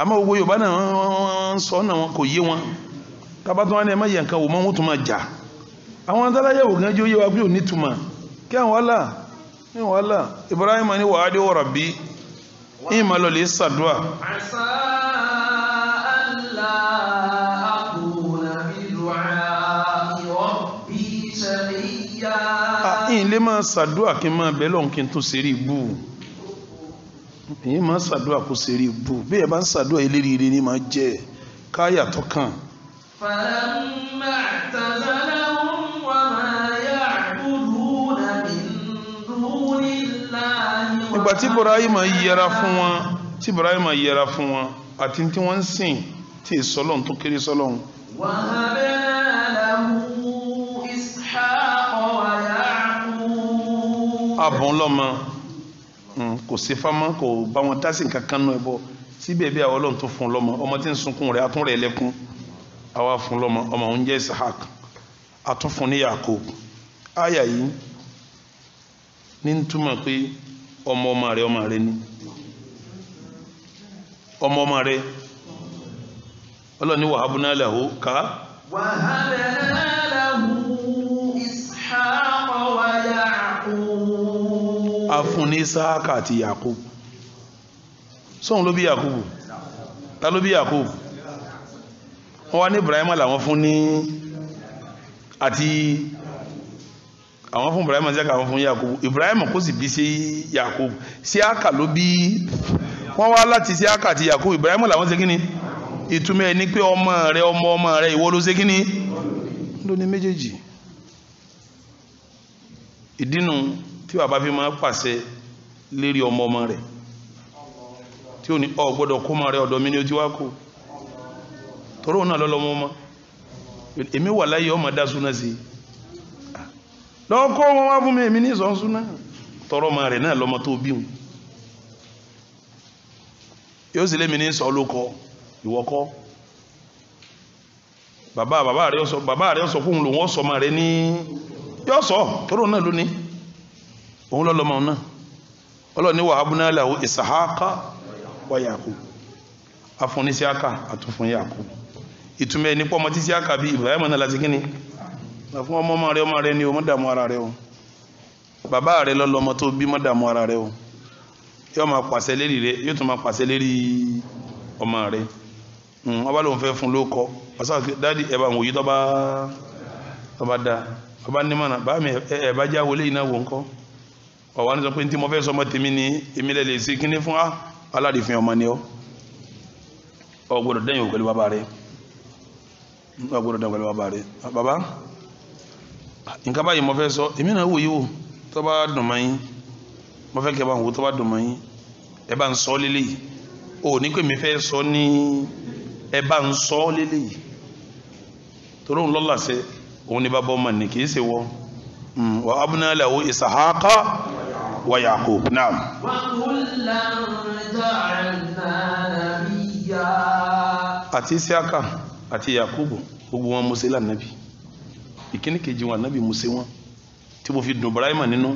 àmọ́ gbogbo yorùbá náà wọ́n sọ náà wọn kò yé wọn tabatọ́ wọn ni ẹ má yẹ nǹkan wò mọ́ wọn tún máa jà àwọn adáláyẹ̀ wò gánjú yé wa pé ò ní túmọ̀ kí àwọn wàhálà ní wàhálà Ibrahim ni wàá dé wọ̀rọ̀ bí ní ìmọ̀lọ́ lè ṣàdúrà. ìyìn lè máa ṣàdúrà kí n máa bẹ́ lọ́hùn kí ṣe rí ibú èyí máa ń ṣàdúrà kó ṣe rí ibú bí ẹ bá ń ṣàdúrà eléríire ni máa jẹ káyà tó kàn. fàlámà tàzálà wọn wà máa yá àbúrúnà nínúlá. ìgbà tí Ibrahim yẹra fún wọn tí Ibrahim yẹra fún wọn àti tí wọ́n ń sìn tí ìsọlọ́n tó kéré sọlọ́n. wàhálà lọ́mọ. Mm, kò ṣe fámá kò bá wọn tásì kankan nù ẹ bọ síbẹ̀ a àwọn ọlọ́run tó fún lọ́mọ ọmọ tí ń sunkún rẹ̀ atún rẹ̀ lẹ́kún àwa fún lọ́mọ ọmọ òun Isahak atún fún ní ọmọ ọmọ rẹ̀ ọmọ rẹ̀ ni ọmọ ọmọ rẹ̀ a fún ní Isaka àti Yakub sóhun ló bí Yakub ta ló bí Yakub wọ́n wá ní Ibrahim làwọn fún ní àti àwọn fún Ibrahim àti àwọn fún Yakub Ibrahim kò sì bí sí Yakub Isaka ló bí wọ́n wá láti Isaka àti Yakub Ibrahim làwọn ṣe kí ni ìtumọ̀ ẹ̀ ní pé ọmọ rẹ ọmọ ọmọ rẹ ìwọ ló ṣe kí ni méjèèjì ìdínú tí bàbá fi máa pàṣẹ lérí ọmọ ọmọ rẹ̀ tí ó ní ọ gbọ́dọ̀ kó máa rẹ ọ̀dọ̀ mi ní ojú wá kó tọrọ náà lọ́lọ́mọ ọmọ èmi wà láyé ọmọ dá súná sí lọ́kọ́ wọn wá fún mi èmi ní ìsọ̀n súná tọrọ ọmọ rẹ̀ náà lọ́mọ tó bí yóò sì lémi ní sọ lóko ìwọ́kọ́ bàbá bàbá rẹ̀ sọ fún òun lòun ọ̀sọ̀ ọmọ rẹ̀ ní yọ̀ọ̀sọ̀ tọrọ náà lónìí òun lọ́lọ́mọ náà ọlọ́ni wà abúná làwọ ìsàhákà wà Yakub afúnni síákà àtúnfún Yakub ìtumẹ̀ ní pọ́ ọmọ tí síákà bí Ibrahim náà láti kíni fún ọmọ ọmọ rẹ ọmọ rẹ ni o mọ́dàmú ara rẹ o bàbá rẹ lọ́lọ́mọ tó bí mọ́dàmú ara rẹ o yóò máa pàṣẹ lérí rẹ yóò tún máa pàṣẹ lérí ọmọ rẹ hmm, ọba ló ń fẹ́ fún ló kọ ọsàn ẹ̀ bá wòye tọ́ bá tọ́ ọ̀wá ní sọ pé tí mo fẹ́ sọmọ tèmi ni èmi lè lè ṣe kíní fún wa aládìfin ọmọ ni ọ ọ gbọ́dọ̀ dẹ́yìn pẹ̀lú bàbá rẹ ọ gbọ́dọ̀ dẹ́yìn pẹ̀lú bàbá rẹ bàbá nǹkan báyìí mo fẹ́ sọ èmi náà wòye wò tó bá dùn mọ́ yín mo fẹ́ kẹ́ bá wò tó bá dùn mọ́ yín ẹ bá ń sọ lélẹ̀ yìí o ní pé mi fẹ́ sọ ní ẹ bá ń sọ lélẹ̀ yìí torí òun lọ́la sẹ òun ní bàbá ọmọ ni kì í ṣe wọ wà abúlé àlàó ìsàhákà ويعقوب نعم وكلا جعلنا نبيا àti Isiaka àti Yakubu gbogbo wọn Mósè lànàbí ìkíní kejì wọn ànábì Mósè wọn tí mo fi dùn Ibrahima nínú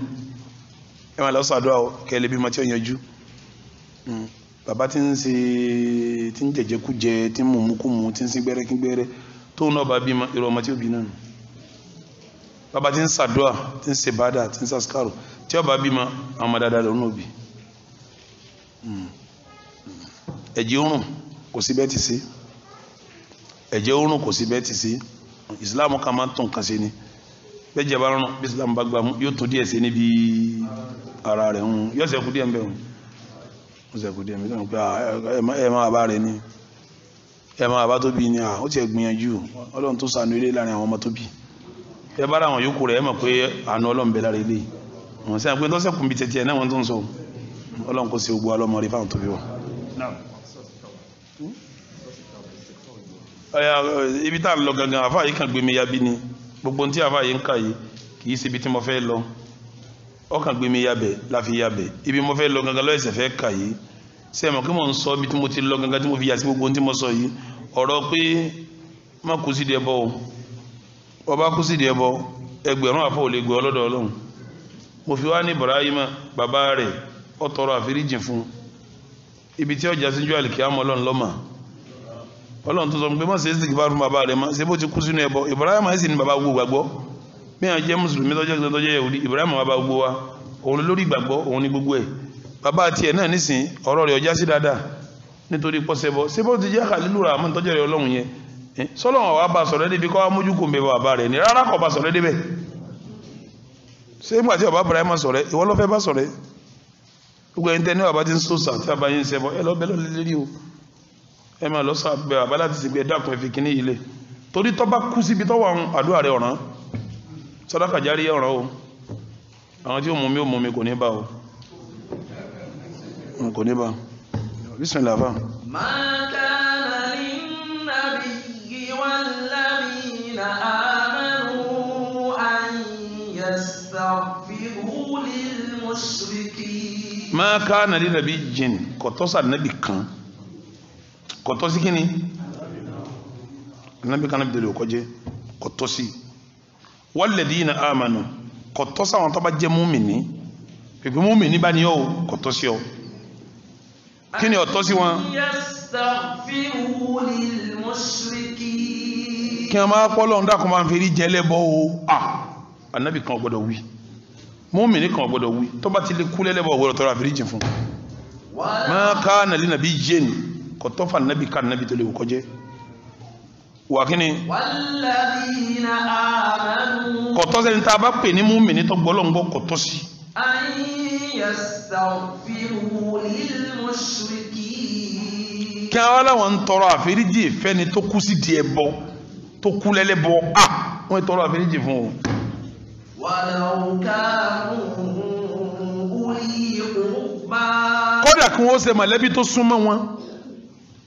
ẹ máa lọ sàdúrà ọ kẹlẹ bí mo ti yanjú hmm. bàbá tí ń ṣe tí ń jẹjẹkújẹ tí ń mú mú kú mú tí ń sin gbẹrẹkígbẹrẹ tóun náà bá bímọ irú ọmọ bí náà bàbá tí ń sàdúà tí ń ṣe bàdà tí ń sàskàrò tí ó bá bímọ àwọn ọmọdádá lọ náà bí hmm. ẹ̀jẹ̀ òórùn kò sí bẹ́ẹ̀ ti sí ẹ̀jẹ̀ òórùn kò sí bẹ́ẹ̀ ti sí ìsìláàmù kan máa ń tàn kan sí ni bẹ́jẹ̀ bá rán bí ìsìláàmù bá gbà mú yóò tó díẹ̀ sí níbi ara rẹ̀ ń yóò sẹ́kù díẹ̀ ń bẹ̀rù ó sẹ́kù díẹ̀ ni ẹ máa bá tóbi ni ó ti gbìyànjú ọlọ́run tó sànú ilé láàrin àwọn ọmọ tóbi tẹ bára àwọn yòókù rẹ̀ ẹ mọ̀ pé àánú ọlọ́run bẹ lára ilé wọn sẹ́yìn pé lọ́sẹ̀ kùnbi tẹ̀tì ẹ̀ náà wọ́n tó ń sọ ọlọ́run kò sí gbogbo ọlọ́mọ rí fáwọn tóbi wọn. ibi tá a lọ gangan àfa yìí kan gbé mi yabí ni gbogbo ohun tí àfa yìí ń kà yìí kì í ṣe ibi tí mo fẹ́ lọ ọkàn gbé mi yabẹ̀ láfi yabẹ̀ ibi mo fẹ́ lọ gangan lọ́ọ́ ẹ̀sẹ̀ fẹ́ kà yìí sẹ́mọ̀ kí mò ń sọ ibi tí mo ti lọ gangan tí mo fi yà sí gbogbo ohun tí mo sọ yìí ọ̀rọ̀ pé má kú sídìí ẹ o ọba kú sí ìdíẹ̀bọ ẹgbẹ̀rún àfọ ò lè gbé ọlọ́dọ̀ ọlọ́run mo fi wá ní Ibrahima bàbá rẹ̀ ó tọrọ àforíjìn fún ibi tí ọjà síjú àlìkíyàmọ́ ọlọ́run lọ́mà ọlọ́run tó sọ pé mọ́sẹ̀ sí ìgbà fún bàbá rẹ̀ mọ́ ṣe bó ti kú sínú ẹbọ Ibrahima sì ní bàbá gbogbo gbàgbọ́ bí wọn jẹ́ mùsùlùmí tọ́jọ́ kí tọ́jọ́ Ibrahima bàbá gbogbo wa òun lórí ìgbàgbọ́ òun ni gbogbo ẹ̀ bàbá tiẹ̀ náà nísìn ọ̀rọ̀ rẹ̀ ọjà sí dáadáa nítorí pọ́sẹ̀bọ ṣé bó ti jẹ́ àkàlílù rà mọ́ tọ́jọ́ rẹ̀ ọlọ́run yẹn sọ́lọ́wọ́n wa bá sọ̀rọ̀ níbi kọ́ amójú kò mẹ́bà bàbá rẹ̀ ní rárá kọ́ bá sọ̀rọ̀ níbẹ̀ ṣé nígbà tí ọba Ibrahim sọ̀rọ̀ ìwọ ló fẹ́ bá sọ̀rọ̀ gbogbo ẹni tẹ́ni ọba ti ń sòsà tí ọba yín ń sẹ́bọ̀ ẹ lọ́bẹ̀ lọ́lẹ́lẹ́rí o ẹ máa lọ sábẹ́ àbá láti sì gbé dákun ẹ̀fì kínní yìí lẹ̀ torí tó bá kú síbi tó bismillah. máa ká nàdí nàbí jìn kọ̀tọ́sà nàbí kan kọ̀tọ́sí kíni nàbí kan nàbí dèrè òkọ́jẹ́ kọ̀tọ́sí walladina amanu kọ̀tọ́sà àwọn tó bá jẹ́ múmìnì pèpè múmìnì bá ní ọ́ kọ̀tọ́sí ọ́ kíni ọ̀tọ́sí wọn. kí wọ́n máa pọ́ lọ́run dákun máa ń ferí jẹ́lẹ́ anabi kan gbọ́dọ̀ wí múmìnì kan gbọ́dọ̀ wí tó bá ti lè kú lẹ́lẹ́bọ̀ ọ̀gbọ́dọ̀ tọrọ àforíjì fún máa ká nàlí nàbí yé ni kò tọ́ fà nàbí ká nàbí tó lè wò kọjẹ́ wà kí ni kò tọ́ sẹ́ni tá a bá pè ní múmìnì tó gbọ́ lọ́ngbọ́ kò tọ́ sí. kí àwọn aláwọ̀ ń tọrọ àforíjì fẹ́ni tó kú sí di ẹbọ tó kú lẹ́lẹ́bọ à wọ́n tọrọ àforíjì fún o kódà kí wọ́n ṣe mọ̀lẹ́bí tó súnmọ́ wọn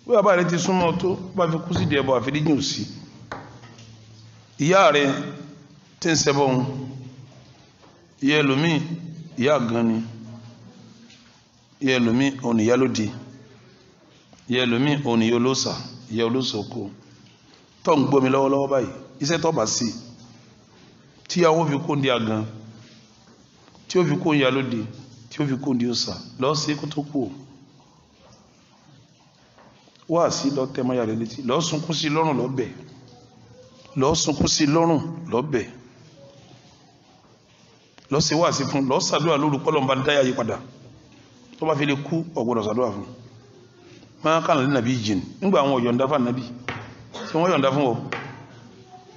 bí bàbá rẹ ti súnmọ́ tó bá fi kú sídìí ẹbọ àfidíjì òsì ìyá rẹ tí ń ṣẹbọ ohun ìyá ẹlòmíì ìyá gan ni ìyá ẹlòmíì òun ìyá lóde ìyá ẹlòmíì òun ìyá olóòsà ìyá olóòsà oko tó ń gbómi lọ́wọ́lọ́wọ́ báyìí iṣẹ́ tó bá sí i tí àwọn fi kóńdé àgàn tí ó fi kóńyà lóde tí ó fi kóńdé ọ̀sà lọ́sẹ̀ kó tó kú o wá sí lọ tẹmọya rẹ létí lọ sunkún sí lọ́rùn lọ́bẹ̀ lọ sunkún sí lọ́rùn lọ́bẹ̀ lọ ṣe wá sí fún lọ ṣàdúrà lóru kọlọmba dáyà yí padà tó bá fi lè kú ọgbọ́dọ̀ ṣàdúrà fún máa kàn lè nàbí jìn nígbà àwọn ọ̀yọ̀ǹda fún ọ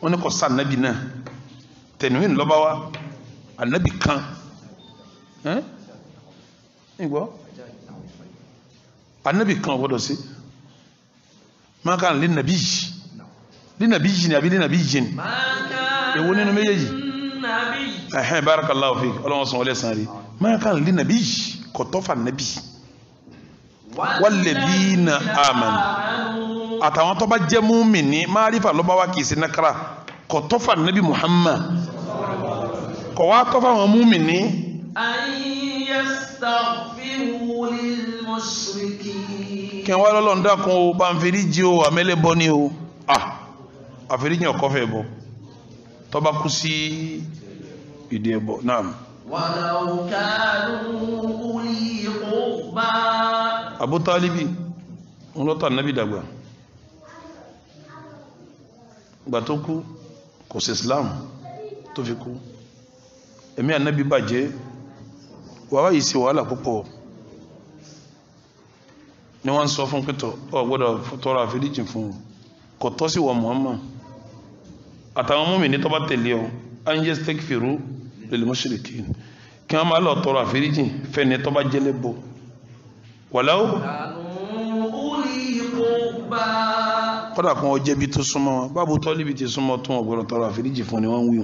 wọ́n ní kò sá ànábì náà tẹnuhin lọba wa anabi kan ìgbọ́ anabi kan ọgbọ́dọ̀ sí mákàn lé nàbí yìí lé nàbí yìí ni àbí lé nàbí yìí ni èwo nínú méjèèjì ẹ̀hẹ́ barakallahu fik ọlọ́wọ́n sàn ọlẹ́sàn rí mákàn lé nàbí yìí kọ̀tọ́fà nàbí walladhina amanu àtàwọn tó bá jẹ́ múmi ní márífà lọ́ba wa kìí sí nákàrà kọ̀tọ́fà nàbí Muhammad kọ̀ wá tọ́ fáwọn mùmínì. kí wọ́n lọ́lọ́ ń dákun o bá ń fèrè jí o àmẹ́lẹ́ bọ́ ni o àfèrèjì ọkọ fẹ́ bọ́ tọ́ba kú sí ìdí ẹ̀bọ̀ náà. wàlàó kánú ulí Abu Talibi ń nábì dàgbà gbà kú kò sí Islam tó fi kú ẹ̀mí ànábì bàjẹ́ wàá yìí ṣe wàhálà púpọ̀ ni wọ́n ń sọ fún pẹ́tọ̀ ọ gbọ́dọ̀ tọrọ àforíjì fún kò tọ́ sí wọ Muhammad àtàwọn mọ́mì ní tọ́ba tẹ̀lé ọ angels take firu lèlè mọ́ṣẹ́lẹ̀kì kí wọ́n máa lọ tọrọ àforíjì fẹ́ni tọ́ba jẹ́lẹ̀ bọ̀ wàláwò. kọ́dà kan ọjẹ́ bí tó súnmọ́ wọn báàbò tọ́líbi ti súnmọ́ tó wọn gbọ́dọ̀ tọrọ fún ni wọ́n ń wí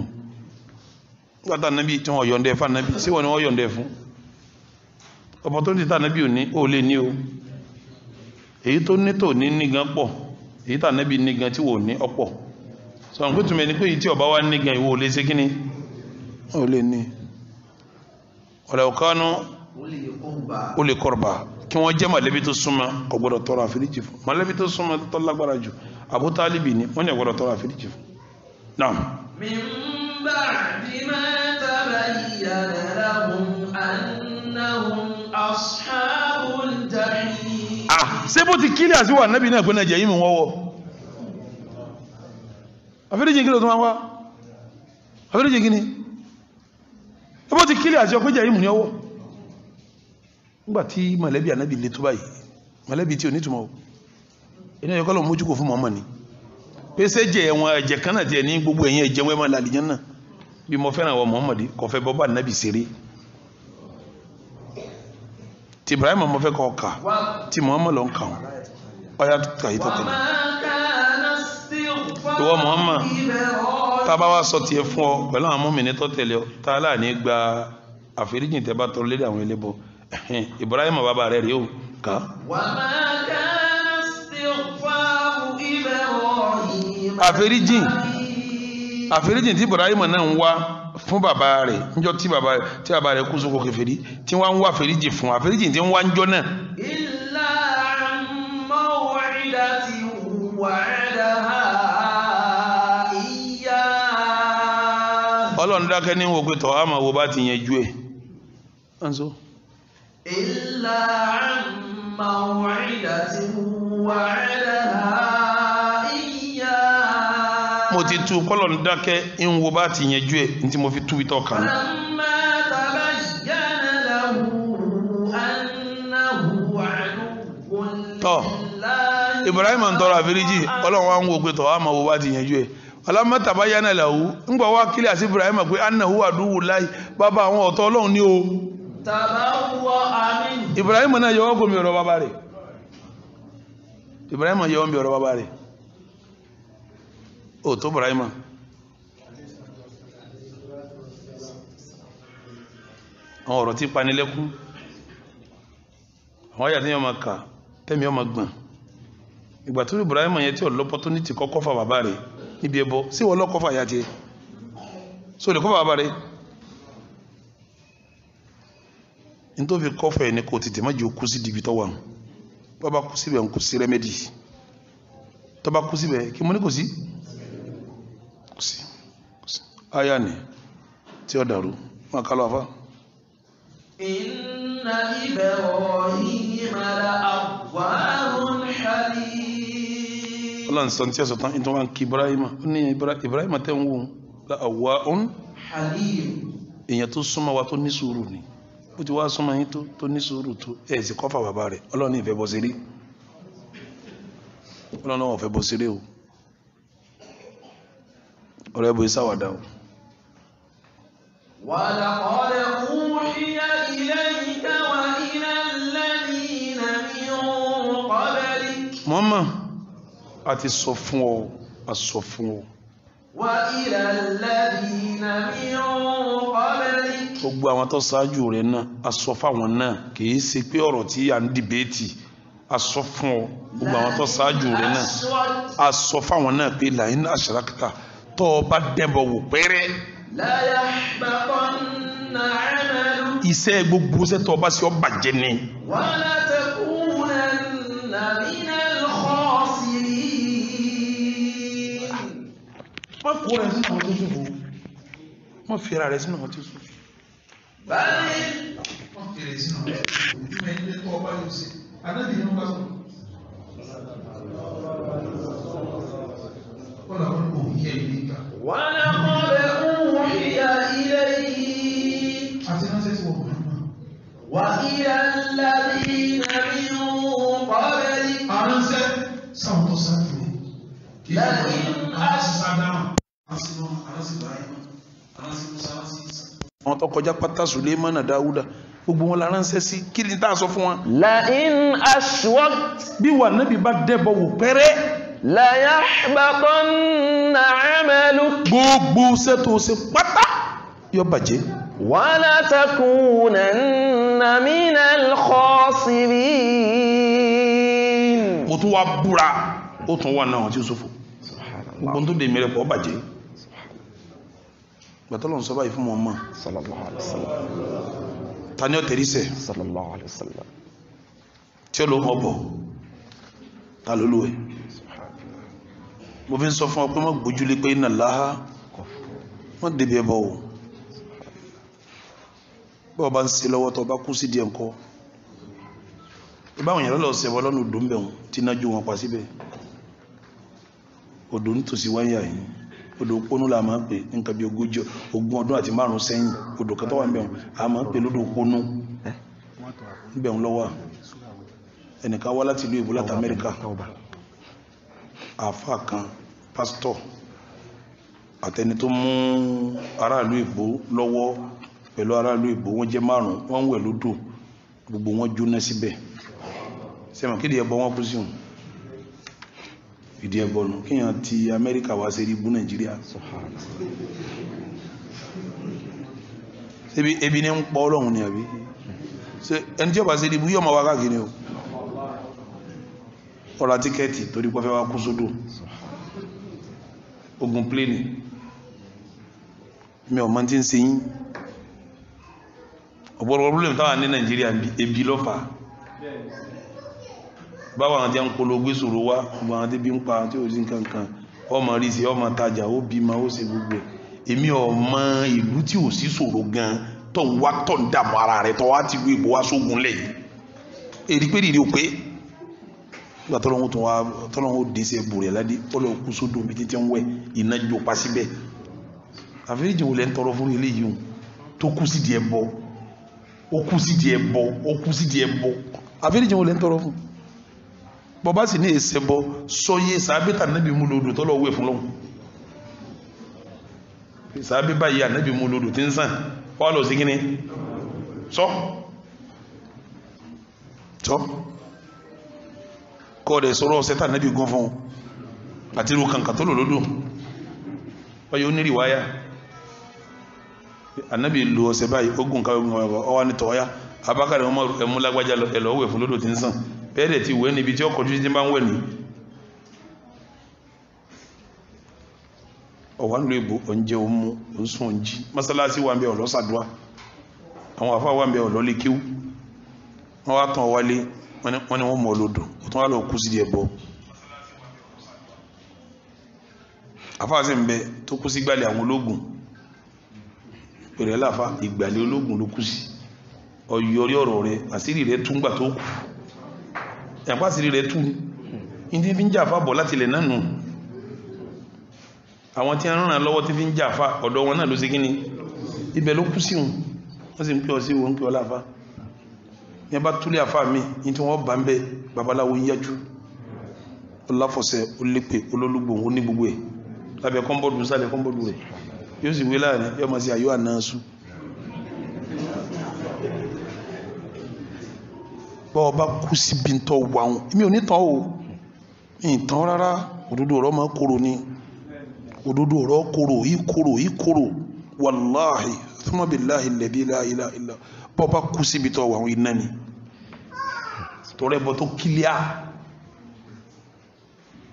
gbàtà nàbí tí wọ́n yọ̀ǹdẹ̀ fún nàbí sí wọn ni wọ́n yọ̀ǹdẹ̀ fún opportunity tá nàbí ò ní ó lè ní o èyí tó ní tò ní nígan pọ̀ èyí tá nàbí nígan tí wò ní ọ̀pọ̀ sọ n kútùmẹ̀ ní pé èyí tí ọba wa nígan ìwò lè ṣe kíni ó lè ní ọ̀lẹ́ ọ̀kánú ó lè kọ̀rọ̀bà kí wọ́n jẹ́ mọ̀lẹ́bí tó súnmọ́ kò tọrọ àforíjì fún mọ̀lẹ́bí tó súnmọ́ tó jù Abu ni wọ́n yẹ gbọ́dọ̀ tọrọ àforíjì fún náà. Ah, ṣé bó ti kílẹ̀ àsíwà nábì náà pé náà jẹ́ yìí mú wọ́wọ́ àfẹ́lẹ́jì kí ló tó máa wá àfẹ́lẹ́jì kí ni ṣé bó ti kílẹ̀ àsíwà pé jẹ́ yìí mú ní ọwọ́ nígbàtí mọ̀lẹ́bí ànábì lè tó báyìí mọ̀lẹ́bí tí ò ní túmọ̀ inú ẹ̀kọ́ lọ mójúkò fún ni pé ṣé jẹ́ ẹ̀wọ̀n ẹ̀jẹ̀ kan náà tiẹ̀ ní gbogbo ẹ̀yìn ẹ̀jẹ̀ wẹ́mọ́ làlìjẹ́ náà bí mo fẹ́ràn wọ Muhammad kò fẹ́ nàbì ṣeré tí Ibrahim mo fẹ́ kọ́ ọ̀ka tí Muhammad ló ń kà wọ́n ọ̀yà kàyí tó tẹ̀lé ìwọ Muhammad tá a bá wá sọ tiẹ̀ fún ọ pẹ̀lú àwọn mọ́mìnì tó tẹ̀lé ọ tá a láàánú gba àforíjìn tẹ́ bá tọrọ lédè àwọn ẹlẹ́bọ Ibrahim bàbá rẹ̀ rí o kà á àforíjì tí Ibrahim náà ń wá fún bàbá rẹ̀ níjọ́ tí bàbá rẹ̀ kú sóko kèfèrí tí wọ́n ń wá àforíjì fún àforíjì tí wọ́n ń jọ́ náà. illa maw'idati wa'adaha iya. ọlọ́run dákẹ́ ní wo pé tọ́ àmọ́ wo bá ti yẹn ju ẹ̀. illa maw'idati wa'adaha mo ti tú kọ́lọ̀ ń dákẹ́ ń wo bá ti yẹn jú ní tí mo fi túbi tọ́ kàn. tọ́ Ibrahim ń tọrọ àfẹ́ríjì ah. ọlọ́run wa ń wo pé tọ́ a máa wo bá ti yẹn jú ẹ̀ alamọ tabayana làwù ńgbà wá kílẹ̀ àti Ibrahim pé anahu aduwu láì bàbá àwọn ọ̀tọ̀ ọlọ́run ní o. tàbáwọ àmín. Ibrahim náà yọ ọgùn mi bàbá rẹ̀ Ibrahim yọ ọgùn mi bàbá rẹ̀ ò tó Ibrahim àwọn ọ̀rọ̀ tí panilẹ́kún àwọn àyà tí yọ ma kà tẹ́mi ọmọ gbọ̀n ìgbà tó Ibrahim yẹn tí ọlọ́pọ̀ tó ní ti kọ́kọ́ fà bàbá rẹ̀ níbi ẹbọ sí wọ́n lọ́kọ́ fà yà tiẹ̀ so lè kọ́ fà bàbá kú síbẹ̀ kí mo ní kò sí kò sí aya ni tí ó dàrú máa kálọ afá. inna Ibrahim la awwahun halim. ọlọ́run sọ ní tí a sọ tán ìtọ́ wọn kí Ibrahim ó ní Ibrahim tẹ́ ń wò la awwahun halim. èèyàn tó súnmọ́ wa tó ní sùúrù ni ó ti wá súnmọ́ yín tó tó ní sùúrù tó ẹ̀ sì kọ́fà bàbá rẹ̀ ọlọ́run ìfẹ́ bọ́ sí rí ọlọ́run ọ̀fẹ́ bọ́ sí rí o ọ̀rẹ́ bu ìsáwàdà o. ولقد أوحي إليك وإلى الذين من قبلك mọ́mọ́ a ti sọ fún ọ a sọ fún ọ. وإلى الذين من قبلك gbogbo àwọn tó ṣáájú rẹ̀ náà a sọ fáwọn náà kì í ṣe pé ọ̀rọ̀ tí à ń dìbẹ́tì a sọ fún ọ gbogbo àwọn tó ṣáájú rẹ̀ náà a sọ fáwọn náà pé làyín àṣàràkìtà tọ́ ọ bá dẹ́bọ̀ wò pẹ́rẹ́. láyà bàbá nà ẹ̀rẹ́lú. iṣẹ́ gbogbo iṣẹ́ tọ́ ọ bá ṣe ọ bàjẹ́ ni. wàhálà tẹ kúrò nàmínà lọ́kọ́ sí i. má kó rẹ sínú àwọn tó má fi ara rẹ sínú àwọn tó báyìí má fi rẹ sínú àwọn tó ṣòfò ìdí mẹ́rin tó ọba yóò ṣe adájọ́ ìyẹn ń bá sọ̀rọ̀. ولقد أوحي إليك ولقد أوحي إليه وإلى الذين من قبلك أنسى سوت سافر لئن أسلم أسلم أنسى إبراهيم أنسى موسى أنسى àwọn tó kọjá pátá Sulemana Dáúdà gbogbo wọn la ránṣẹ́ sí kí ni tá a sọ fún wa. la in ashwakt. bí wà nábì bá dẹ́bọ̀ wò pẹ́rẹ́ layahbatanna amaluk gbogbo sẹ́tò sí pátá yọ bàjẹ́ wala takunanna minal khasirin o tún wá búra o tún wà náà tí ó sófò gbogbo tó dè mẹ́rẹ̀ pọ̀ bàjẹ́ gbàtọ́lọ̀ ń sọ báyìí fún wọn mọ́ sallallahu alaihi wasallam tani sallallahu alaihi mo fi ń sọ fún ọ pé má gbójúlé pé iná láhá má débi ẹbọ o bí ọba ń ṣe lọ́wọ́ tó bá kú sí díẹ̀ ńkọ́ ìbáwọn èèyàn lọ́lọ́ ṣẹbọ lọ́nà odò ń bẹ̀ wọn tí iná jó wọn pa síbẹ̀ odò ń tòsí wáyà yìí odò ponu la máa ń pè nǹkan bí ogún ọdún àti márùn sẹ́yìn odò kan tó wà níbẹ̀ a máa ń pè lódò ponu níbẹ̀ ń lọ́wọ́ ẹnìkan wá láti ìlú ìbò láti Amẹ́ríkà àfa kan pásítọ̀ àtẹni tó mú aráàlú ìgbò lọ́wọ́ pẹ̀lú aráàlú ìgbò wọ́n jẹ́ márùn wọ́n ń wẹ̀ lódò gbogbo wọn jóná síbẹ̀ sẹ́mọ̀ kéde ẹbọ wọn kú sí òun ìdí ẹbọ nù kíyàn ti amẹ́ríkà wá sí ibú nàìjíríà ebi ní ń pọ̀ ọlọ́run ni àbí ẹni tí ó bá sí ibú yóò máa wá káàkiri o ọ̀rọ̀ tíkẹ́ẹ̀tì torí pọ́fẹ́ wá kú sódò ogun pléènì mi ò mọ tí ń ṣe yín ọ̀pọ̀lọpọ̀ problem táwa ní nàìjíríà ebi lọ́fà báwa àwọn tí a ń polówó ìṣòro wá gbogbo àwọn tí bí ń pa tí ò sí nǹkan kan ọmọ rí sí ọmọ tajà ó bímọ ó ṣe gbogbo èmi ọmọ ìlú tí ò sí ṣòro gan tó ń wá tó ń dààmú ara rẹ̀ tó ti wí ìbò wá sógun lẹ́yìn èrì pé rírì ò pé nígbà tọ́lọ́hún tó wá tọ́lọ́hún dèsè bùrẹ̀ aládé tọ́lọ́hún kú sódò bí títí ń wẹ̀ iná jó pa síbẹ̀ àfẹ́rẹ́jì wo lẹ́ ń tọrọ fún eléyìí o tó kú sí di ẹbọ ó kú sí di ẹbọ ó kú sí di ẹbọ àfẹ́rẹ́jì wo lẹ́ ń tọrọ fún bọba sì ní èsè sọyé sàbẹ́tà nàbí mú lòdù tọ́lọ́ kọ́ rẹ̀ sọ̀rọ̀ ọ̀sẹ̀ tàbí gún fún àti irú kankan tó lò lódò wáyé ó nírì wáyà ànábì lu ọ̀sẹ̀ báyìí ó gùn káwé gbọmọ ọwá ní tọ́wáyá abákàrẹ̀ ọmọ ẹmú lágbájá ẹlọ́wẹ̀ fún lódò tí ń sàn bẹ́ẹ̀ ti wẹ́ níbi tí ọkọ̀ títí bá ń wẹ̀ ní ọ̀wá ń lo ìbò oúnjẹ òmu oúnsùn oúnjì mọ́sálásí wà ń bẹ ọ̀lọ́sàdúrà àwọn àfáà wà ń bẹ ọ̀lọ́lẹ́kíw wọ́n wá tán wálé wọ́n ni wọ́n mọ̀ lódò ó tún wá lọ kú sí díẹ̀ bọ́ afáàsì ń bẹ tó kú sí gbàlẹ̀ àwọn ológun pẹ̀lú ẹ̀láfà ìgbàlẹ̀ ológun ló kú sí ọ̀yọ́rí ọ̀rọ̀ rẹ̀ àṣírí rẹ̀ tún gbà tó kù ẹ̀pá àṣírí rẹ̀ tún ní fi ń jà fábọ̀ láti ilẹ̀ náà nù àwọn tí a ràn lọ́wọ́ tí fi ń jà fá ọ̀dọ̀ wọn náà ló sí kíni ibẹ̀ ló kú sí wọn wọ́n sì ń pè ọ sí wọn ń pè ọ láfáà ní ẹ bá túlẹ̀ àfa mi ní tí wọ́n bá ń bẹ babaláwo yíyájú ọláfọ̀sẹ̀ olépe olólùgbò ó ní gbogbo ẹ̀ lábẹ́ kọ́ńbọ́ọ̀dù sálẹ̀ kọ́ńbọ́ọ̀dù rẹ̀ yóò sì wé láàrin yóò máa ṣe àyọ̀ ànáṣu bọ́ ọba kú síbi tọ́ wàhùn èmi ò ní tán o ìtàn rárá òdodo ọ̀rọ̀ máa kóró ni òdodo ọ̀rọ̀ kóró yìí kóró yìí kóró wàláhì thumma billahi alladhi bọ́ọ̀bá kú síbi tó wà àwọn iná ni torí ẹbọ tó kílíà ah.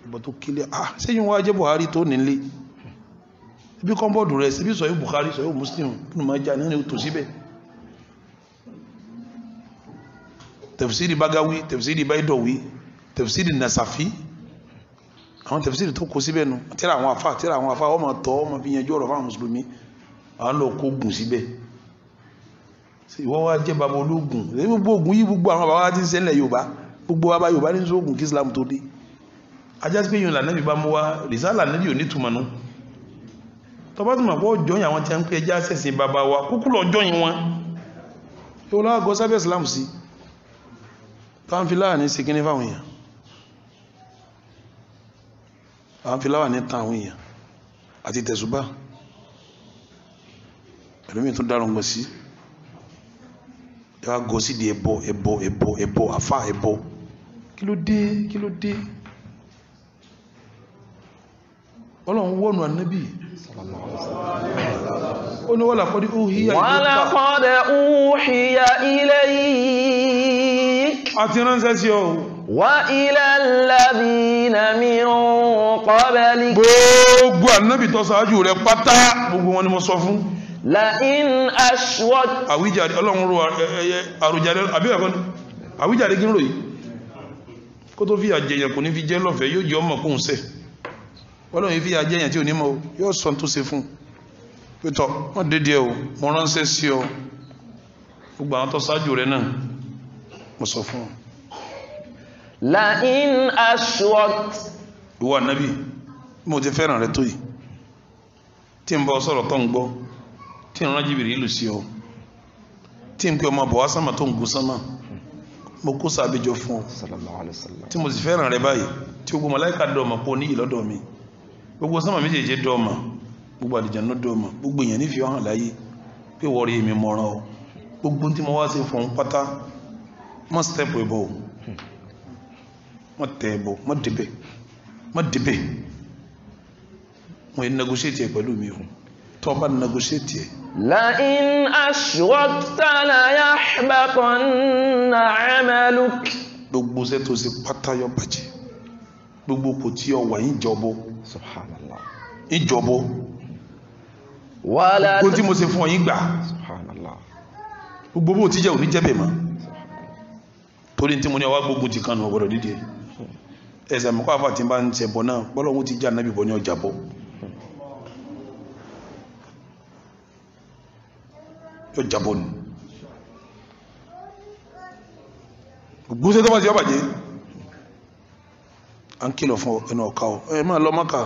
ẹbọ tó kílíà ah sẹ́yìn wá jẹ́ Buhari tó nílé ibi kọ́ńbọ̀dù rẹ̀ síbi sọ̀yọ́ Buhari sọ̀yọ́ Muslim kí ni máa já nínú ètò síbẹ̀ tẹ̀fùsírì Bagawi tẹ̀fùsírì Baidowi tẹ̀fùsírì Nasafi àwọn tẹ̀fùsírì tó kó síbẹ̀ nu tíra àwọn afa tíra àwọn afa wọ́n máa tọ́ wọ́n máa fi yanjú ọ̀rọ̀ fáwọn mùsùlùmí àwọn lọ kó gùn síbẹ̀ ìwọ wa jẹ́ bàbá ológun gbogbo ogun yìí gbogbo àwọn bàbá wa ti ń ṣẹlẹ̀ yorùbá gbogbo wa bá yorùbá ní sóògùn kí islam tó dé ajá sí pé yìí lànà ìbá mú wa rìsálà níbi ò ní túmọ̀ nù tọ́ba tó mọ̀ pé ọjọ́ yìí àwọn tí a ń pè ẹjá sẹ̀sìn bàbá wa kúkú lọ́jọ́ yìí wọn yóò lọ́wọ́ sábẹ́ islam sí táǹfìlà ní sikini fáwọn èèyàn táǹfìlà wà ní tan èèyàn àti tẹ̀sùbá ẹ̀lómi tó dárùn gbọ̀ sí ẹ wá gọ sídìí ẹbọ ẹbọ ẹbọ ẹbọ àfa ẹbọ kí ló dé kí ló dé ọlọ́run wọ́nu ànábì ó ní wọ́n làkọ́dí òhìyà ìlú wọ́n làkọ́dẹ̀ òhìyà ilẹ̀ yìí àti ránṣẹ́ sí ọ wà ilẹ̀ lẹ́bìnà mìíràn kọ́bẹ̀lì gbogbo ànábì tó ṣáájú rẹ̀ pátá gbogbo wọn ni mo sọ fún la'in ashwad àwíjàre ọlọ́run rọ àrùjàre àbíwẹ̀kọ́ àwíjàre kí ń ròyìn kó tó fi àjẹyàn kò ní fi jẹ́ lọ́fẹ̀ẹ́ yóò jẹ́ ọmọ kóhùn sẹ́ ọlọ́run fi àjẹyàn tí ò ní mọ́ yóò sọ tó ṣe fún pétọ́ wọ́n dédé ẹ̀ o mo ránṣẹ́ sí ọ gbogbo àwọn tó ṣáájú rẹ náà mo sọ fún ọ la'in ashwad ìwọ ànábì mo ti fẹ́ràn rẹ tó yìí tí ń bọ́ sọ̀rọ̀ tó ń gbọ́ tí ń rán Jibrilu sí ọ tí ń pè ọmọ bọ̀ wá sánmà tó ń gun sánmà mo kó sàbíjọ fún ọ tí mo sì fẹ́ràn rẹ báyìí tí gbogbo màláíkà dọ̀ọ̀mà kó ní ìlọ́dọ̀ mi gbogbo sánmà méjèèjì dọ̀ọ̀mà gbogbo àlùjànnú dọ̀ọ̀mà gbogbo èèyàn nífi hàn láyé pé wọ́n èmi mọ̀ràn o gbogbo tí mo wá sí fún pátá mọ́ stẹ́pù ẹ̀bọ̀ mọ́ tẹ̀ mọ́ tó bá negotiate yẹ. la'in ashrakta la yahbatanna 'amaluk. gbogbo ṣe tó ṣe pátá yọ bàjẹ́ gbogbo kò tí ọ wà ìjọbọ subhanallah ìjọbọ gbogbo tí mo ṣe fún ọ yín gbà subhanallah gbogbo bó ti jẹ́ òní jẹ́ bẹ̀ mọ́ torí tí mo ní ọwá gbogbo ti kan nù ọgbọ̀dọ̀ dídé ẹ̀sẹ̀ mọ́kọ́ àfà tí bá ń ṣẹ̀bọ̀ náà pọ́lọ́wọ́ ti já nábìbọ̀ ní ọjà bọ́ yóò jábọ́ ni gbogbo sẹ́tọ́ bá ti yọ́ bàjẹ́ à ń kìlọ̀ fún ẹnu ọ̀ka ọ ẹ máa lọ mọ́kà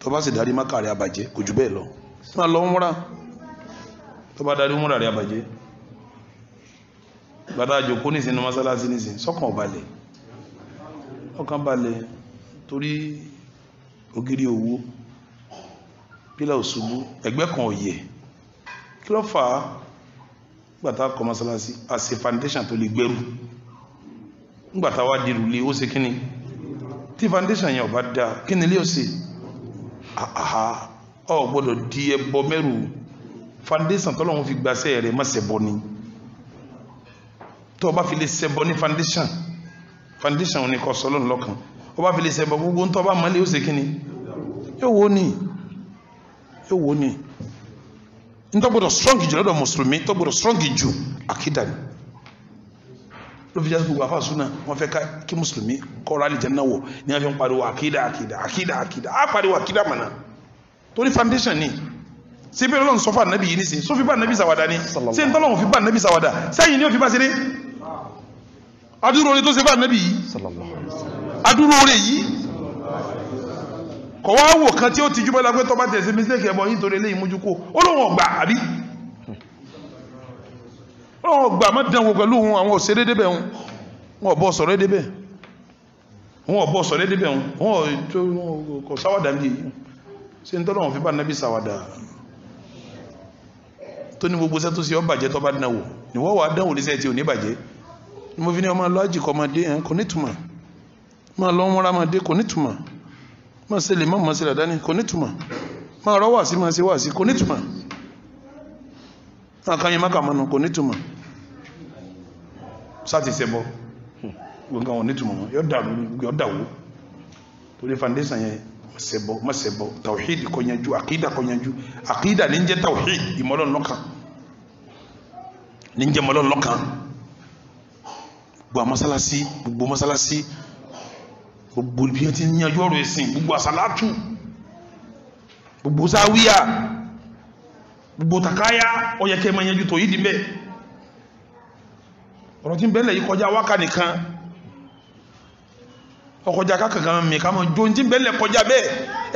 tó bá sì darí mọ́kà rẹ̀ àbàjẹ́ kò jù bẹ́ẹ̀ lọ máa lọ múra tó bá darí múra rẹ̀ àbàjẹ́ bàtà àjòkó nìsín ní mọ́sálásí nìsín sọ́kàn ọ̀balẹ̀ ọkàn balẹ̀ torí ògiri òwú pílà òṣùbù ẹgbẹ́ kan ọ̀yẹ̀ kí ló fà á gbàtà kọ́ mọ́sálásí àṣẹ foundation tó lè gbẹ́rù ngbàtà wá dirù lé ó ṣe kí ni tí foundation yẹn ò bá dáa kí ni ilé ò ṣe àhà ọ gbọ́dọ̀ di ẹbọ mẹ́rù foundation tọ́lọ́run fi gbàṣẹ́ rẹ̀ má ṣẹbọ ni tó o bá fi lè ṣẹbọ ní foundation foundation òní kọ́ sọ́lọ́run lọ́kàn o bá fi lè ṣẹbọ gbogbo ń tọ́ bá mọ́lẹ̀ ó ṣe kí ni yóò wó ni yóò wó ni ntọ́gbọ́dọ̀ strong jù lọ́dọ̀ mùsùlùmí tọ́gbọ́dọ̀ strong jù àkídà ni ló fi jẹ́ gbogbo àfáà súnà wọ́n fẹ́ kí mùsùlùmí kọ́ra lè jẹ́ náwó ní wọ́n fi ń pariwo àkídà àkídà àkídà àkídà á pariwo àkídà mọ̀nà torí foundation ni ṣé bí ọlọ́run sọ fún ànábì yìí nísìnyí sọ fi bá ànábì sàwádà ni ṣé ń tọ́lọ́run fi bá ànábì sàwádà sẹ́yìn ni ó fi bá ṣeré adúró orí tó ṣe bá ànábì yìí adúró orí yìí kọ̀ wá wò kan tí ó ti júmọ́ lápẹ́ tó bá tẹ̀sí mistake ẹ̀bọ̀ yìí torí eléyìí mójú kó ó lóun ọ̀gbà àbí lóun ọ̀gbà má dánwò pẹ̀lú òun àwọn òṣèré débẹ̀ wọn wọn ọ̀bọ sọ̀rọ̀ débẹ̀ wọn ọ̀bọ sọ̀rọ̀ débẹ̀ wọn wọn kò sáwàdà ní èyí ṣe ń tọ́lọ́wọ́n fi bá nábì sáwàdà tó ní gbogbo sẹ́tò sí ọ bàjẹ́ dánwò ni wọ́n wà dánwò ní sẹ́ẹ̀tì ò ní bàjẹ́ ni mo fi ní ọmọ lọ́jì kọ́ ọmọdé kò nítumọ̀ máa lọ́ mọ́ra kò nítumọ̀ máa ṣe lè mọ́ máa ṣe dàdá ní kò nítumọ̀ máa rọ́ wà sí máa ṣe wà sí kò nítumọ̀ àkànyẹ mákàmánu kò nítumọ̀ sáti ṣẹbọ gbọ̀ngàn wọn nítumọ̀ yọ dàrú yọ dàwó torí foundation yẹn masẹbọ masẹbọ tawhid kọnyanju akida kọnyanju akida ni n jẹ tawhid ìmọlọ́n lọ́kan ni n jẹ mọlọ́n lọ́kan gbogbo masalasi gbogbo masalasi gbogbo ibi tí ń yanjú ọ̀rọ̀ ẹ̀sìn gbogbo àsálátù gbogbo sáwíà gbogbo takaya ọyẹ̀kẹ́ ma yanjú tó yìí dìbẹ̀ ọ̀rọ̀ tí ń bẹ́lẹ̀ yìí kọjá wákà nìkan ọkọjá kákàkà mi ká mọ̀ jó tí ń bẹ́lẹ̀ kọjá bẹ́ẹ̀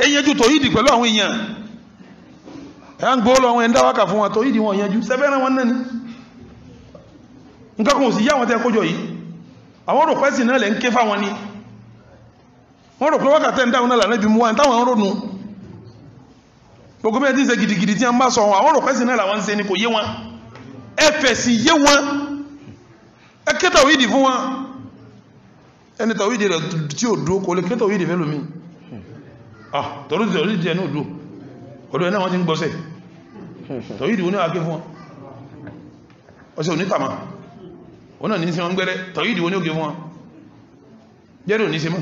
ẹ yanjú tó yìí dì pẹ̀lú àwọn èèyàn ẹ̀ ń gbọ́ lọ àwọn ẹ̀ńdá wákà fún wa tó yìí dì wọ́n yanjú sẹ́fẹ́ràn wọn náà ni nǹkan kan ò sì yá àwọn tẹ́ kójọ yìí àwọn rò pẹ́sì náà lẹ́ ń ké fáwọn ni wọ́n rò pé wákàtí ẹ̀ ń dáhùn náà lànà ibi mú wa táwọn ń ronú gbogbo bí ẹ ti ń ṣe gidigidi tí wọ́n bá sọ wọn àwọn rò pẹ́sì náà làwọn ń ṣe ni kò yé wọn ẹ fẹ̀sì yé wọn ẹ ké tàwídì fún wọn ẹni tàwídì rẹ tí ò dúró kò lè ké tàwídì fẹ́ lómi tọ́lú tàwídì ẹ̀ náà dúró ọ̀dọ̀ ẹ̀ náà wọ́n ti ń gbọ́sẹ̀ tàwídì wọn ni wàá ké fún wọn ọ̀sẹ̀ òní tàmà wọn náà ní í ṣe wọn gbẹ́rẹ́ tàwídì wọn ni ó ké fún wọn jẹ́rìí òní ṣe mọ́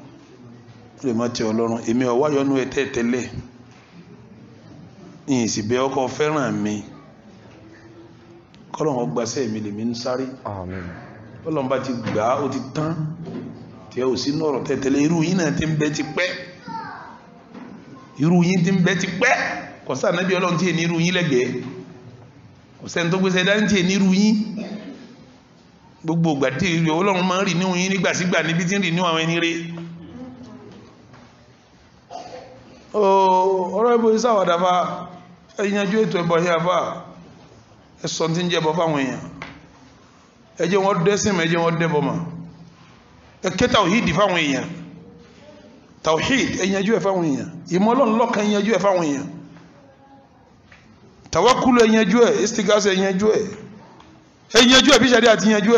lè má tẹ ọlọ́run èmi ọ̀wá yọnu ẹ tẹ́tẹ́lẹ̀ ìyìn sì bẹ ọkọ fẹ́ràn mi kọ́lọ̀n ọgbàṣẹ́ mi lèmi ń sáré kọ́lọ̀n bá ti gbà ó ti tán tí ẹ ò sí ní ọ̀rọ̀ tẹ́tẹ́lẹ̀ irú yín náà ti ń bẹ ti pẹ́ irú yín ti ń bẹ ti pẹ́ kọ̀sá ànábì ọlọ́run tí èní irú yín lẹ́gbẹ̀ẹ́ ọ̀sẹ̀ tó gbéṣẹ́ dání tí èní irú yín gbogbo ìgbà tí ọlọ́run máa ń rì níhun ọ̀rọ̀ ẹbọ yìí sáwàdà bá ẹ̀yìnjú ètò ẹbọ yìí àbá ẹ̀sọ́ tí ń jẹ́ ẹbọ fáwọn èèyàn ẹ wọn dẹ́sìn mọ́ ẹ jẹ́ wọn dẹ́bọ mọ́ ẹ ké tawhid fáwọn èèyàn tawhid ẹ̀yìnjú ẹ̀ fáwọn tawakulu ẹ̀yìnjú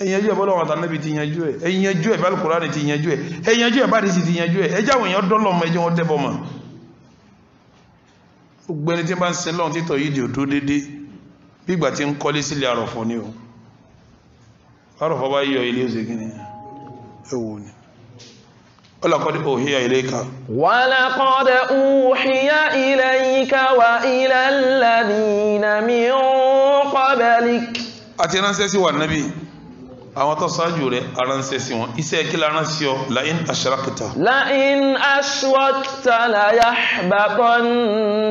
ẹ̀yẹnjú ẹ̀ bọ́lọ́wọ́ àtànẹ́bì ti yanjú ẹ̀ ẹ̀yẹnjú ẹ̀ bálùkùránì ti yanjú ẹ̀ ẹ̀yẹnjú ẹ̀ báyìí sì ti yanjú ẹ̀ ẹjá àwọn èèyàn dọ́lọ̀ mọ ẹjọ́ wọn dẹ́bọ̀ mọ́ gbogbo ẹni tí bá ń sin lọ́run títọ̀ yìí dédé bí ìgbà tí ń kọ́lé sílé ni o bá yọ ilé ẹ wò ni ولقد أوحي إليك ولقد wa Nábì àwọn tó ṣáájú rẹ̀ aránṣẹ́ sí wọn iṣẹ́ kí lára sí ọ láìn aṣarakta. láìn aṣọ́kta láyà bàbọ̀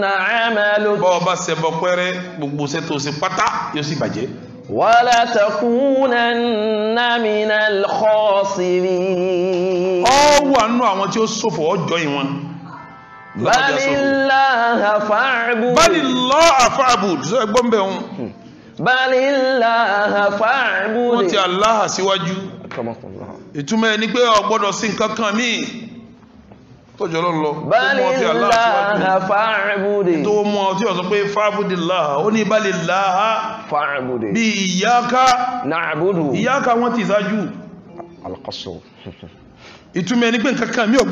nà ẹ̀mẹ́lú. bọ́ ọ bá ṣe bọ pẹ́rẹ́ gbogbo ṣe tó ṣe pátá yóò sì bàjẹ́. wàlá takunanna minal khasirin. ọ wà nù àwọn tí ó ṣòfò ọjọ́ ìwọ̀n. balillaha fa'bud. balillaha fa'bud ṣe gbọ́n bẹ́ẹ̀ balíláha fàábùdì. wọ́n ti aláhà síwájú ìtumọ̀ ẹni pé o gbọ́dọ̀ sí nǹkan kan míì tọ́jọ́ lọ́n lọ balíláha fàábùdì. tó mú ọ tí o sọ pé fàábùdì láha ó ní balíláha fàábùdì. bí ìyáka nàbùdù ìyáka wọ́n ti ṣáájú. alakọ́sọ. ìtumọ̀ ẹni pé nǹkan kan míì o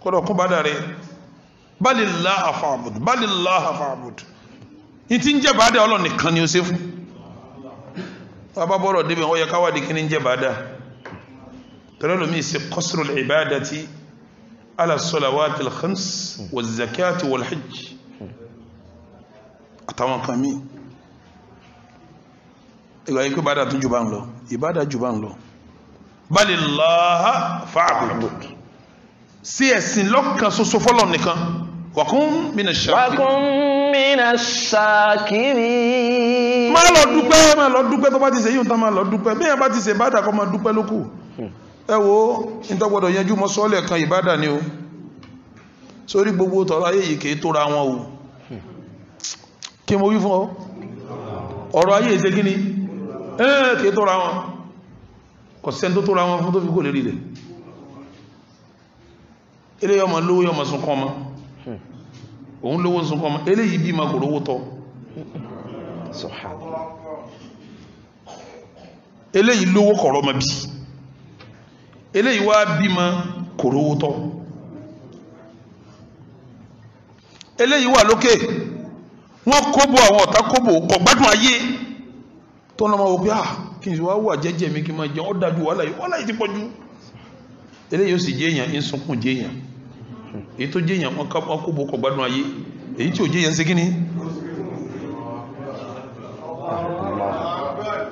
kọ́dọ̀ kún bá dàrí balíláha fàábùdì balíláha fàábùdì ìtí ń jẹ́ bàádà ọlọ́run nìkan ni ó ṣe fún bàbá bọ́rọ̀ débi wọ́n yẹ káwádìí kí ní ń jẹ́ bàádà tọ́lọ́lù mi ṣe qasru al-ibadati ala salawati al-khams wa zakati wal hajj àtàwọn kan mi ìgbà yìí pé bàádà tún jù ń lọ ìbàdà jù ń lọ balillaha fa'bud sí ẹ̀sìn lọ́kàn ṣoṣo fọ́lọ̀ nìkan wa kun minash-shakirin mina sakiri. má lọ dúpẹ́ má lọ dúpẹ́ tó bá ti ṣe yíò tán má lọ dúpẹ́ bí ẹ bá ti ṣe ìbádà kọ́ má dúpẹ́ lókù ẹ wo ìtọ́gbọ́dọ̀ yanjú mọ́ sọ́ọ́lẹ̀ kan ìbádà ni o sórí gbogbo tọ́lá ayé yìí kìí tóra wọn o kí mo wí fún ọ ọ̀rọ̀ ayé ìṣe kí ni ẹ́ẹ̀ kìí tóra wọn kò sẹ́ni tó tóra wọn fún tó fi kò lérí rẹ̀ ilé yọmọ lówó yọmọ sunkún ọmọ òun lówó sunkọ́ ọmọ eléyìí bí ma kò lówó tọ́ sọ̀hánà eléyìí lówó kọ̀rọ̀ ma bí eléyìí wá bí ma kò lówó tọ́ eléyìí wà lókè wọ́n kóbò àwọn ọ̀tá kóbò kò gbádùn ayé tó ń lọ máa wọ pé ah kí n wá wà jẹ́jẹ́ mi kí n máa jẹun ó dájú wàhálà yìí wàhálà yìí ti pọ̀jù eléyìí ó sì jẹ́ èèyàn ń sunkún jẹ́ èèyàn èyí tó jẹ́ èèyàn ọkọ̀bọ̀ kọ̀ gbádùn ayé èyí tí ò jẹ́ èèyàn ṣe kíní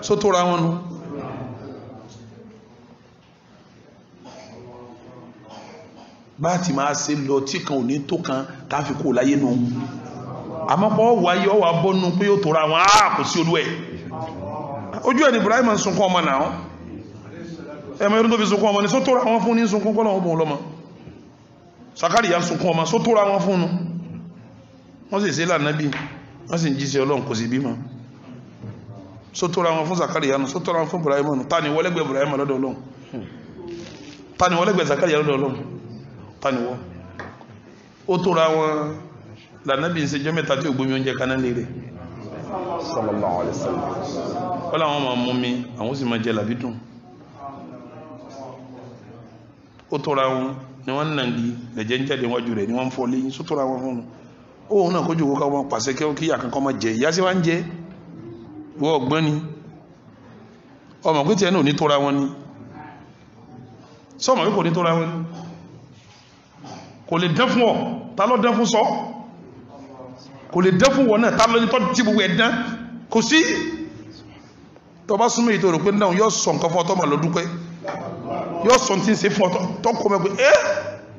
só tó ra wọn nu bá ti máa ṣe lọ tí kan ò ní tó kan táfi kó láyé nu àmọ́pọ̀ wáyé ọwà bọ́nu pé ó tó wọn á kò sí olú ẹ̀ ojú ẹ̀ ni Ibrahim ń sunkún ọmọ náà ẹ̀mọ́ irú tó fi sunkún ọmọ ní só tó wọn fún ní sunkún kọ́lọ̀ ọmọ ọlọ́mọ Sakariya ń sunkún ọmọ só tóra wọn fún un wọ́n sì ṣe lànàbí wọ́n sì ń jíṣẹ́ ọlọ́run kò sí bímọ só tóra wọn fún Sakariya nù só tóra wọn fún Ibrahim nù tani wọlẹ́gbẹ̀ Ibrahim lọ́dọ̀ ọlọ́run tani wọlẹ́gbẹ̀ Sakariya lọ́dọ̀ ọlọ́run tani wọ́ ó tóra wọn lànàbí ń ṣe jọ́ mẹ́ta tí ò gbomi oúnjẹ kaná lé rẹ̀ sallallahu alaihi wasallam wọ́n làwọn máa mú mi àwọn sì máa jẹ làbí dùn ó tóra wọn ni wọ́n ń nà ní ẹ̀jẹ̀ ń jáde wájú rẹ̀ ni wọ́n ń fọ́ lẹ́yìn sótòrò àwọn fún un òun náà kójú kókó wọn pàṣẹ kí kíyà kankan máa jẹ ìyá sí wa ń jẹ wọ́n ọgbọ́n ni ọmọ pé tiẹ̀ náà ò ní tóra wọn ni sọmọ pé kò ní tóra wọn ni kò lè dán fún ọ ta ló dán fún sọ kò lè dán fún wọn náà ta ló ní tọ́ tí gbogbo ẹ̀ dán kò sí tọba súnmọ́ èyí tó rò pé náà yóò sọ nǹkan fún ọtọ́ màá lọ dúpẹ́ yóò sọ tí ń ṣe fún ọ tó kọ́ mẹ́gbẹ́ ẹ́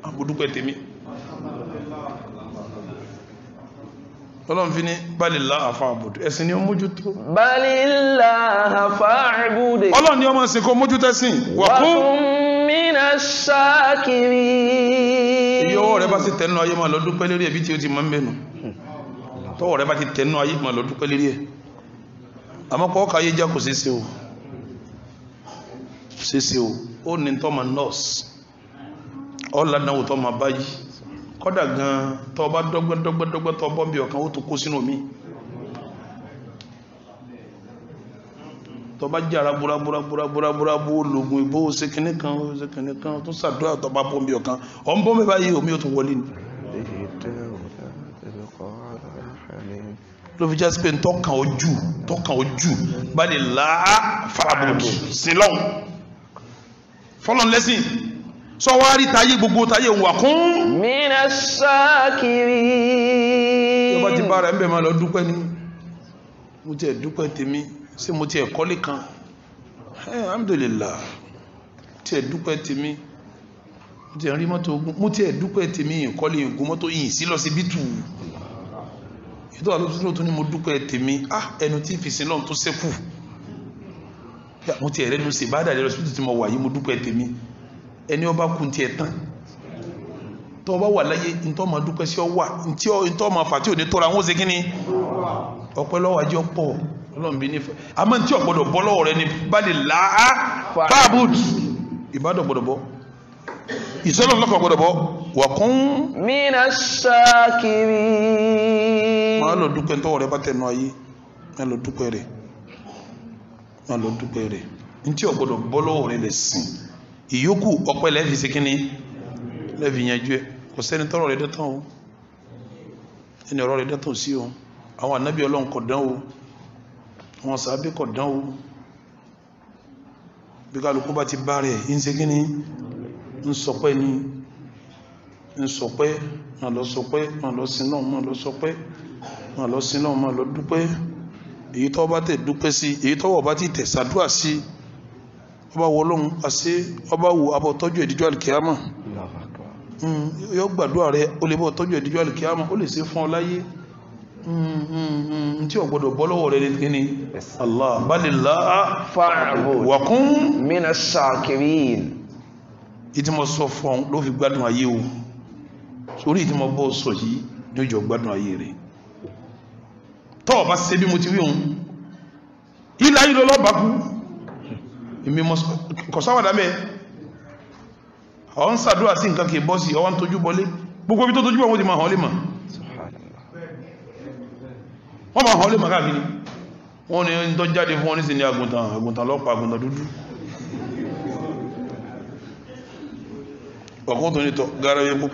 àbùdúpẹ́ tèmi ọlọ́run fi ní balìlá àfáàbùdù ẹ̀sìn ni ó mójútó balìlá àfáàbùdù ọlọ́run ni ọmọ ìsìnkú mójútẹ́sìn wà fún mínà ṣáàkiri iye ọwọ́ rẹ bá ti tẹnu ayé máa lọ dúpẹ́ lérí ẹbí tí ó ti mọ́ ń bẹ̀nu tọwọ́ rẹ bá ti tẹnu ayé máa lọ dúpẹ́ lérí ẹ àmọ́ pọ́ káyé já kò sí sí o ṣeṣe o ó ní tọ́mọ nọ́ọ̀sì ọ̀làdánwò tọ́mọ báyìí kọ́dà gan tọ́ bá dọ́gbẹ́dọ́gbẹ́dọ́gbẹ́ tọ́ bọ́ bí ọ̀kan ó tún kó sínú mi tọ́ bá jára búraburaburaburaburabu ológun ìbò ṣe kìnnì kan ṣe kìnnì kan tún ṣàdúrà tọ́ bá bọ́ bí ọ̀kan ọ̀ ń bọ́ mi báyìí omi ò tún wọlé ni. ló fi já sí pé tọ́kàn ojú tọ́kàn ojú bá lè láá farabutu sílọ́hún fọ́lọ́n lẹ́sìn sọ wá rí tayé gbogbo tayé wà kún. mina sákìrì. yọba ti bára ẹ̀ńbẹ̀ máa lọ dúpẹ́ ni mo tiẹ̀ dúpẹ́ tèmi ṣé mo tiẹ̀ kọ́lé kan alhamdulillah tiẹ̀ dúpẹ́ tèmi mo tiẹ̀ rí mọ́tò ogun mo tiẹ̀ dúpẹ́ tèmi ìkọ́lé ìgún mọ́tò yìí sí lọ sí bítù tó ní mo dúpẹ́ tèmi ah ẹnu tí ìfìsìn náà tó sẹ́kù. mo tiẹ̀ rẹ́nu ṣe bá dàdé lọ́sibítù tí mo wà yìí mo dúpẹ́ tèmi ẹni ọba kú ti ẹ̀tàn tó ọba wà láyé ntọ́ ma dúpẹ́ sí ọ wà ntọ́ ma fà tí ò ní tọ́ra wọn ó ṣe kí ni ọpẹ́ lọ́wọ́ ajé ọpọ̀ ọlọ́run bí nífẹ̀ẹ́ àmọ́ ntí bọ́ lọ́wọ́ rẹ ni balẹ̀ làá fáàbùd ìbádọ̀ bọ́ wọn lọ dúpẹ́ rẹ̀ ní tí ọ̀gbọ́dọ̀ bọ́ lọ́wọ́ rẹ̀ lè sìn ìyókù ọpẹ́ lẹ́fi sí kínní lẹ́fi yanjú ẹ kò sẹ́ni tọrọ rẹ̀ dẹ́tàn o ẹni ọ̀rọ̀ rẹ̀ dẹ́tàn sí o àwọn ànábì ọlọ́run kò dán o àwọn sàábì kò dán o bí kálukú bá ti bá rẹ̀ ń ṣe kínní ń sọpẹ́ ni ń sọpẹ́ máa lọ sọpẹ́ máa lọ sin náà máa lọ sọpẹ́ máa lọ sin náà lọ dúpẹ́ èyí tó bá tẹ̀ dúpẹ́ sí èyí tó wọ̀ bá ti tẹ̀ sàdúrà sí ọba wọlọ́hún àṣẹ ọba wò abọ́ tọ́jú ìdíjọ́ àlìkíyàmọ̀ yọ gbàdúrà rẹ o lè bọ́ tọ́jú ìdíjọ́ àlìkíyàmọ̀ o lè ṣe fún ọ láyé hmm, hmm, hmm, tí o gbọdọ̀ bọ́ lọ́wọ́ rẹ ní ní Allah balila wakun mina shakirin ìtìmọ̀ sọ fún ló fi gbádùn ayé o sórí ìtìmọ̀ bọ́ sọ yìí ní ìjọ gbádùn ayé rẹ̀ tọ́ ọba ṣe bí mo ti rí òun ilá yìí lọ́lọ́ bá kú èmi kọ̀sáwàdà mẹ́ ọ̀ ń sàdúrà sí nǹkan kìí bọ́sì ọwọ́n tójú bọlé gbogbo ibi tó tójú bọ̀ wọ́n ti máa hàn lè mà wọ́n máa hàn lè mà káàkiri wọ́n ní ń tọ́jáde fún wọn ní sí ní àgùntàn àgùntàn lọ́pàá àgùntàn dúdú ọ̀kan tó ní tọ́ gara epo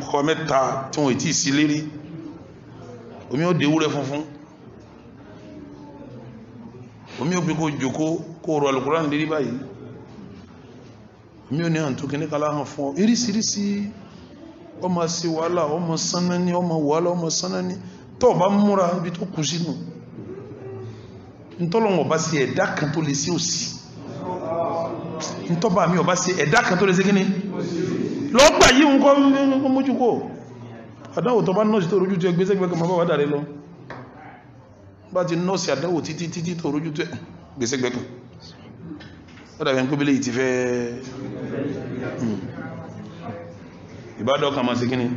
omi ó de wúrẹ́ funfun omi ò pé kó jòkó kó rọ alùkùránì lérí báyìí omi ò ní hàn tó kíní kala hàn fún ọ irísirísi ọmọ sí wàhálà ọmọ sánná ní ọmọ wàhálà ọmọ sánná ní tó bá múra ibi tó kù sínú ntọ́lọ́wọ̀n ọba sí ẹ̀dá kan tó lè sí òsì ntọ́ba mi ọba sí ẹ̀dá kan tó lè sí kíní lọ́gbà yìí ń kọ́ mójúkó àdáwò tó náà sí tó rójú tó ẹgbẹ́ sẹ́gbẹ́ kan bá wà dàrí lọ bá ti nọ́ọ̀sì àdánwò títí títí tó rójú tó gbèsè gbẹ̀kùn ó dàbí ẹni pé ti fẹ́ hmm. ìbádọ́ kan máa ṣe kí ni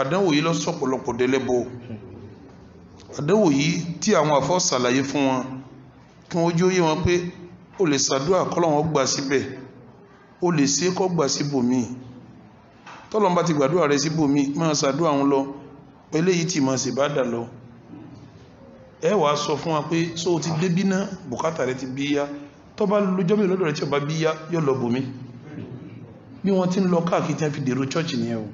àdánwò yìí lọ sọ̀pọ̀lọpọ̀ délẹ́bọ àdánwò yìí tí àwọn àfọ́ ṣàlàyé fún wọn kí wọ́n jó yé wọn pé ó lè ṣàdúrà kọ́lọ́wọ́n gbà síbẹ̀ ó lè ṣe kọ́ gbà síbòmí tọ́lọ́n bá ti gbàdúrà rẹ síbòmí máa ṣàdúrà ń lọ pẹ̀lú èyí tí máa ṣèbádà lọ ẹ wàá sọ fún wa pé so o ti débí ná bùkátà rẹ ti bí yá tó bá lójọ́ mi lọ́dọ̀ rẹ tí o bá bí yá yóò lọ bòmí bí wọ́n ti ń lọ káàkiri tí wọ́n fi dèrò chọ́ọ̀chì nìyẹn o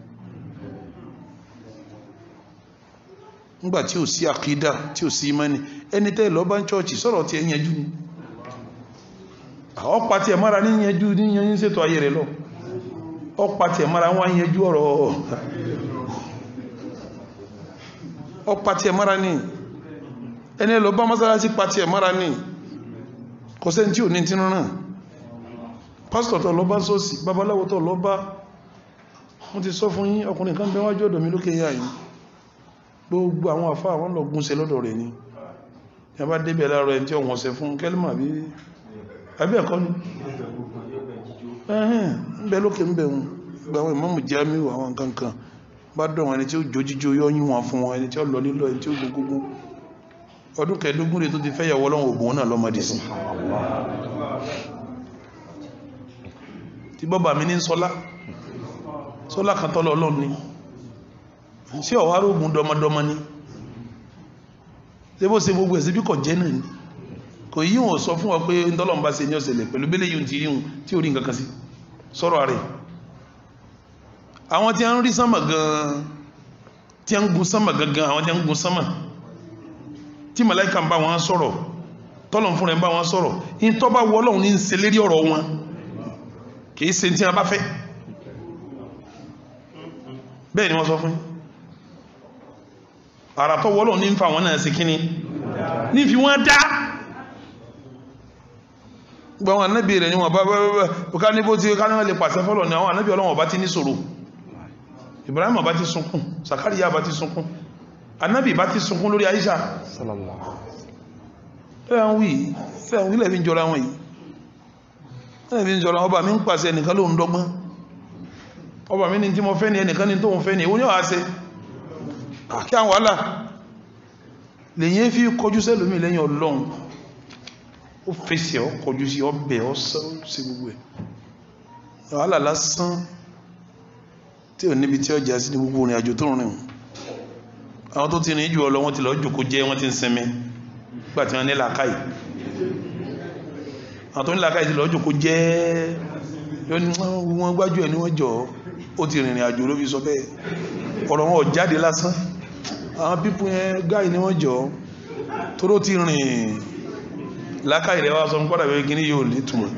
nígbà tí ò sí àkídà tí ò sí imani ẹni tẹ́ lọ́ọ́ bá ń chọ́ọ̀chì sọ̀rọ̀ tí ẹ yanjú ni ọ̀pá tí ẹ mara ní yanjú ní yanjú ṣètò ayé rẹ lọ ọ̀pá tí ẹ mara wọn yanjú ọ̀rọ̀ ọ̀pá tí ẹ mara ní. ẹni lọ bá mọ́sálásí pàtí ẹ̀ mọ́ra ní kò sẹ́ tí ò ní tí rán pásítọ̀ tó lọ bá sọ́ọ̀sì babaláwo tó lọ bá wọ́n ti sọ fún yín ọkùnrin kan bẹ́ ọ̀dọ̀ mi lókè yá yìí gbogbo àwọn àfá àwọn lọ gúnṣe lọ́dọ̀ rẹ̀ ni ẹ bá débẹ̀ láàárọ̀ ẹni tí ọ̀wọ̀n ṣe fún kẹ́lìmà bí abẹ́ ẹ̀kọ́ ni ẹ̀hìn ń bẹ lókè ń bẹ wọn gba àwọn ìmọ̀mù jámíù àwọn nǹkan kan bá dọ̀ wọn ẹni tí ó jó jíjó yọ́ yín wọn fún wọn ẹni tí ó lọ lílọ ẹni tí ó gbogbo ọdún kẹẹ̀dógún rẹ̀ tó ti fẹ́ yàwó ọlọ́run ògùn náà lọ́mọdé sí tí bọ́bà mi ní sọ́lá sọ́lá kan tọ́lọ ọlọ́run ni sí ọ̀wárò ògùn dọmọdọmọ ni tí bó ṣe gbogbo ẹ̀sí bí kọ̀ jẹ́ náà ni kò yíwọ̀n sọ fún wa pé ntọ́lọ́mbà ṣe ní ọ̀sẹ̀lẹ̀ pẹ̀lú bẹ́lẹ̀ yìí ti yíwọ̀n tí ò rí nǹkan kan sí sọ́rọ̀ rẹ̀ àwọn tí a ń rí sánmà gan-an tí a ń gun sánmà gan-an àwọn tí a ń gun sánmà tí màláìka ń bá wọn sọ̀rọ̀ tọ́lọ̀n fún rẹ̀ ń bá wọn sọ̀rọ̀ in tọ́ bá wọ ọlọ́run ní ń ṣe lérí ọ̀rọ̀ wọn kìí ṣe tí a bá fẹ́ bẹ́ẹ̀ ni wọ́n sọ fún ara tọ́ wọ́lọ̀ ní ń fa wọn náà sí kíní ní fi wọ́n dá gbọ́n wọn anábì rẹ̀ ni wọ́n bá bá ní bó ti ká náà lè pàṣẹ fọ́lọ̀ ni àwọn anábì ọlọ́run ọba ti ní sọ̀rọ̀ Ibrahim ọba ti sunkún Sakariya ọba ti sunkún anábì bá ti sunkún lórí Aisha ẹ̀rọ wí ẹ̀rọ wí lẹ́bí ń jọra wọn yìí lẹ́bí ń jọra ọba mi ń ni ẹnìkan ní tó ń ni ìwọ ni ọ̀há ṣe kí àwọn wàhálà lèyìn fi kọjú sẹ́lómi lẹ́yìn Ọlọ́run ó fèsì ọ kọjú sí ọbẹ̀ ọ sí gbogbo ẹ̀ wàhálà lásán tí ò níbi tí ọjà sí ní gbogbo ìrìn àjò tó rìn àwọn tó ti rìn jù ọlọ wọn ti lọ jòkó jẹ́ wọ́n ti ń sinmi gbà tí wọ́n ní làákàyè àwọn tó ní làákàyè ti lọ jòkó jẹ́ wọ́n gbájú ẹ̀ ní wọ́n jọ ó ti rìnrìn àjò ló fi sọ bẹ́ẹ̀ ọ̀rọ̀ wọn jáde lásán àwọn pípù yẹn gáì ni wọ́n jọ tóró ti rìn làákàyè rẹ̀ wá sọ fún pàdàbí kíní yóò nítumọ̀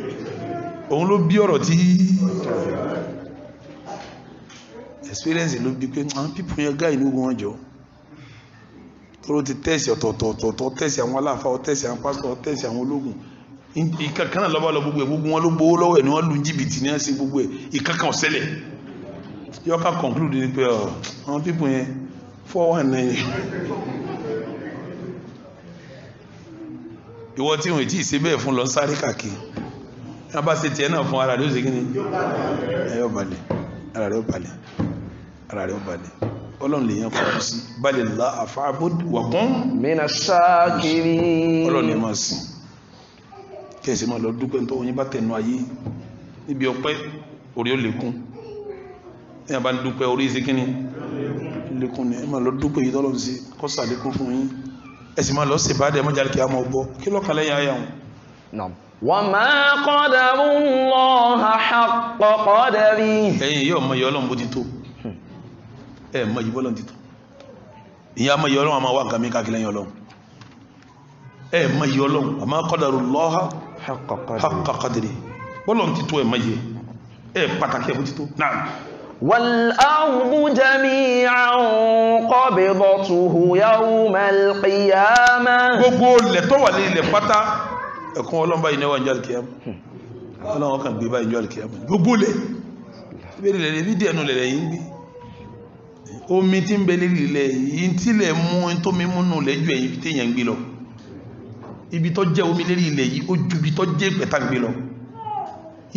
òun ló bí ọ̀rọ̀ tí experience ló bí pé àwọn pípù yẹn gáì ní ogun wọn jọ tó ti tẹ̀sí ọ̀tọ̀ọ̀tọ̀ tó tẹ̀sí àwọn aláfa ó tẹ̀sí àwọn pásítọ̀ ó tẹ̀sí àwọn ológun ìkankan náà lọ́ba lọ gbogbo ẹ̀ gbogbo wọn ló gbowó lọ́wọ́ ẹ̀ ni wọ́n lu jìbìtì ní ẹ̀sìn gbogbo ẹ̀ ìkankan ó ṣẹlẹ̀ yọka conclude ni pé ọ àwọn pípọ̀ yẹn four one nine ìwọ tí wọn ti ṣe bẹ́ẹ̀ fún lọ sáré kàkiri ní abá ṣe tiẹ̀ náà fún ara rẹ̀ ó ṣe kí ni ẹ yọ balẹ̀ ara rẹ̀ ó balẹ̀ ara rẹ̀ ó balẹ̀ ọlọ́run lèyàn fọwọ́ sí balẹ̀ la àfàbùd wàkún. mina ṣáàkiri. ọlọ́run lè máa sìn kẹsì máa lọ dúpẹ́ ní tọ́wọ́ yín bá tẹnu ayé níbi ọpẹ́ orí ó lékún ẹ̀yà bá ń dúpẹ́ orí sí kíni lékún ni ẹ máa lọ dúpẹ́ yìí tọ́lọ́run sí kọ́ sàlékún fún yín ẹ sì máa lọ sí ìbádẹ́ mọ́jà kí a máa bọ́ kí lọ́kàn lẹ́yìn ayé àwọn. wàmà kọ́dà ń lọ yóò mọ ìyọ́ ọlọ́run ti tó ẹ mọ ìyí bọ́lọ̀ títọ́ ìyá mọ ìyí ọlọ́run àmọ́ wà nǹkan mi ọlọ́run ẹ mọ ìyí ọlọ́run àmọ́ kọ́dàrú lọ́ha hakakadiri bọ́lọ̀ títọ́ ẹ mọ ìyí ẹ pàtàkì ẹ bó títọ́ náà. gbogbo ilẹ̀ ibi díẹ̀ nù lẹ̀lẹ̀ yìí omi tí ń bẹ lérí ilẹ̀ yìí tí lẹ̀ mú tó mi múnú lẹ́jọ́ ẹ̀yìn ibi téèyàn ń gbé lọ ibi tó jẹ́ omi lérí ilẹ̀ yìí ó ju ibi tó jẹ́ ìpẹ́ tá ń gbé lọ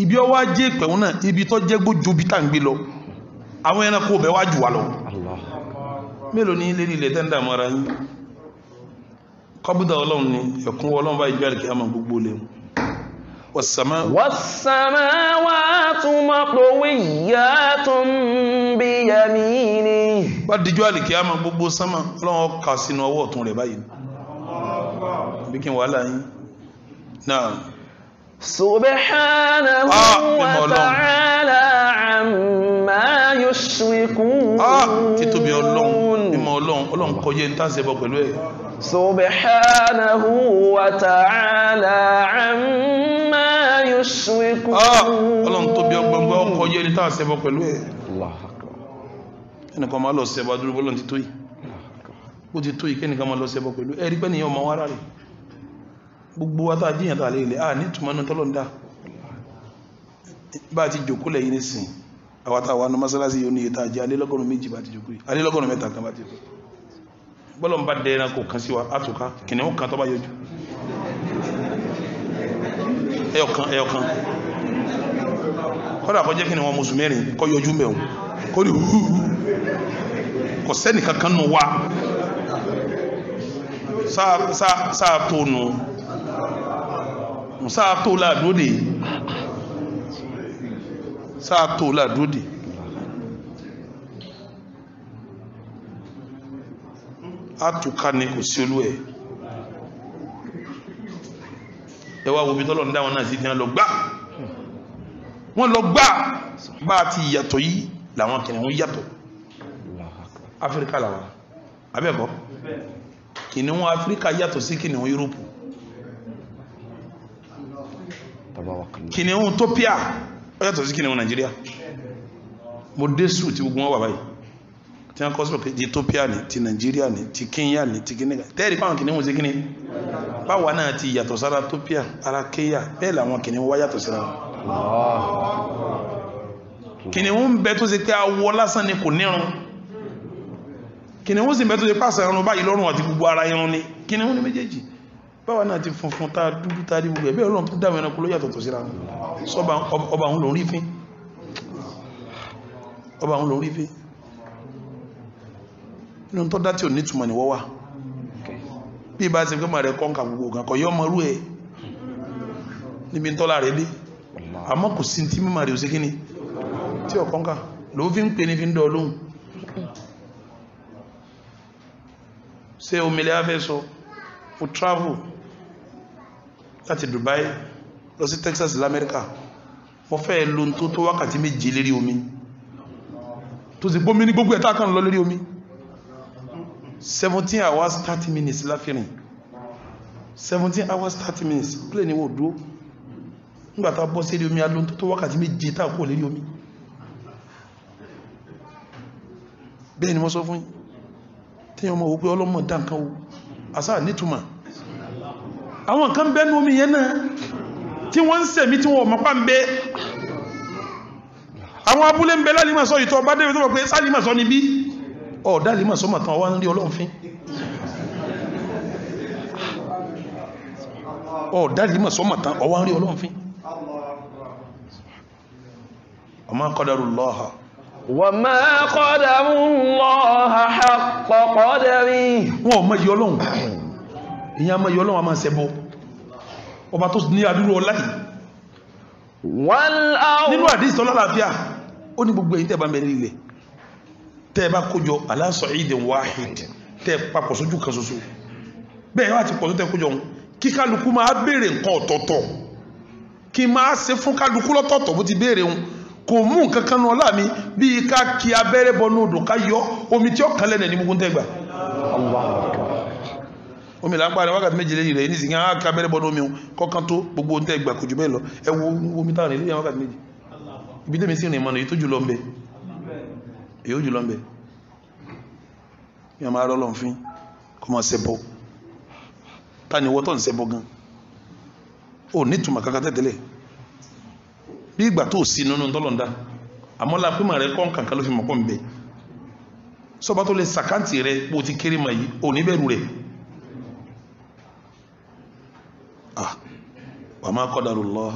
ibi ọ wá jẹ́ ìpẹ́ wọn náà ibi tó jẹ́ gbójú ibi tá ń gbé lọ àwọn ẹranko ọbẹ̀ wá jù wá lọ mélòó ní lérí ilẹ̀ tẹ́ ń dààmú kọ́bùdà ọlọ́run ni ẹ̀kún ọlọ́run bá ìjọ àmọ́ gbogbo lẹ́wọ̀n والسماء والسماوات مطويات بيمينه bá dijú àlìkíyàmà gbogbo sánmà ọlọ́run ká sínú ọwọ́ ọ̀tún rẹ̀ báyìí bí kí n wàhálà yín náà subhanahu ah, wa ta'ala amma yushrikun ah títóbi ọlọ́run mímọ́ ọlọ́run ọlọ́run kọjẹ́ ń tàṣẹ́bọ̀ pẹ̀lú ẹ̀ subhanahu wa ta'ala amma yushriku ah, ọlọ́run tó bí ọgbọ̀ngbọ́ ọkọ̀ yẹ́ ní táà ṣẹbọ pẹ̀lú ẹ̀ ẹnìkan máa lọ ṣẹbọ adúrú bọ́lọ̀ ti tó yìí ó ti tó yìí kẹ́nìkan máa lọ ṣẹbọ pẹ̀lú ẹ̀ rí pẹ́nìyàn ọmọ wára rẹ̀ gbogbo wa tá díyàn tàà lè à ní túnmọ́nú tọ́lọ̀ ń dá bá ti jòkó lẹ̀ yìí nísìn àwọn táwa ní mọ́sálásí yóò ní ìta jẹ́ alélọ́gọ́rùn méjì kò kan sí wa àtùká kìnìún kan tó bá ẹyọkan ẹyọkan kọ́dà kọjẹ́ kí ni wọn mùsùlùmí rìn kọ́ yọjú mẹ́wọ̀n kó ní húhú kò sẹ́nì kankan nù wá sáà tó nù sáà tó làdóde sáà tó làdóde. atuka ni kò sí olú ẹ̀ ẹ wá wo bí tọ́lọ̀ ń dá wọn náà sí ti hàn lọ gbá wọn lọ gbá bá a ti yàtọ̀ yìí làwọn kìnìún yàtọ̀ áfíríkà làwọn abẹ́ẹ̀kọ́ kìnìún áfíríkà yàtọ̀ sí kìnìún yúròpù kìnìún tópíà yàtọ̀ sí kìnìún nàìjíríà mo dé sùn tí gbogbo wọn wà báyìí tí wọ́n kọ́ sílò pé Ethiopia ni ti Nigeria ni ti Kenya ni ti Guinea tẹ́ẹ̀rí fáwọn kìnìún ṣe kìnìún báwa náà ti yàtọ̀ sára Ethiopia ara Kenya bẹ́ẹ̀ làwọn kìnìún wá yàtọ̀ síra kìnìún bẹ tó ṣe pé awọ lásán ni kò nírun kìnìún sì bẹ tó ṣe pàṣẹ irun báyìí lọ́rùn àti gbogbo ara irun ni kìnìún ni méjèèjì báwa náà ti funfun tá a dúdú tá a dí gbogbo ẹ̀ bẹ́ẹ̀ Ọlọ́run tó dáwọn ẹranko ló yàtọ̀ tó ọba àwọn lòún rí rí fín nínú tó dá tí ò nítumọ̀ ní wọ́wà bí bá ti fẹ́ mọ̀ rẹ̀ kọ́ǹkà gbogbo kan kọ̀ yọ ọmọ rú ẹ̀ níbi tọ́lá rẹ̀ dé àmọ́ kò sí tí mímọ̀ rẹ̀ ò sí kíni tí ò kọ́ǹkà ló fi ń pè ní fi ń dọ̀ lóhùn ṣé omele afẹ́ sọ travel láti Dubai lọ sí Texas lamẹ́ríkà mo fẹ́ lo tó tó wákàtí méje lérí omi tó sì gbómi ní gbogbo ẹ̀ta kan lọ lérí omi seventeen hours thirty minutes láfihàn seventeen hours thirty minutes plane wò dúró nígbà tá a bọ́ sí ilé omi alóhun tó tó wákàtí méje tá a kúrò lérí omi bẹ́ẹ̀ ni wọ́n sọ fún yín tí wọ́n mọ̀ wípé ọlọ́mọ dá nǹkan wo àṣà nítumọ̀ àwọn nǹkan bẹ́ẹ̀ ní omi yẹn náà tí wọ́n ń sẹ̀mí tí wọ́n mọ̀ pa ń bẹ́ àwọn abúlé ń bẹ lálìmọ̀sọ́ ìtọ́ bá débi tó mọ̀ pé sálìmọ̀sọ́ ni bí ọ̀dá lè mọ̀ sọ́mọ̀ tán wá ń rí ọlọ́run fín ọ̀dá lè mọ̀ sọ́mọ̀ tán ọwá ń rí ọlọ́run fín ọmọ kọ́dọ̀rù lọ́ha wàmá kọ́dọ̀rù lọ́ha pọ̀pọ̀dẹ̀rí wọn ọmọ yọ ọlọ́run ìyá ọmọ yọ ọlọ́run a máa ṣẹbọ ọba tó ní adúrú ọlá yìí nínú àdísọ́lá tẹ́ ẹ bá kójọ aláṣọ ìdìn wáhìd tẹ́ ẹ papọ̀ sójú kan ṣoṣo bẹ́ẹ̀ wá ti pọ̀ tó tẹ́ kójọ òun kí kálukú máa béèrè nǹkan ọ̀tọ̀ọ̀tọ̀ kí máa ṣe fún kálukú lọ́tọ̀ọ̀tọ̀ bó ti béèrè òun kò mú nǹkan kan náà láàmì bíi ká kí abẹ́rẹ́ bọnú odò ká yọ omi tí ó kan lẹ́nà ní mugun tẹ́gbà omi làǹpa rẹ wákàtí méje lẹ́yìn rẹ̀ ní ìsìnkí àwọn ká abẹ́rẹ́ bọnú omi kọ́kan tó gbogbo ohun tẹ́gbà kò jù bẹ́ẹ̀ lọ ẹ wo omi táwọn ilé yẹn wákàtí méje ibi tẹ́mi sì rìn mọ́nà yìí tó jù lọ ń bẹ́ẹ̀ èyí jùlọ ń bẹ yẹn máa rọ́lọ́ fín kọ́ máa ṣẹbọ ta ni wọ́tọ̀ ń ṣẹbọ gan ò ní ìtumọ̀ kankan tẹ́tẹ́lẹ̀ bí ìgbà tó sí nínú tọ́lọ̀ndà àmọ́ la pé màá rẹ kọ́ kankan ló fi mọ̀ pọ̀ ń bẹ sọba tó lè sàkáǹtì rẹ bó ti kéré mọ̀ yìí ò ní bẹ̀rù rẹ̀ ah wàá má qadarullah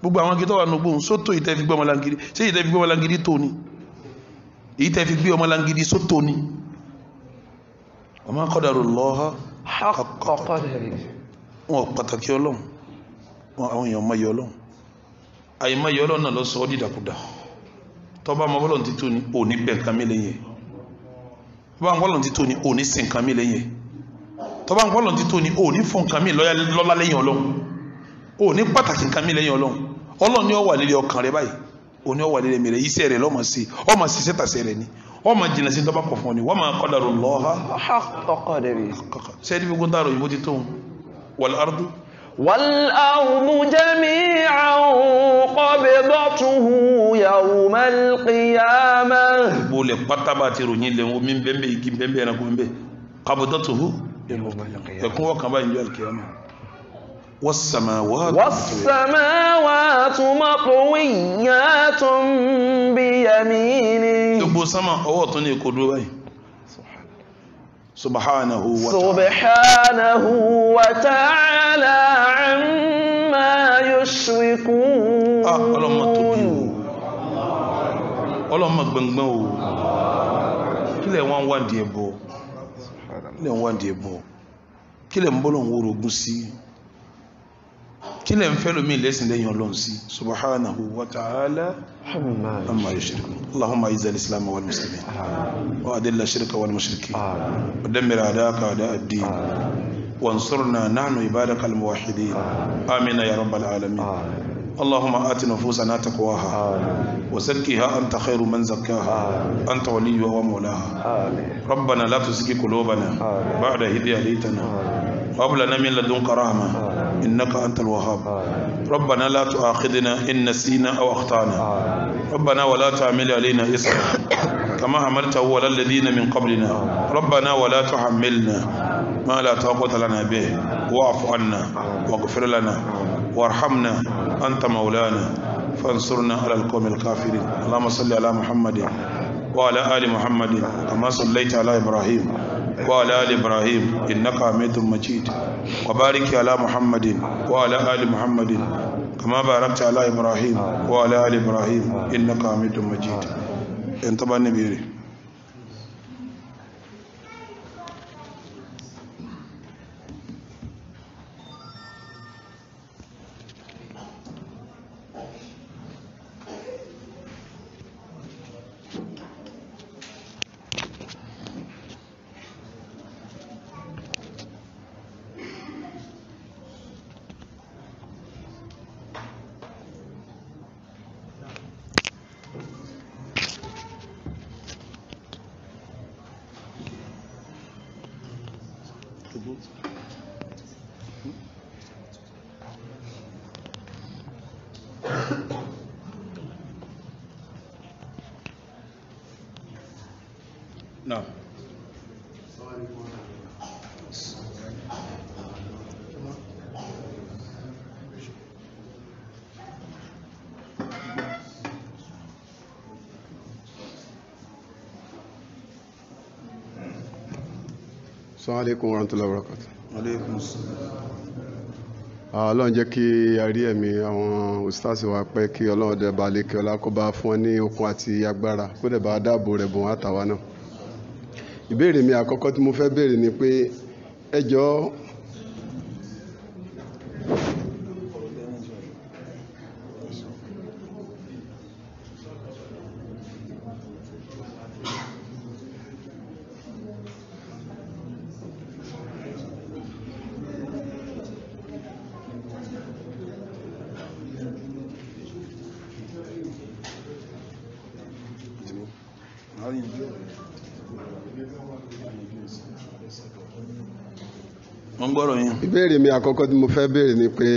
gbogbo àwọn akitọ́ wà nùgbò sótò ìtẹ́ fi gbé ọmọ langidi ṣé ìtẹ́ fi gbé ọmọ langidi tó ni ìtẹ́ fi gbé ọmọ langidi sótò ni ọmọ akọ́dàrú lọ́ọ́ hakọ́ wọn pàtàkì ọlọ́run àwọn èèyàn máa yọ ọlọ́run àìmọ́ yọ ọlọ́run náà lọ sọ ọ́ dídàkudà tọ́ba ọmọ o ní pàtàkì nǹkan mi lẹ́yìn ọlọ́run ọlọ́run ni ó wà lílé ọkàn rẹ báyìí o ní ó wà lílé mi iṣẹ́ rẹ lọ́mọ sí ọmọ sí iṣẹ́ tàṣẹ rẹ ni ọmọ jìnnà sí tọ́ba kọ̀ọ̀fọ̀ ni wọ́n máa kọ́dàrú dàrú ìbò ti tóun wal ardu. wal ardu jami'an qabdatuhu yawmal qiyamah. gbogbo lẹ pátábà ti ròyìn lẹ omi bẹ́ẹ̀ bẹ́ẹ̀ igi bẹ́ẹ̀ bẹ́ẹ̀ ẹranko bẹ́ẹ̀ qabdatuhu والسماوات والسماوات مطويات بيمينه gbogbo sánmà ọwọ́ tún ní èkó dúró báyìí subhanahu wa ta'ala amma yushrikun ah ọlọ́mọ tóbi o ọlọ́mọ gbọngbọn o kílẹ̀ wọ́n wá díẹ̀ bọ̀ kílẹ̀ wọ́n wá díẹ̀ bọ̀ kílẹ̀ ń bọ́lọ̀ ń kí lè ń fẹ́ lómi lẹ́sìn lẹ́yìn ọlọ́run sí subhanahu wa ta'ala amma yushrikun allahumma izal islam wal muslimin wa adilla shirka wal mushrikin wa dammir adaka ada ad-din وانصرنا نحن عبادك الموحدين آمين يا رب العالمين اللهم آت نفوسنا تقواها وزكها أنت خير من زكاها أنت وليها ومولاها ربنا لا تزكي قلوبنا بعد هدي هديتنا وهب لنا من لدنك رحمة إنك أنت الوهاب ربنا لا تؤاخذنا إن نسينا أو أخطأنا ربنا ولا تعمل علينا إسرا كما حملته ولا الذين من قبلنا ربنا ولا تحملنا ما لا طاقة لنا به واعف عنا واغفر لنا وارحمنا أنت مولانا فانصرنا على القوم الكافرين اللهم صل على محمد وعلى آل محمد كما صليت على إبراهيم وعلى آل إبراهيم إنك حميد مجيد وبارك على محمد وعلى آل محمد كما باركت على إبراهيم وعلى آل إبراهيم إنك حميد مجيد انتبه نبيري alaikum warahmatullahi wabarakatuh. alaikum ah, ọlọ́run jẹ́ kí a rí ẹ̀mí àwọn ustaasi wa pẹ́ kí ọlọ́run dẹ̀ bá lè kí ọlá kó bá fún ọ ní okun àti agbára kó dẹ̀ bá dáàbò rẹ̀ bùn àtàwa náà. ìbéèrè mi àkọ́kọ́ tí mo fẹ́ béèrè ni pé ẹ ń gbọ́rọ̀ yẹn. ìbéèrè mi àkọ́kọ́ tí mo fẹ́ béèrè ni pé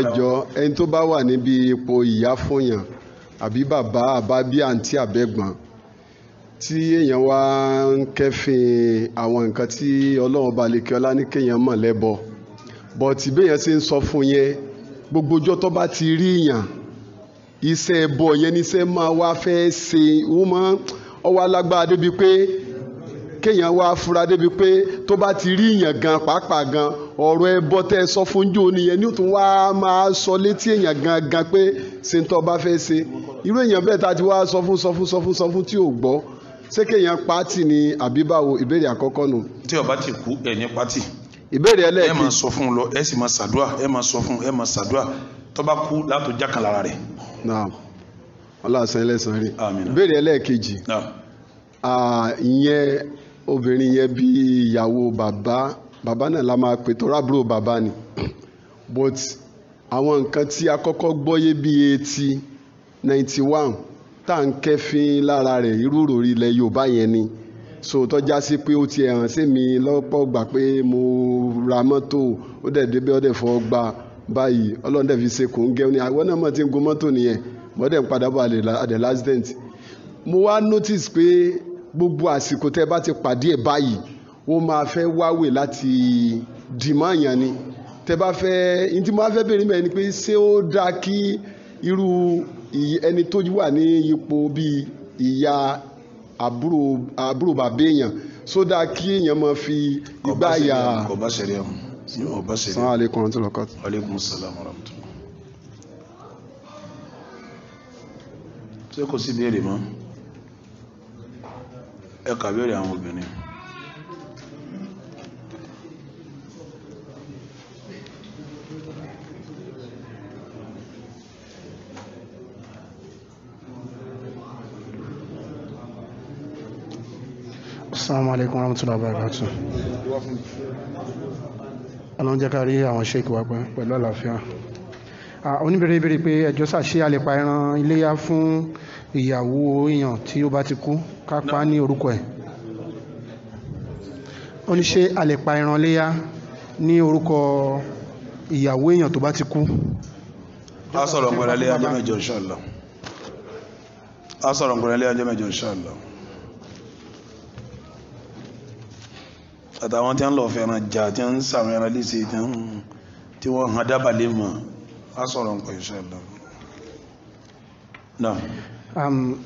ẹjọ́ ẹni tó bá wà níbi ipò ìyá fúnyàn àbí bàbá àbá bí àǹtí àbẹ́gbọ́n tí èèyàn wá ń kẹ́fìn àwọn nǹkan tí ọlọ́run bá lè kí ọlá ní kéèyàn mọ̀ lẹ́bọ bọ̀tì béèyàn ṣe ń sọ fún yẹn gbogbo ọjọ́ tó bá ti rí yàn iṣẹ́ ẹbọ yẹn níṣẹ́ máa wá fẹ́ ṣe wọ́n máa ọwọ́ alágbára débi pé kéèyàn wá fura débi pé tó bá ti rí èèyàn gan pàápàá gan ọ̀rọ̀ ẹbọ tẹ́ ẹ sọ fún jò nìyẹn ní òtún wá máa sọ létí èèyàn gangan pé ṣe ń tọ́ bá fẹ́ ṣe irú èèyàn bẹ́ẹ̀ tá a ti wá sọ fún sọ fún sọ fún sọ fún tí ò gbọ́ ṣé kéèyàn pátì ni àbí báwo ìbéèrè àkọ́kọ́ nù. tí ọba ti kú ẹ̀yìn pátì ìbéèrè ẹlẹ́ẹ̀kejì ẹ máa sọ fún un lọ ẹ sì máa ṣàdúrà ẹ máa sọ fún un ẹ máa ṣàdúrà tó bá kú látò jákàn lára rẹ̀. ọlọ́sàn ẹlẹ́sàn rí ìbéèrè ẹlẹ́ẹ̀kejì ìyẹn obìnrin yẹn bí ìyàwó bàbá bàbá náà la máa pè tó rábúrò bàbá ni but àwọn nǹkan tí a kọ́kọ́ gbọ́yé bíi eighty ninety one tá à ń kẹ́fín lára rẹ̀ irú òròrí ilẹ̀ Yorùbá yẹn ni so tọ́já sí pé ó ti ẹ̀hàn sí mi lọ́pọ̀ gbà pé mo ra mọ́tò ó dẹ̀ débẹ̀ ó dẹ̀ fọ́ gba báyìí ọlọ́run dẹ̀ fi ṣe kò ń gẹ́ ni àwọn náà mọ̀ tí ń gun mọ́tò nìyẹn mo dẹ̀ ń padà bọ̀ àdè accident mo wá notice pé gbogbo àsìkò tẹ́ bá ti pàdé ẹ̀ báyìí ó máa fẹ́ wáwè láti dìmọ̀ àyàn ni tẹ́ bá fẹ́ ní tí mo bá fẹ́ bèrè mẹ́rin ni pé ṣé ó dáa kí irú ẹni tó wà ní ipò bíi ìyá àbúrò àbúrò bàbá èèyàn sódà kí èèyàn máa fi igbá yà. kò bá ṣẹlẹ̀ o kò bá ṣẹlẹ̀ o. sàn alekun ọ̀rọ̀ tó lọ kọ́. aleykum salaam wa rahmatulah. ṣé kò sí ìbéèrè mọ́ ẹ kàbẹ̀rẹ̀ àwọn obìnrin assalamu alaikum warahmatullahi wabarakatuh ọlọ́run jẹ́ ká rí àwọn ṣéèkì wa pẹ̀lú àlàáfíà oníbèrè béèrè pé ẹjọ́ sàṣe àlèpà ẹran iléyà fún ìyàwó èèyàn tí ó bá ti kú ká pa ní orúkọ ẹ̀ ó ní ṣé a lè pa ẹran léyà ní orúkọ ìyàwó èèyàn tó bá ti kú. a sọ̀rọ̀ nǹkan léyà ọjọ́ mẹ́jọ inshallah àtàwọn tí wọ́n lọ fẹ́ràn jà tí wọ́n ń sàwọn ẹran tí wọ́n hàn dábàlẹ̀ mọ́ a sọ̀rọ̀ nǹkan inshallah náà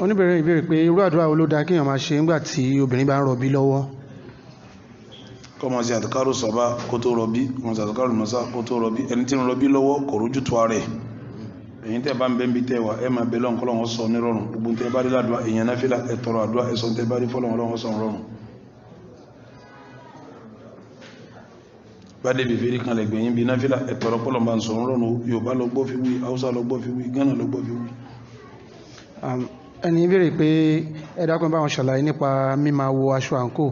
oníbẹ̀rẹ̀ ìbéèrè pé irú àdúrà wo ló dáa kéèyàn máa ṣe nígbà tí obìnrin bá ń rọbí lọ́wọ́. kọ́ máa ṣe àtàkárò sọ́ba kó tó rọbí kó máa ṣe àtàkárò mọ́sá kó tó rọbí ẹni tí ń rọbí lọ́wọ́ kò rójú tó ara èyí tẹ́ bá ń bẹ́ẹ̀ tẹ́ wa ẹ máa bẹ lọ́n kọ́lọ́n sọ ní rọrùn gbogbo tẹ́ bá rí ládùá èèyàn náà fìlà ẹ tọrọ àdúrà ẹ sọ tẹ́ bá rí fọlọ́n ọlọ́run sọ rọrùn. bá débi fèrè kan lẹ́gbẹ̀ẹ́ yín bí náà fìlà ẹ tọrọ kọ́lọ́n Um, ẹni béèrè pé ẹ dákun báwọn ṣàlàyé nípa mímá wọ aṣọ àǹkò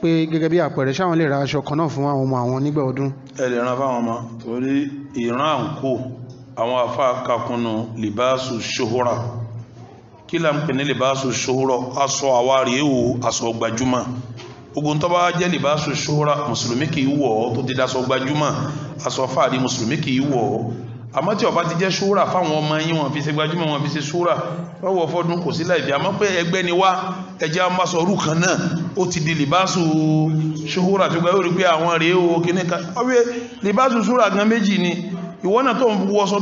pé gẹ́gẹ́ bí àpẹẹrẹ ṣáwọn lè ra aṣọ kan náà fún àwọn ọmọ àwọn nígbà ọdún. ẹ lè ran fáwọn ọmọ torí ìran àǹkò àwọn afa kakunu libasu ṣohora kí là ń pè ní libasu ṣohora aṣọ awari ewu aṣọ gbajúmọ̀ ogun tó bá jẹ́ libasu ṣohora mùsùlùmí kì í wọ̀ ọ́ tó ti daṣọ gbajúmọ̀ aṣọ fáàrí mùsùlùmí kì í wọ̀ àmọ́ tí ọba ti jẹ́ ṣúra fáwọn ọmọ yín wọn fi ṣe gbajúmọ̀ wọn fi ṣe ṣúra wọ́n wọ fọ́dún kò sí láìfi àmọ́ pé ẹgbẹ́ ni wá ẹjẹ́ amásọ orú kan náà ó ti di libasu ṣúra tó gba ó rí pé àwọn rèé o kíní kan ọbẹ̀ libasu gan méjì ni ìwọ náà tó ń wọṣọ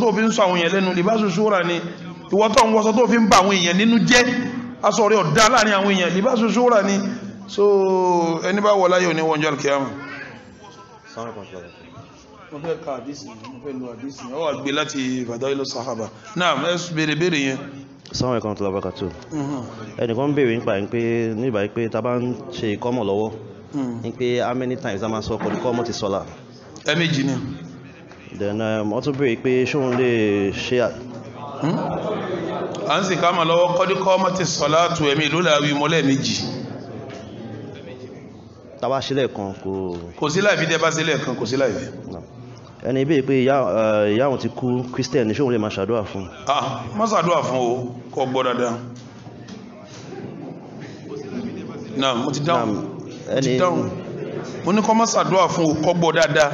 ni ìwọ tó ń wọṣọ tó fi ni so ẹni bá wọlá yóò ní mo fẹ́ ka àdìsí mo fẹ́ lo àdìsí ọ wà gbé láti fadailus sahaba náà ẹ béèrè béèrè yẹn. sáwọn ẹ̀kan tó lọ́bàkà tó ẹnìkan ń béèrè nípa pé nígbà pé tá bá ń ṣe ìkọ́mọ̀ lọ́wọ́ mhm. ní pé how many times a máa sọ ọkọ̀ ìkọ́mọ̀ ti sọ́la. ẹ méjì ni. then um, wọ́n tún béèrè pé ṣóun lè ṣe a hmm? ń sì ká mọ̀ lọ́wọ́ kọ́díkọ́ mọ́ ti sọ látò ẹ̀mí ìlú làwí mọ́lẹ̀ méjì tàbá kan kò kò sí láìfi tẹ́ bá sílẹ̀ kan kò sí láìfi ẹni bí pé ìyá òun ti kú christian ní ṣóun lè máa ṣàdúrà fún ah má ṣàdúrà fún o kò gbọ́ dáadáa náà mo ti dáhùn mo ti dáhùn mo ní kó má ṣàdúrà fún o kò gbọ́ dáadáa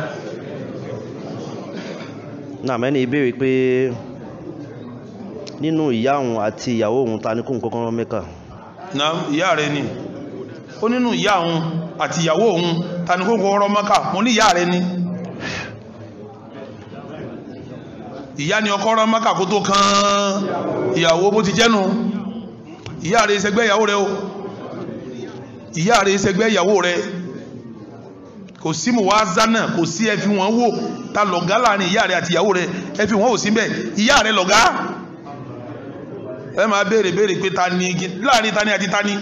náà mẹ́ni ìbéèrè pé nínú ìyá òun àti ìyàwó òun ta ní kóhun kọ́kọ́rọ́ mẹ́kà náà ìyá rẹ̀ ni ó nínú ìyá òun àti ìyàwó òun ta ní kóhun kọ́kọ́rọ́ mẹ́kà mo ní ìyá rẹ̀ ni. ìyá ni ọkọ rán mọ́kà kó tó kan ìyàwó bó ti jẹ́nu ìyá rẹ̀ ìṣẹ́gbẹ́ ìyàwó rẹ̀ o ìyá rẹ̀ ìṣẹ́gbẹ́ ìyàwó rẹ̀ kò sí mu wá zánà kò sí ẹ wọn wò ta lọ̀gá láàrin ìyá rẹ̀ àti ìyàwó rẹ̀ ẹ fi wọn wò síbẹ̀ ìyá rẹ̀ lọ̀gá ẹ máa béèrè béèrè pé ta ni láàrin ta ni àti ta ni.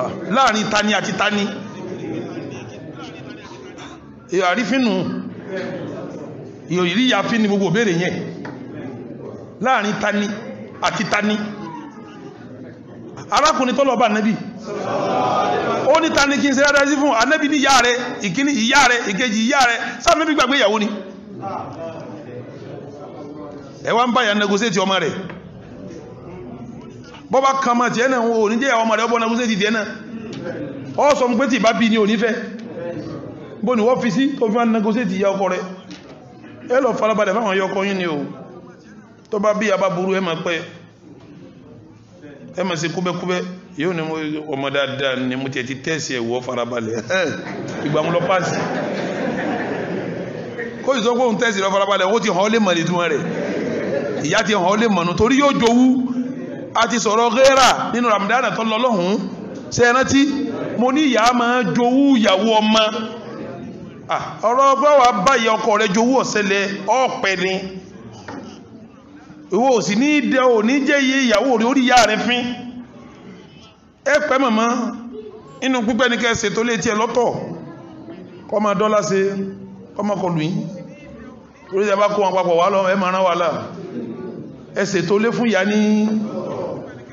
Ah, láàrin tani àti tani. àrífínú ìròyìn yàfín ni gbogbo òbéèrè yẹn láàrin tani àti tani arákùnrin tó lọ bá nẹ́bí ó ní tani kí n ṣe dáadáa sí fún anẹ́bí ní ìyá rẹ̀ ìkíní ìyá rẹ̀ ìkejì ìyá rẹ̀ sáà nẹ́bí gbàgbé ni ń báyà ọmọ rẹ̀ bọ́bá kan jẹ́ ọmọ ọbọ̀ náà ọ sọ bó ni wọ́n fi sí tó fi máa negotiate ìyá ọkọ rẹ̀ ẹ lọ farabalẹ̀ fáwọn ìyá ọkọ yín ni o tó bá bí yaba burú ẹ pẹ́ ẹ máa kúbẹ́kúbẹ́ yóò ní ọmọ dáadáa ni mo tiẹ̀ ti tẹ̀sí ẹ̀wọ́ farabalẹ̀ ìgbà mo lọ paasi ó sì sọ pé òun tẹ̀sí lọ farabalẹ̀ ó ti hàn ọ́ lè mọ̀ nítumọ̀ rẹ̀ ìyá ti hàn ọ́ lè mọ̀ nù yóò jowú a ti sọ̀rọ̀ gẹ́rà nínú Ramadan tó lọ lọ́hùn-ún ṣe rántí mo ní ìyá máa jowú ìyàwó ọmọ Ah, ọ̀rọ̀ ọgbọ́n wa báyìí ọkọ rẹ jowó ọ̀sẹ̀lẹ̀ ọ̀pẹ ni ìwọ òsì ní ìdẹ ò ní jẹ́ iye ìyàwó rẹ orí ìyá rẹ fín ẹ pẹ́ mọ̀mọ́ inú pípẹ́ ní kẹsì tó lé tiẹ̀ lọ́tọ̀ kọ́ máa dọ́là ṣe kọ́ máa kọlù yín orí ìyá bá kó wọn papọ̀ wá lọ ẹ máa rán wa là ẹ ṣètò lé fún ìyá ní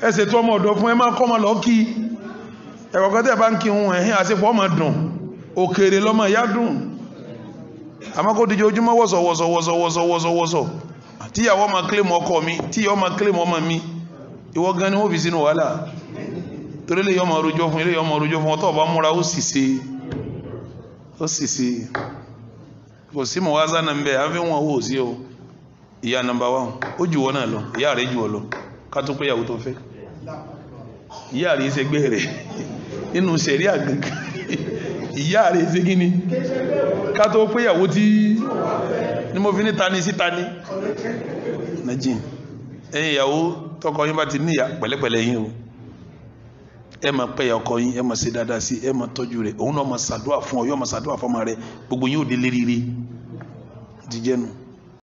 ẹ ṣètò ọmọ ọ̀dọ́ fún ẹ máa kọ́ máa lọ kí ẹ̀kọ́kọ́ tẹ̀ bá ń kí wọn ẹ̀hìn àṣepọ̀ ọmọ dùn òkèrè lọ́mọ ìyá dùn àmọ́ kó dijọ́ ojúmọ́ wọ́sọ̀ wọ́sọ̀ wọ́sọ̀ ma kílèmù ọkọ mi tíyàwó ma kílèmù ọmọ mi ìwọ gan ni fi sínú wàhálà ọmọ rojọ́ fún ilé ọmọ rojọ́ fún ọtọ ọba múra ó sì o ìyá rẹ̀ ṣe kí ni ká tó péyàwó tí ni mo fi ní tani sí tani nàìjíríà ẹ̀yin ìyàwó tọkọ yín bá ti níyà pẹ̀lẹ́pẹ̀lẹ́ yín o ẹ máa pẹ́ ọkọ yín ẹ máa ṣe dáadáa sí ẹ máa tọ́jú rẹ̀ òun náà máa ṣàdúrà fún ọ yóò máa ṣàdúrà fún ọmọ rẹ gbogbo yín ò dé léríire jíjẹ́nu